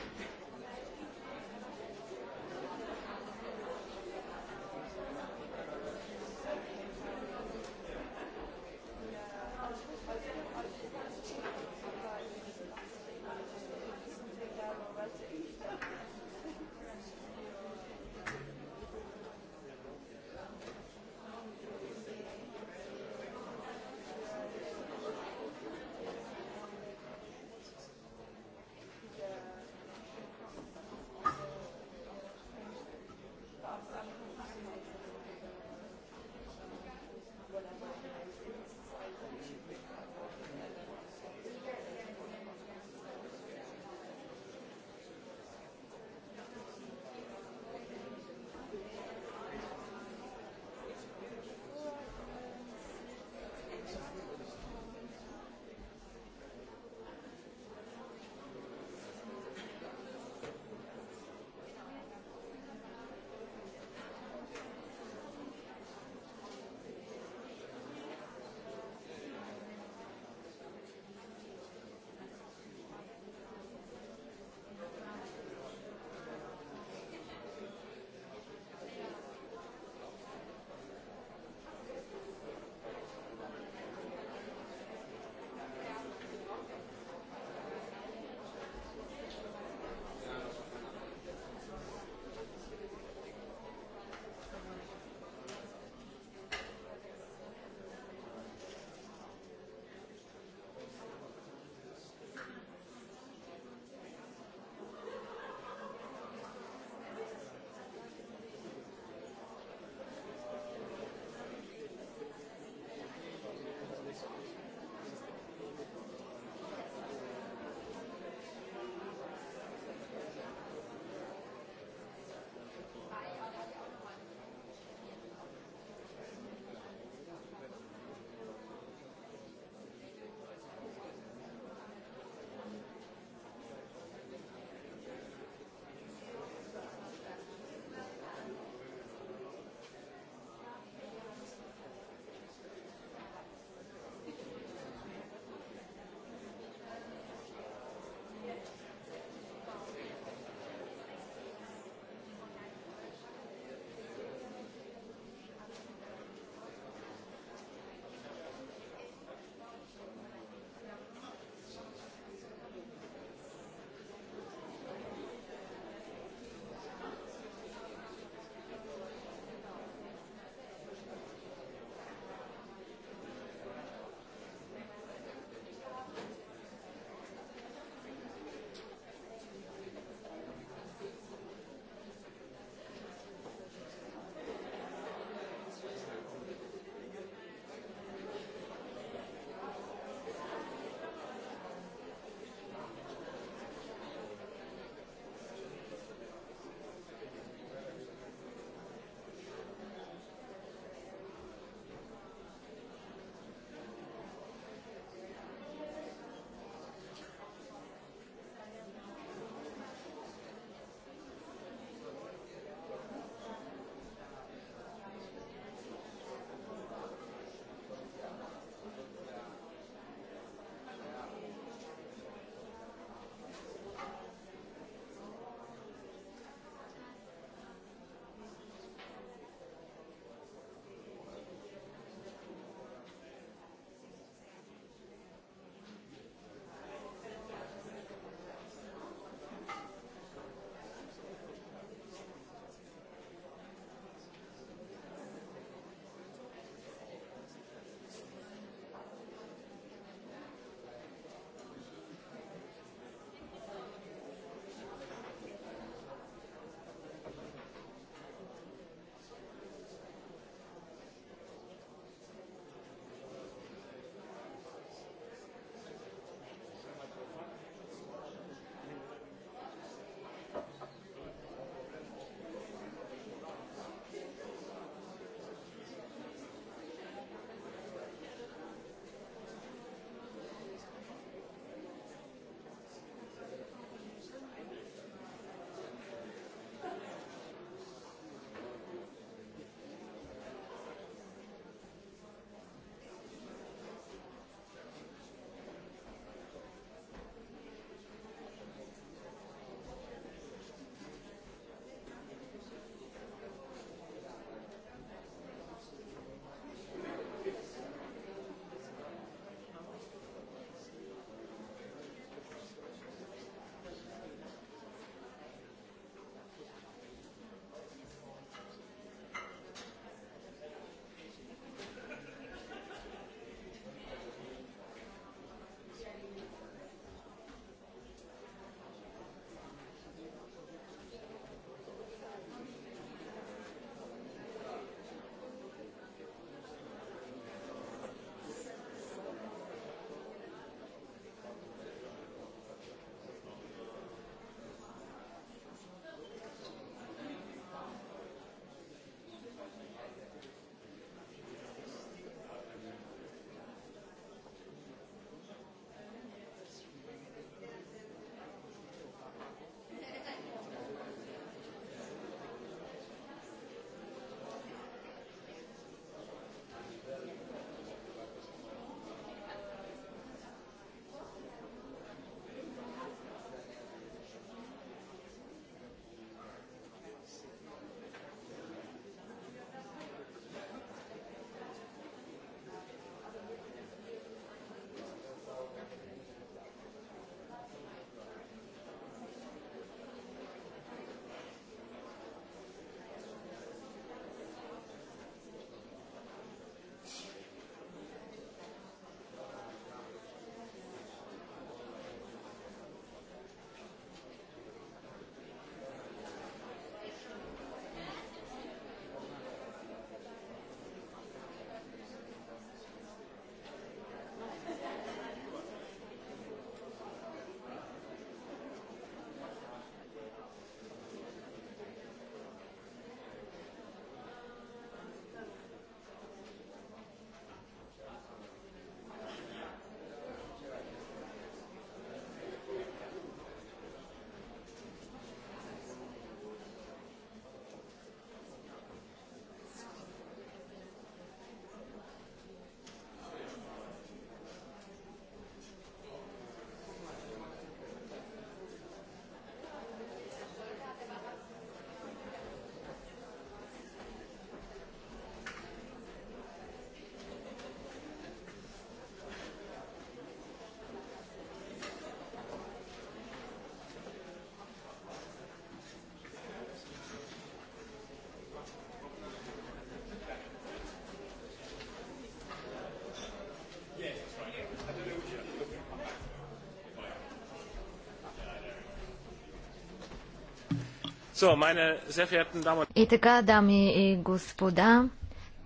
И така, дами и господа,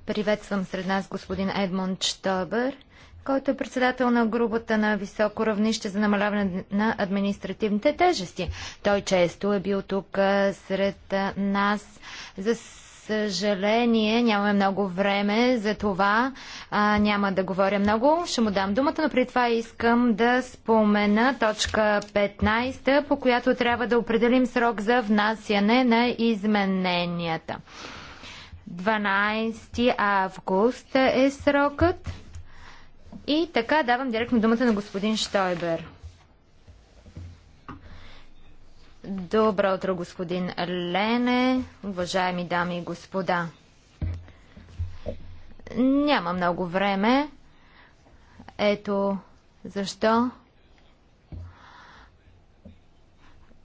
приветствам сред нас господин Едмонд Штобър, който е председател на групата на високо равнище за намаляване на административните тежести. Той често е бил тук сред нас. За съжаление, нямаме много време, за това а, няма да говоря много, ще му дам думата, но при това искам да спомена точка 15, по която трябва да определим срок за внасяне на измененията. 12 август е срокът. И така давам директно думата на господин Штойбер. Добро утро, господин Лене, уважаеми дами и господа. Няма много време. Ето защо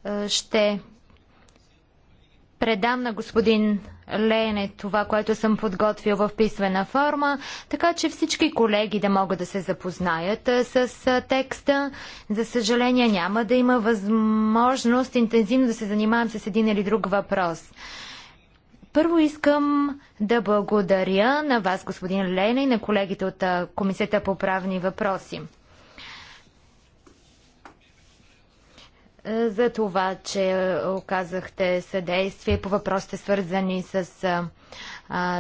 е, ще предам на господин Лене това, което съм подготвил в писмена форма, така че всички колеги да могат да се запознаят е, с е, текста. За съжаление няма да има възможност интензивно да се занимавам с един или друг въпрос. Първо искам да благодаря на вас, господин Лена, и на колегите от Комисията по правни въпроси. Е, за това, че е, оказахте съдействие по въпросите свързани с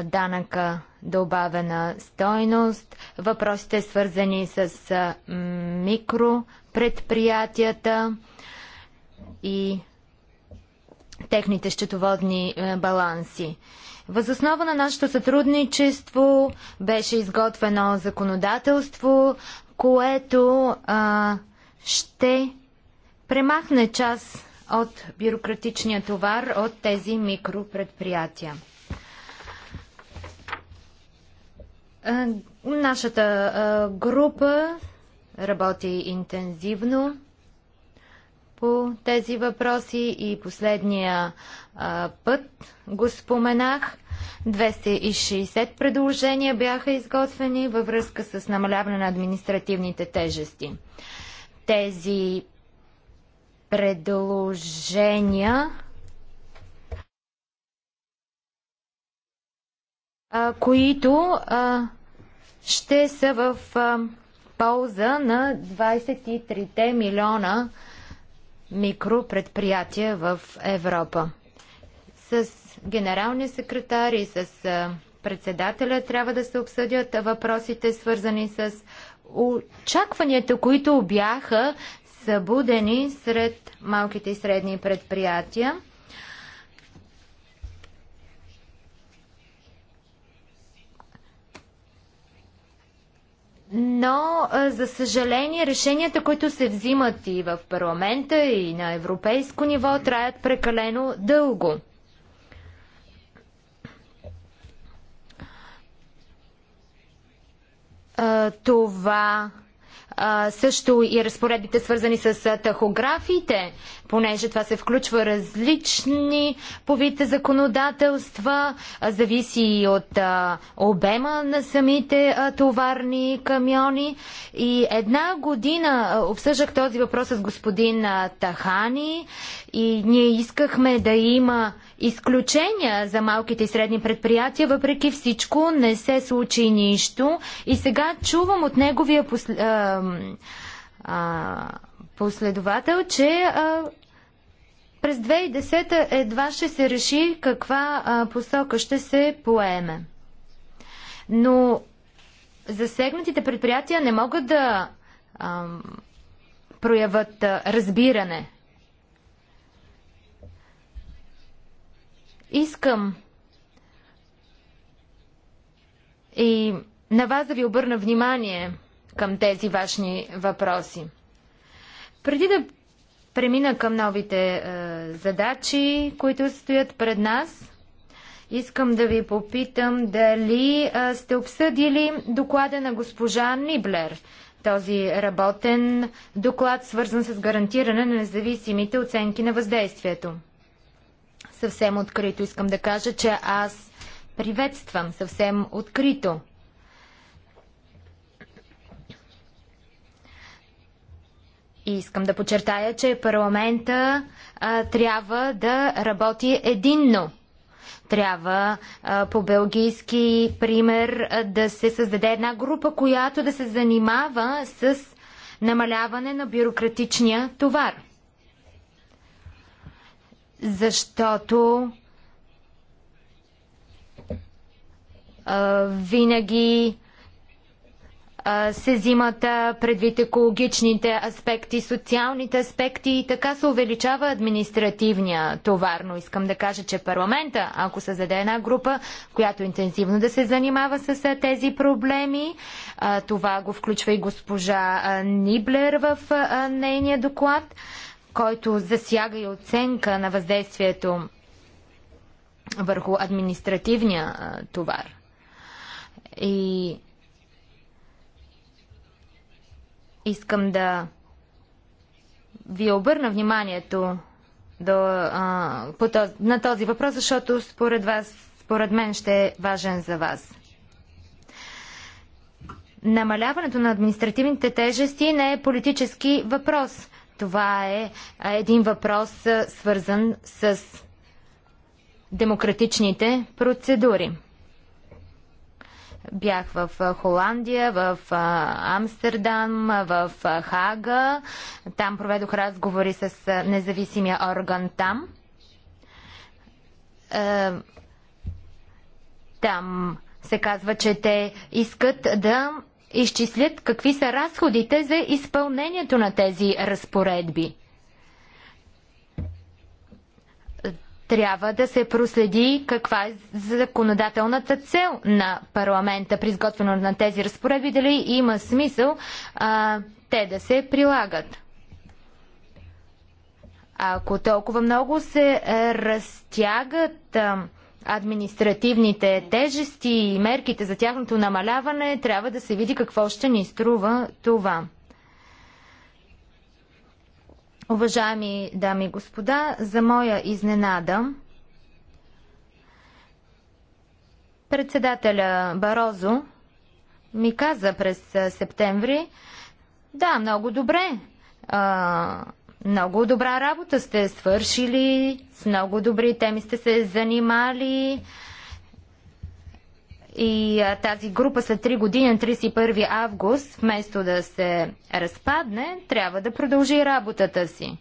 данъка добавена стойност, въпросите свързани с микропредприятията и техните счетоводни е, баланси. Възоснова на нашето сътрудничество беше изготвено законодателство, което а, ще премахне част от бюрократичния товар от тези микропредприятия. А, нашата а, група работи интензивно по тези въпроси и последния а, път го споменах. 260 предложения бяха изготвени във връзка с намаляване на административните тежести. Тези предложения а, които а, ще са в полза на 23 милиона а, микропредприятия в Европа. С генералния секретар и с председателя трябва да се обсъдят въпросите, свързани с очакванията, които бяха събудени сред малките и средни предприятия. Но, за съжаление, решенията, които се взимат и в парламента, и на европейско ниво, траят прекалено дълго. Това също и разпоредбите свързани с тахографите, понеже това се включва различни по вид законодателства, зависи и от обема на самите товарни камиони. И една година обсъждах този въпрос с господин Тахани и ние искахме да има изключения за малките и средни предприятия, въпреки всичко не се случи нищо. И сега чувам от неговия посл... а, а, последовател, че а, през 2010 едва ще се реши каква а, посока ще се поеме. Но засегнатите предприятия не могат да а, проявят а, разбиране Искам и на вас да ви обърна внимание към тези важни въпроси. Преди да премина към новите е, задачи, които стоят пред нас, искам да ви попитам дали е, сте обсъдили доклада на госпожа Ниблер, този работен доклад, свързан с гарантиране на независимите оценки на въздействието. Съвсем открито искам да кажа, че аз приветствам съвсем открито И искам да подчертая, че парламента а, трябва да работи единно. Трябва а, по белгийски пример а, да се създаде една група, която да се занимава с намаляване на бюрократичния товар защото а, винаги а, се взимат предвид екологичните аспекти, социалните аспекти и така се увеличава административния товар. Но искам да кажа, че парламента, ако създаде една група, която интензивно да се занимава с тези проблеми, това го включва и госпожа Ниблер в нейния доклад който засяга и оценка на въздействието върху административния товар. И искам да ви обърна вниманието до, а, по този, на този въпрос, защото според, вас, според мен ще е важен за вас. Намаляването на административните тежести не е политически въпрос. Това е един въпрос свързан с демократичните процедури. Бях в Холандия, в Амстердам, в Хага. Там проведох разговори с независимия орган там. Там се казва, че те искат да изчислят какви са разходите за изпълнението на тези разпоредби. трябва да се проследи каква е законодателната цел на парламента при изготвяне на тези разпоредби, дали има смисъл а, те да се прилагат. Ако толкова много се е, разтягат а, административните тежести и мерките за тяхното намаляване, трябва да се види какво ще ни струва това. Уважаеми дами и господа, за моя изненада, председателя Барозо ми каза през септември, да, много добре, а, много добра работа сте свършили, с много добри теми сте се занимали. И а, тази група след 3 години, 31 август, вместо да се разпадне, трябва да продължи работата си.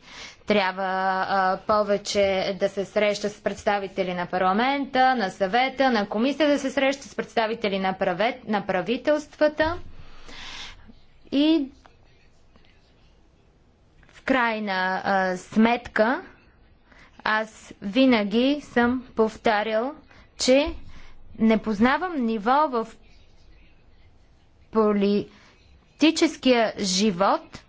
Трябва а, повече да се среща с представители на парламента, на съвета, на комисия, да се среща с представители на, правет, на правителствата и крайна а, сметка, аз винаги съм повтарял, че не познавам ниво в политическия живот,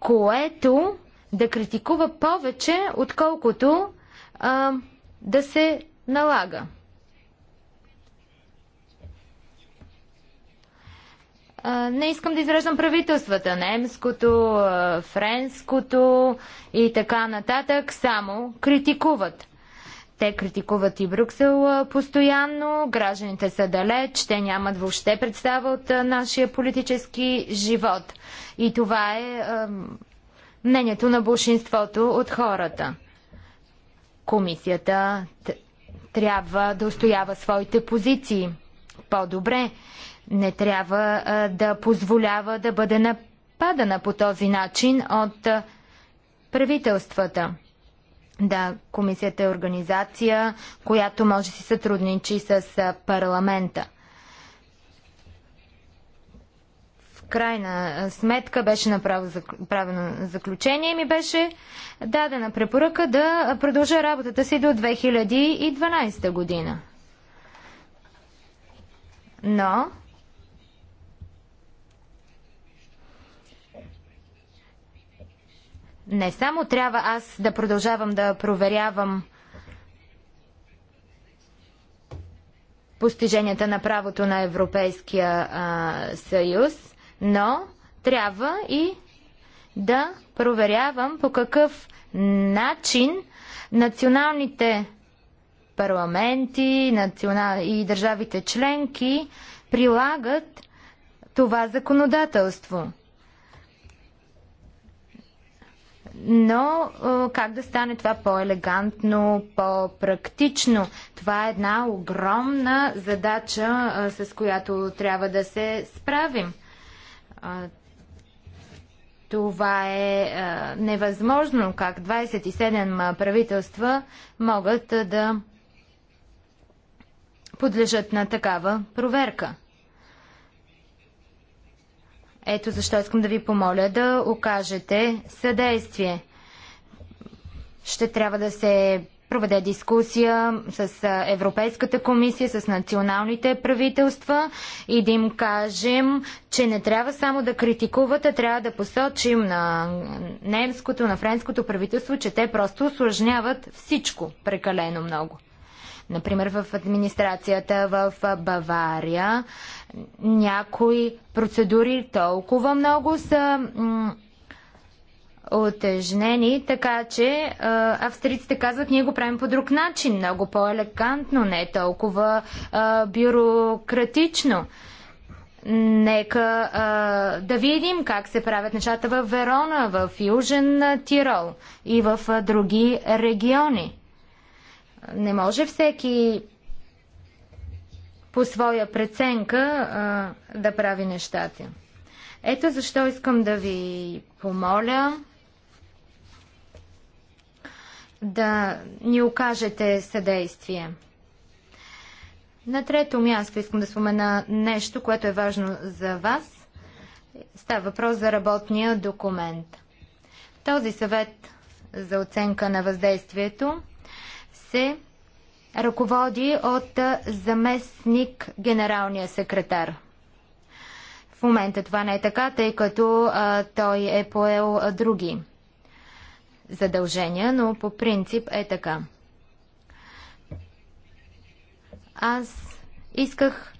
което да критикува повече, отколкото а, да се налага. не искам да изреждам правителствата, немското, френското и така нататък, само критикуват. Те критикуват и Брюксел постоянно, гражданите са далеч, те нямат въобще представа от нашия политически живот. И това е, мнението на большинството от хората. Комисията трябва да устоява своите позиции по-добре не трябва да позволява да бъде нападана по този начин от правителствата. Да, комисията е организация, която може да си сътрудничи с парламента. В крайна сметка беше направено заключение и ми беше дадена препоръка да продължа работата си до 2012 година. Но не само трябва аз да продължавам да проверявам постиженията на правото на Европейския а, съюз, но трябва и да проверявам по какъв начин националните парламенти национал... и държавите членки прилагат това законодателство. но как да стане това по-елегантно, по-практично? Това е една огромна задача, с която трябва да се справим. Това е невъзможно как 27 правителства могат да подлежат на такава проверка. Ето защо искам да ви помоля да окажете съдействие. Ще трябва да се проведе дискусия с Европейската комисия, с националните правителства и да им кажем, че не трябва само да критикуват, а трябва да посочим на немското, на френското правителство, че те просто осложняват всичко прекалено много. Например, в администрацията в Бавария някои процедури толкова много са отежнени, така че а, австрийците казват, ние го правим по друг начин, много по-елегантно, не толкова а, бюрократично. Нека а, да видим как се правят нещата в Верона, в Южен Тирол и в а, други региони. Не може всеки по своя преценка а, да прави нещата. Ето защо искам да ви помоля да ни окажете съдействие. На трето място искам да спомена нещо, което е важно за вас. Става въпрос за работния документ. Този съвет за оценка на въздействието се ръководи от заместник генералния секретар. В момента това не е така, тъй като а, той е поел а, други задължения, но по принцип е така. Аз исках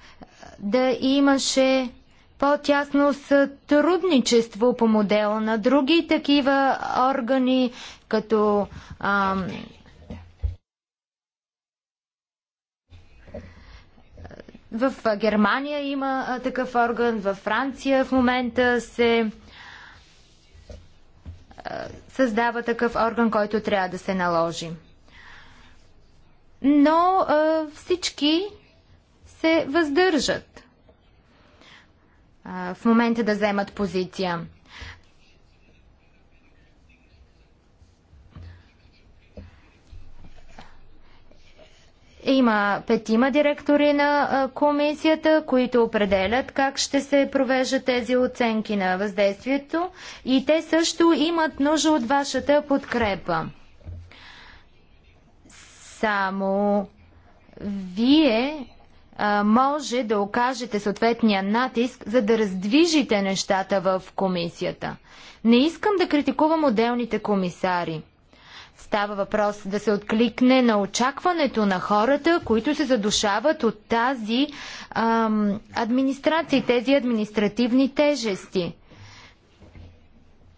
да имаше по-тясно сътрудничество по модела на други такива органи, като В Германия има такъв орган, във Франция в момента се създава такъв орган, който трябва да се наложи. Но всички се въздържат в момента да вземат позиция. Има петима директори на комисията, които определят как ще се провежат тези оценки на въздействието и те също имат нужда от вашата подкрепа. Само вие може да окажете съответния натиск, за да раздвижите нещата в комисията. Не искам да критикувам отделните комисари. Става въпрос да се откликне на очакването на хората, които се задушават от тази ам, администрация, тези административни тежести.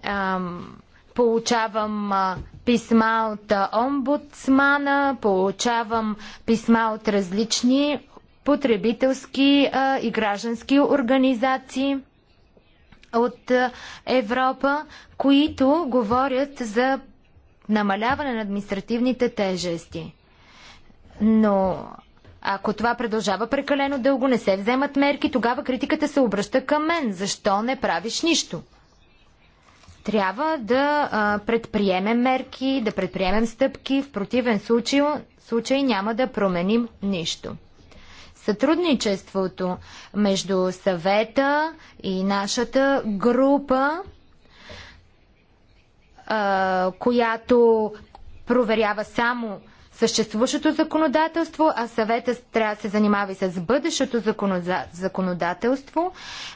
Ам, получавам а, писма от а, омбудсмана, получавам писма от различни потребителски а, и граждански организации от Европа, които говорят за намаляване на административните тежести. Но ако това продължава прекалено дълго, не се вземат мерки, тогава критиката се обръща към мен. Защо не правиш нищо? Трябва да а, предприемем мерки, да предприемем стъпки. В противен случай, случай няма да променим нищо. Сътрудничеството между съвета и нашата група която проверява само съществуващото законодателство, а съвета трябва да се занимава и с бъдещото законодателство.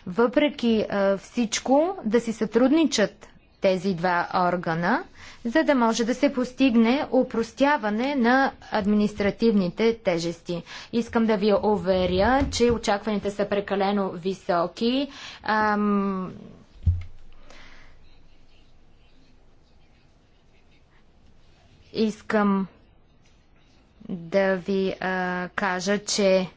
Въпреки всичко, да си сътрудничат тези два органа, за да може да се постигне упростяване на административните тежести. Искам да ви уверя, че очакваните са прекалено високи. Ам, Искам да ви а, кажа, че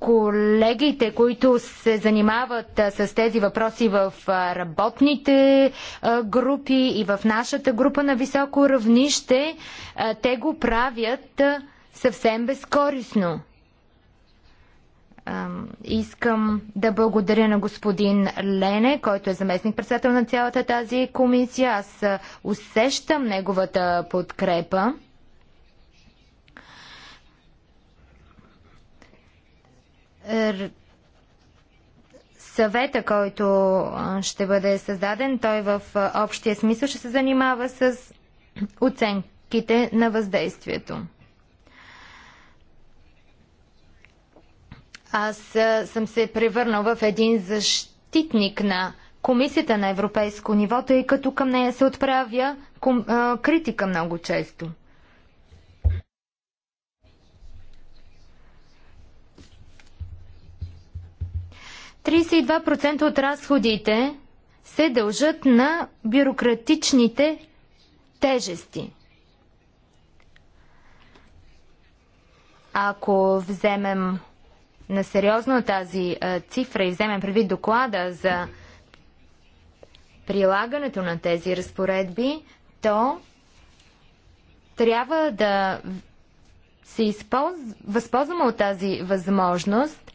колегите, които се занимават а, с тези въпроси в а, работните а, групи и в нашата група на високо равнище, те го правят съвсем безкорисно. Искам да благодаря на господин Лене, който е заместник-председател на цялата тази комисия. Аз усещам неговата подкрепа. Съвета, който ще бъде създаден, той в общия смисъл ще се занимава с оценките на въздействието. Аз съм се превърнал в един защитник на Комисията на европейско ниво, тъй като към нея се отправя ком, а, критика много често. процента от разходите се дължат на бюрократичните тежести. Ако вземем на сериозно тази а, цифра и вземем предвид доклада за прилагането на тези разпоредби, то трябва да се използ... възползваме от тази възможност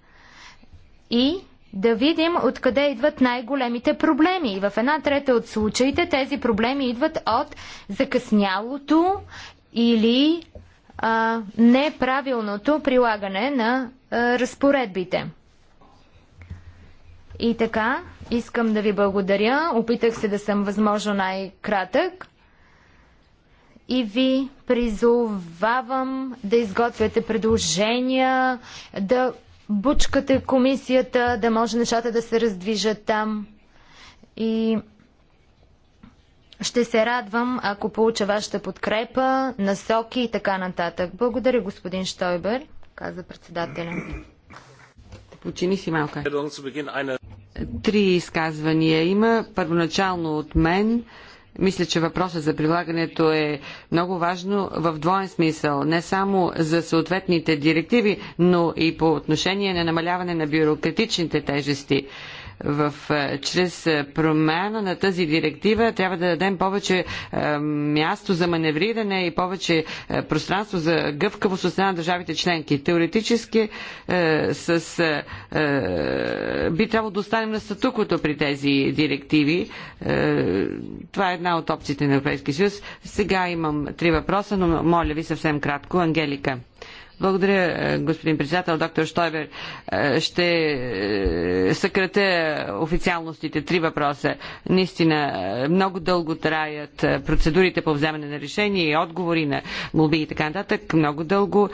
и да видим откъде идват най-големите проблеми. И в една трета от случаите тези проблеми идват от закъснялото или а, неправилното прилагане на разпоредбите. И така, искам да ви благодаря. Опитах се да съм възможно най-кратък. И ви призовавам да изготвяте предложения, да бучкате комисията, да може нещата да се раздвижат там. И ще се радвам, ако получа вашата подкрепа, насоки и така нататък. Благодаря, господин Штойбер каза председателя. Почини си малко. Е, Три изказвания има. Първоначално от мен. Мисля, че въпросът за прилагането е много важно в двоен смисъл. Не само за съответните директиви, но и по отношение на намаляване на бюрократичните тежести в, е, чрез е, промяна на тази директива трябва да дадем повече е, място за маневриране и повече пространство за гъвкавост от страна на държавите членки. Теоретически с, би трябвало да останем на статуквото при тези директиви. Това е една от опциите на Европейския съюз. Сега имам три въпроса, но моля ви съвсем кратко. Ангелика. Благодаря, е, господин председател, доктор Штойбер. Е, ще е, съкратя официалностите. Три въпроса. Наистина, много дълго траят процедурите по вземане на решение и отговори на молби и така нататък. Много дълго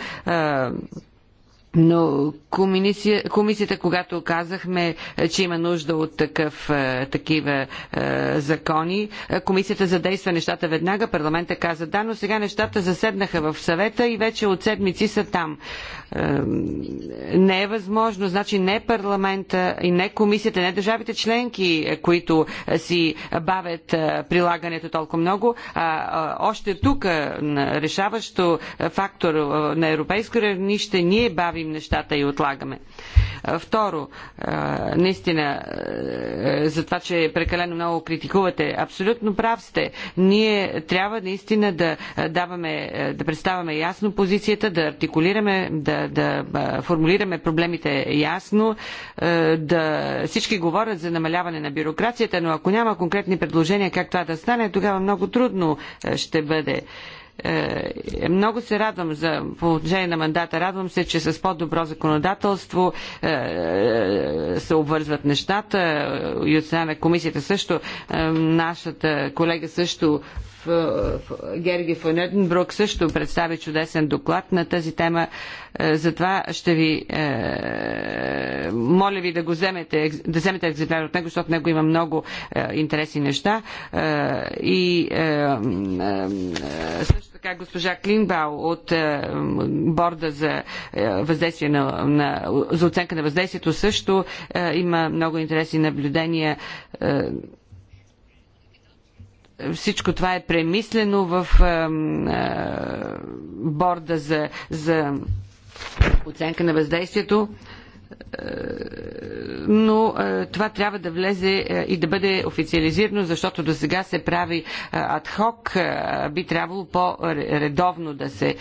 но комисия, комисията, когато казахме, е, че има нужда от такъв, е, такива е, закони, комисията задейства нещата веднага, парламента каза да, но сега нещата заседнаха в съвета и вече от седмици са там не е възможно. Значи не парламента и не комисията, не държавите членки, е, които е, си бавят е, прилагането толкова много, а още тук решаващо фактор на европейско равнище ние бавим нещата и отлагаме. Второ, наистина, за това, че прекалено много критикувате, абсолютно прав сте. Ние трябва наистина да даваме, да представяме ясно позицията, да артикулираме, да да, формулираме проблемите ясно, да всички говорят за намаляване на бюрокрацията, но ако няма конкретни предложения как това да стане, тогава много трудно ще бъде е, много се радвам за положение на мандата. Радвам се, че с по-добро законодателство е, е, се обвързват нещата и от страна на комисията също. Нашата колега също Герги фон също представи чудесен доклад на тази тема. Е, затова ще ви е, моля ви да го вземете, да вземете екземпляр от него, защото него има много е, интересни неща. И също така госпожа Клинбау от борда за въздействие на, на за оценка на въздействието също има много интересни наблюдения всичко това е премислено в е, борда за, за оценка на въздействието но е, това трябва да влезе е, и да бъде официализирано, защото до сега се прави е, адхок, би трябвало по-редовно да се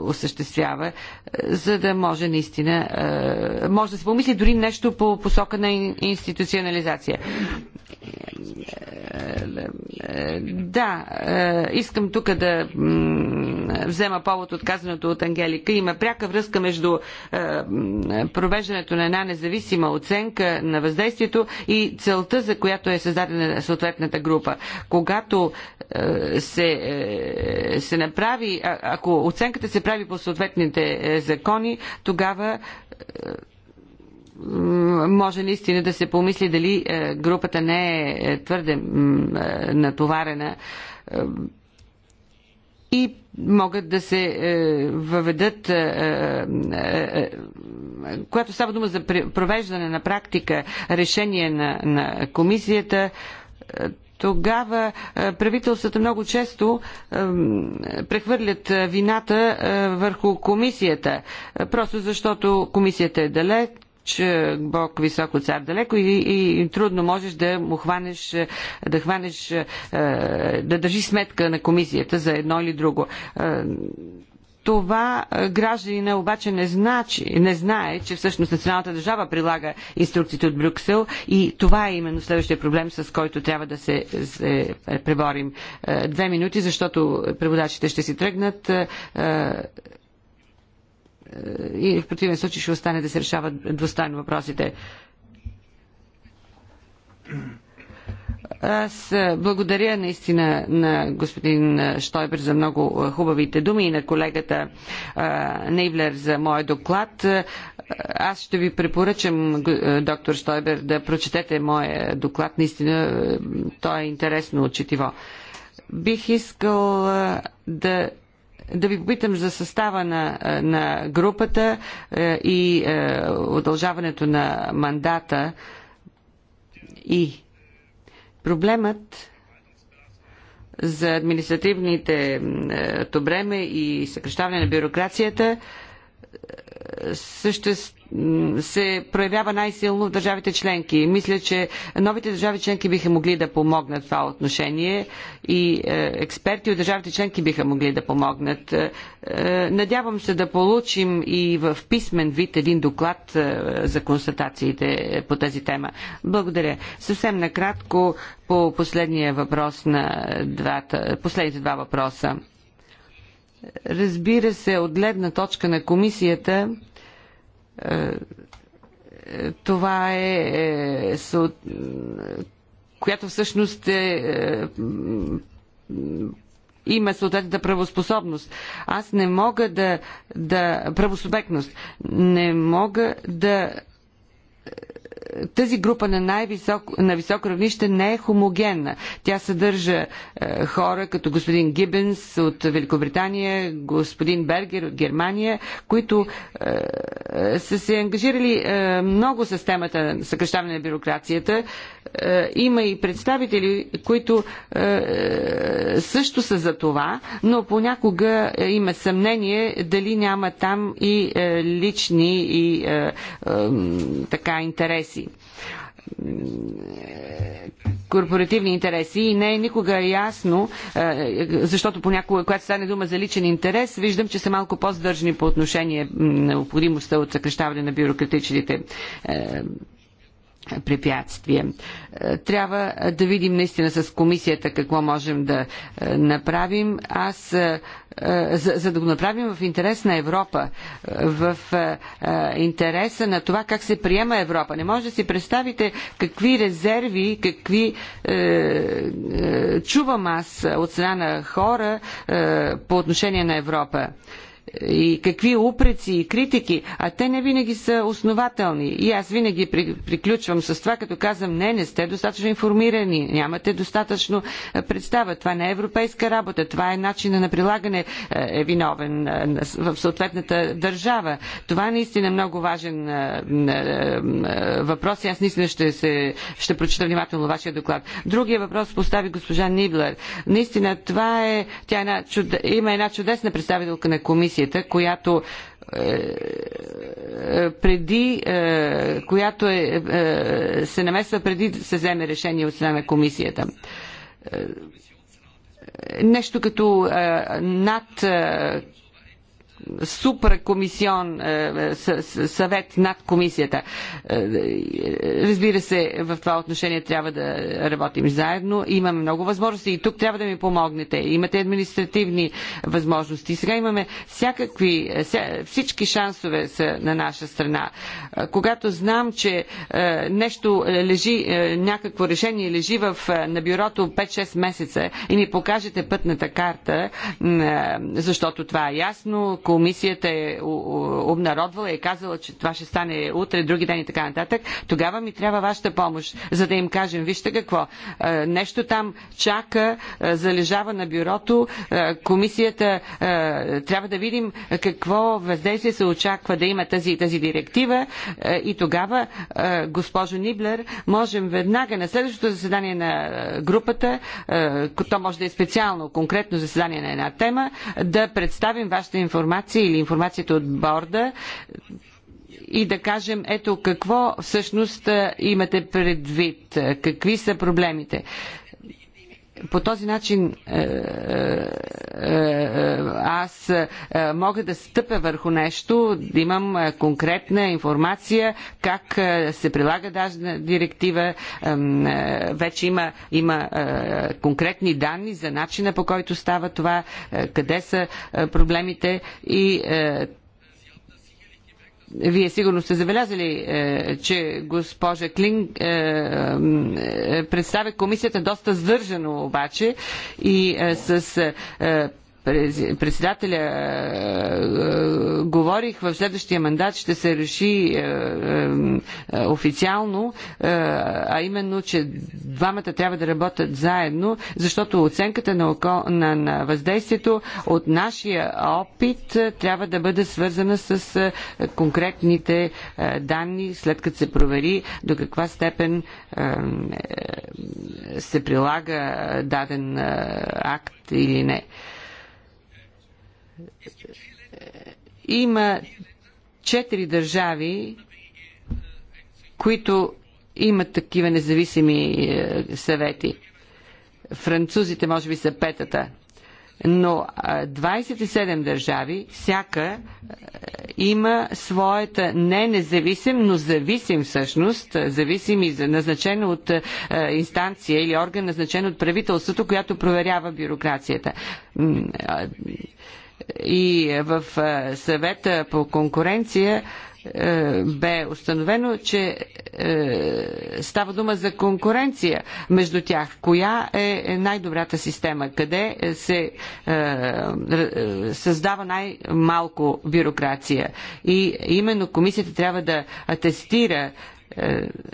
осъществява, за да може наистина, може да се помисли дори нещо по посока на институционализация. Да, искам тук да взема повод от казаното от Ангелика. Има пряка връзка между е, провеждането на една независима оценка на въздействието и целта, за която е създадена съответната група. Когато е, се, е, се направи, ако оценката се прави по съответните закони, тогава може наистина да се помисли дали групата не е твърде натоварена и могат да се е, въведат, е, е, е когато става дума за провеждане на практика решение на, на комисията, е, тогава е, правителствата много често прехвърлят вината върху комисията, просто защото комисията е далеч далеч, Бог високо, цар далеко и, и, и трудно можеш да му хванеш, е, да хванеш, е, да държи сметка на комисията за едно или друго е, това гражданина обаче не, значи, не знае, че всъщност националната държава прилага инструкциите от Брюксел и това е именно следващия проблем, с който трябва да се, се преборим. Две минути, защото преводачите ще си тръгнат и в противен случай ще остане да се решават двустойно въпросите. Аз благодаря наистина на господин Штойбер за много хубавите думи и на колегата Нейвлер за моя доклад. Аз ще ви препоръчам, доктор Штойбер, да прочетете моя доклад. Наистина, той е интересно отчетиво. Бих искал да да ви попитам за състава на, е, на групата е, и е, удължаването на мандата и проблемът за административните бреме и съкрещаване на бюрокрацията съществува се проявява най-силно в държавите членки. Мисля, че новите държави членки биха могли да помогнат в това отношение и е, експерти от държавите членки биха могли да помогнат. Е, е, надявам се да получим и в писмен вид един доклад за констатациите по тази тема. Благодаря. Съвсем накратко по последния въпрос на двата, последните два въпроса. Разбира се, от гледна точка на комисията, това е, е която всъщност е, е, има съответната правоспособност. Аз не мога да, да правосубектност. Не мога да тази група на, най-висок, на високо равнище не е хомогенна. Тя съдържа е, хора като господин Гибенс от Великобритания, господин Бергер от Германия, които е, са се ангажирали е, много с темата на съкрещаване на бюрокрацията. Е, има и представители, които е, също са за това, но понякога е, има съмнение дали няма там и е, лични и е, е, така интереси интереси корпоративни интереси и не е никога ясно, е, защото понякога, когато стане дума за личен интерес, виждам, че са малко по-здържани по отношение на необходимостта от съкрещаване на бюрократичните е, препятствие. Трябва да видим наистина с комисията какво можем да е, направим. Аз е, е, за, за да го направим в интерес на Европа, в а, интереса на това как се приема Европа. Не може да си представите какви резерви, какви е, е, чувам аз от страна на хора е, по отношение на Европа. Е, и какви упреци и критики, а те не винаги са основателни. И аз винаги приключвам с това, като казвам, не, не сте достатъчно информирани, нямате достатъчно представа. Това не е европейска работа, това е начина на прилагане е виновен в съответната държава. Това е наистина много важен въпрос и аз наистина ще, се, ще прочита внимателно вашия доклад. Другия въпрос постави госпожа Ниблер. Наистина това е, тя е една, чуд... има една чудесна представителка на комисия комисията, която е, е, преди, е, която е, се намесва преди да се вземе решение от страна на комисията нещо като над супракомисион, е, съвет над комисията. Е, е, разбира се, в това отношение трябва да работим заедно. Имаме много възможности и тук трябва да ми помогнете. Имате административни възможности. Сега имаме всякакви, всички шансове са на наша страна. Когато знам, че нещо лежи, някакво решение лежи в, на бюрото 5-6 месеца и ми покажете пътната карта, защото това е ясно, комисията е обнародвала и е казала, че това ще стане утре, други ден и така нататък, тогава ми трябва вашата помощ, за да им кажем, вижте какво, е, нещо там чака, е, залежава на бюрото, е, комисията трябва да видим какво въздействие се очаква да има тази и тази директива и тогава, госпожо Ниблер, можем веднага на следващото заседание на групата, то може да е специално, конкретно заседание на една тема, да представим вашата информация информация или информацията от борда и да кажем ето какво всъщност имате предвид, какви са проблемите. По този начин е, е, е, аз мога да стъпя върху нещо, да имам конкретна информация как се прилага дадена директива. Вече има, има конкретни данни за начина по който става това, къде са проблемите и вие сигурно сте забелязали, е, че госпожа Клинг е, е, представя комисията доста сдържано обаче и е, с е, председателя е, е, говорих, в следващия мандат ще се реши е, официално, а именно, че двамата трябва да работят заедно, защото оценката на, око... на, на въздействието от нашия опит трябва да бъде свързана с конкретните данни, след като се провери до каква степен се прилага даден акт или не. Има четири държави, които имат такива независими е, съвети. Французите може би са петата. Но 27 държави, всяка е, има своята не независим, но зависим всъщност, зависим и назначен от е, инстанция или орган, назначен от правителството, която проверява бюрокрацията и в съвета по конкуренция е, бе установено, че е, става дума за конкуренция между тях. Коя е, е най-добрата система? Къде се създава най-малко бюрокрация? И именно комисията трябва да атестира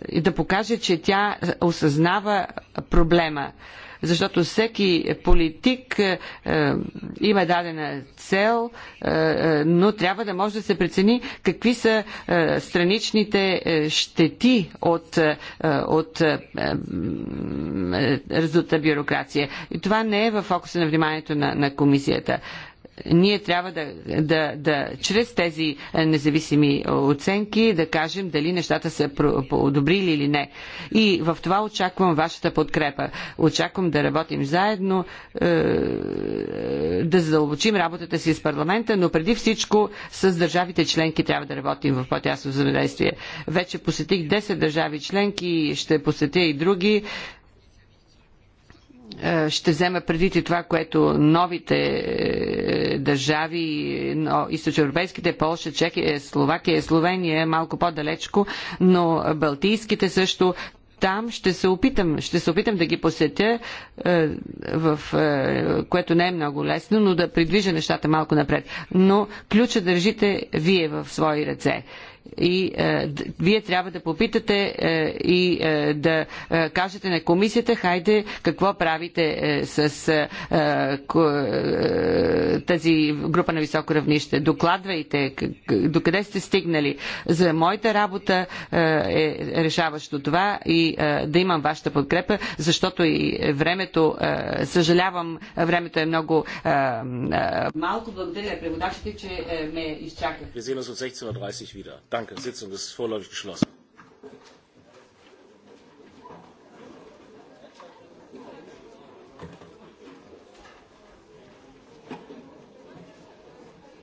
и да покаже, че тя осъзнава проблема защото всеки политик е, е има дадена цел, е, е, но трябва да може да се прецени какви са е, страничните е, щети от, от резултата бюрокрация. И това не е в фокуса на вниманието на, на комисията ние трябва да, да, да чрез тези е, независими оценки да кажем дали нещата са подобрили или не. И в това очаквам вашата подкрепа. Очаквам да работим заедно, е, да задълбочим работата си с парламента, но преди всичко с държавите членки трябва да работим в по-тясно взаимодействие. Вече посетих 10 държави членки, ще посетя и други. Е, ще взема предвид и това, което новите е, държави, но източноевропейските, Полша, Чехия, е, Словакия, Словения е малко по-далечко, но балтийските също там ще се опитам, ще се опитам да ги посетя, в, което не е много лесно, но да придвижа нещата малко напред. Но ключа държите вие в свои ръце и е, вие трябва да попитате е, и е, да е, кажете на комисията, хайде какво правите е, с е, е, е тази група на високо равнище. Докладвайте докъде сте стигнали. За моята работа е, е решаващо това и е, да имам вашата подкрепа, защото и времето, е, съжалявам, времето е много е, е, малко. Благодаря преводачите, че е, ме изчаках danke sitzung ist vorläufig geschlossen.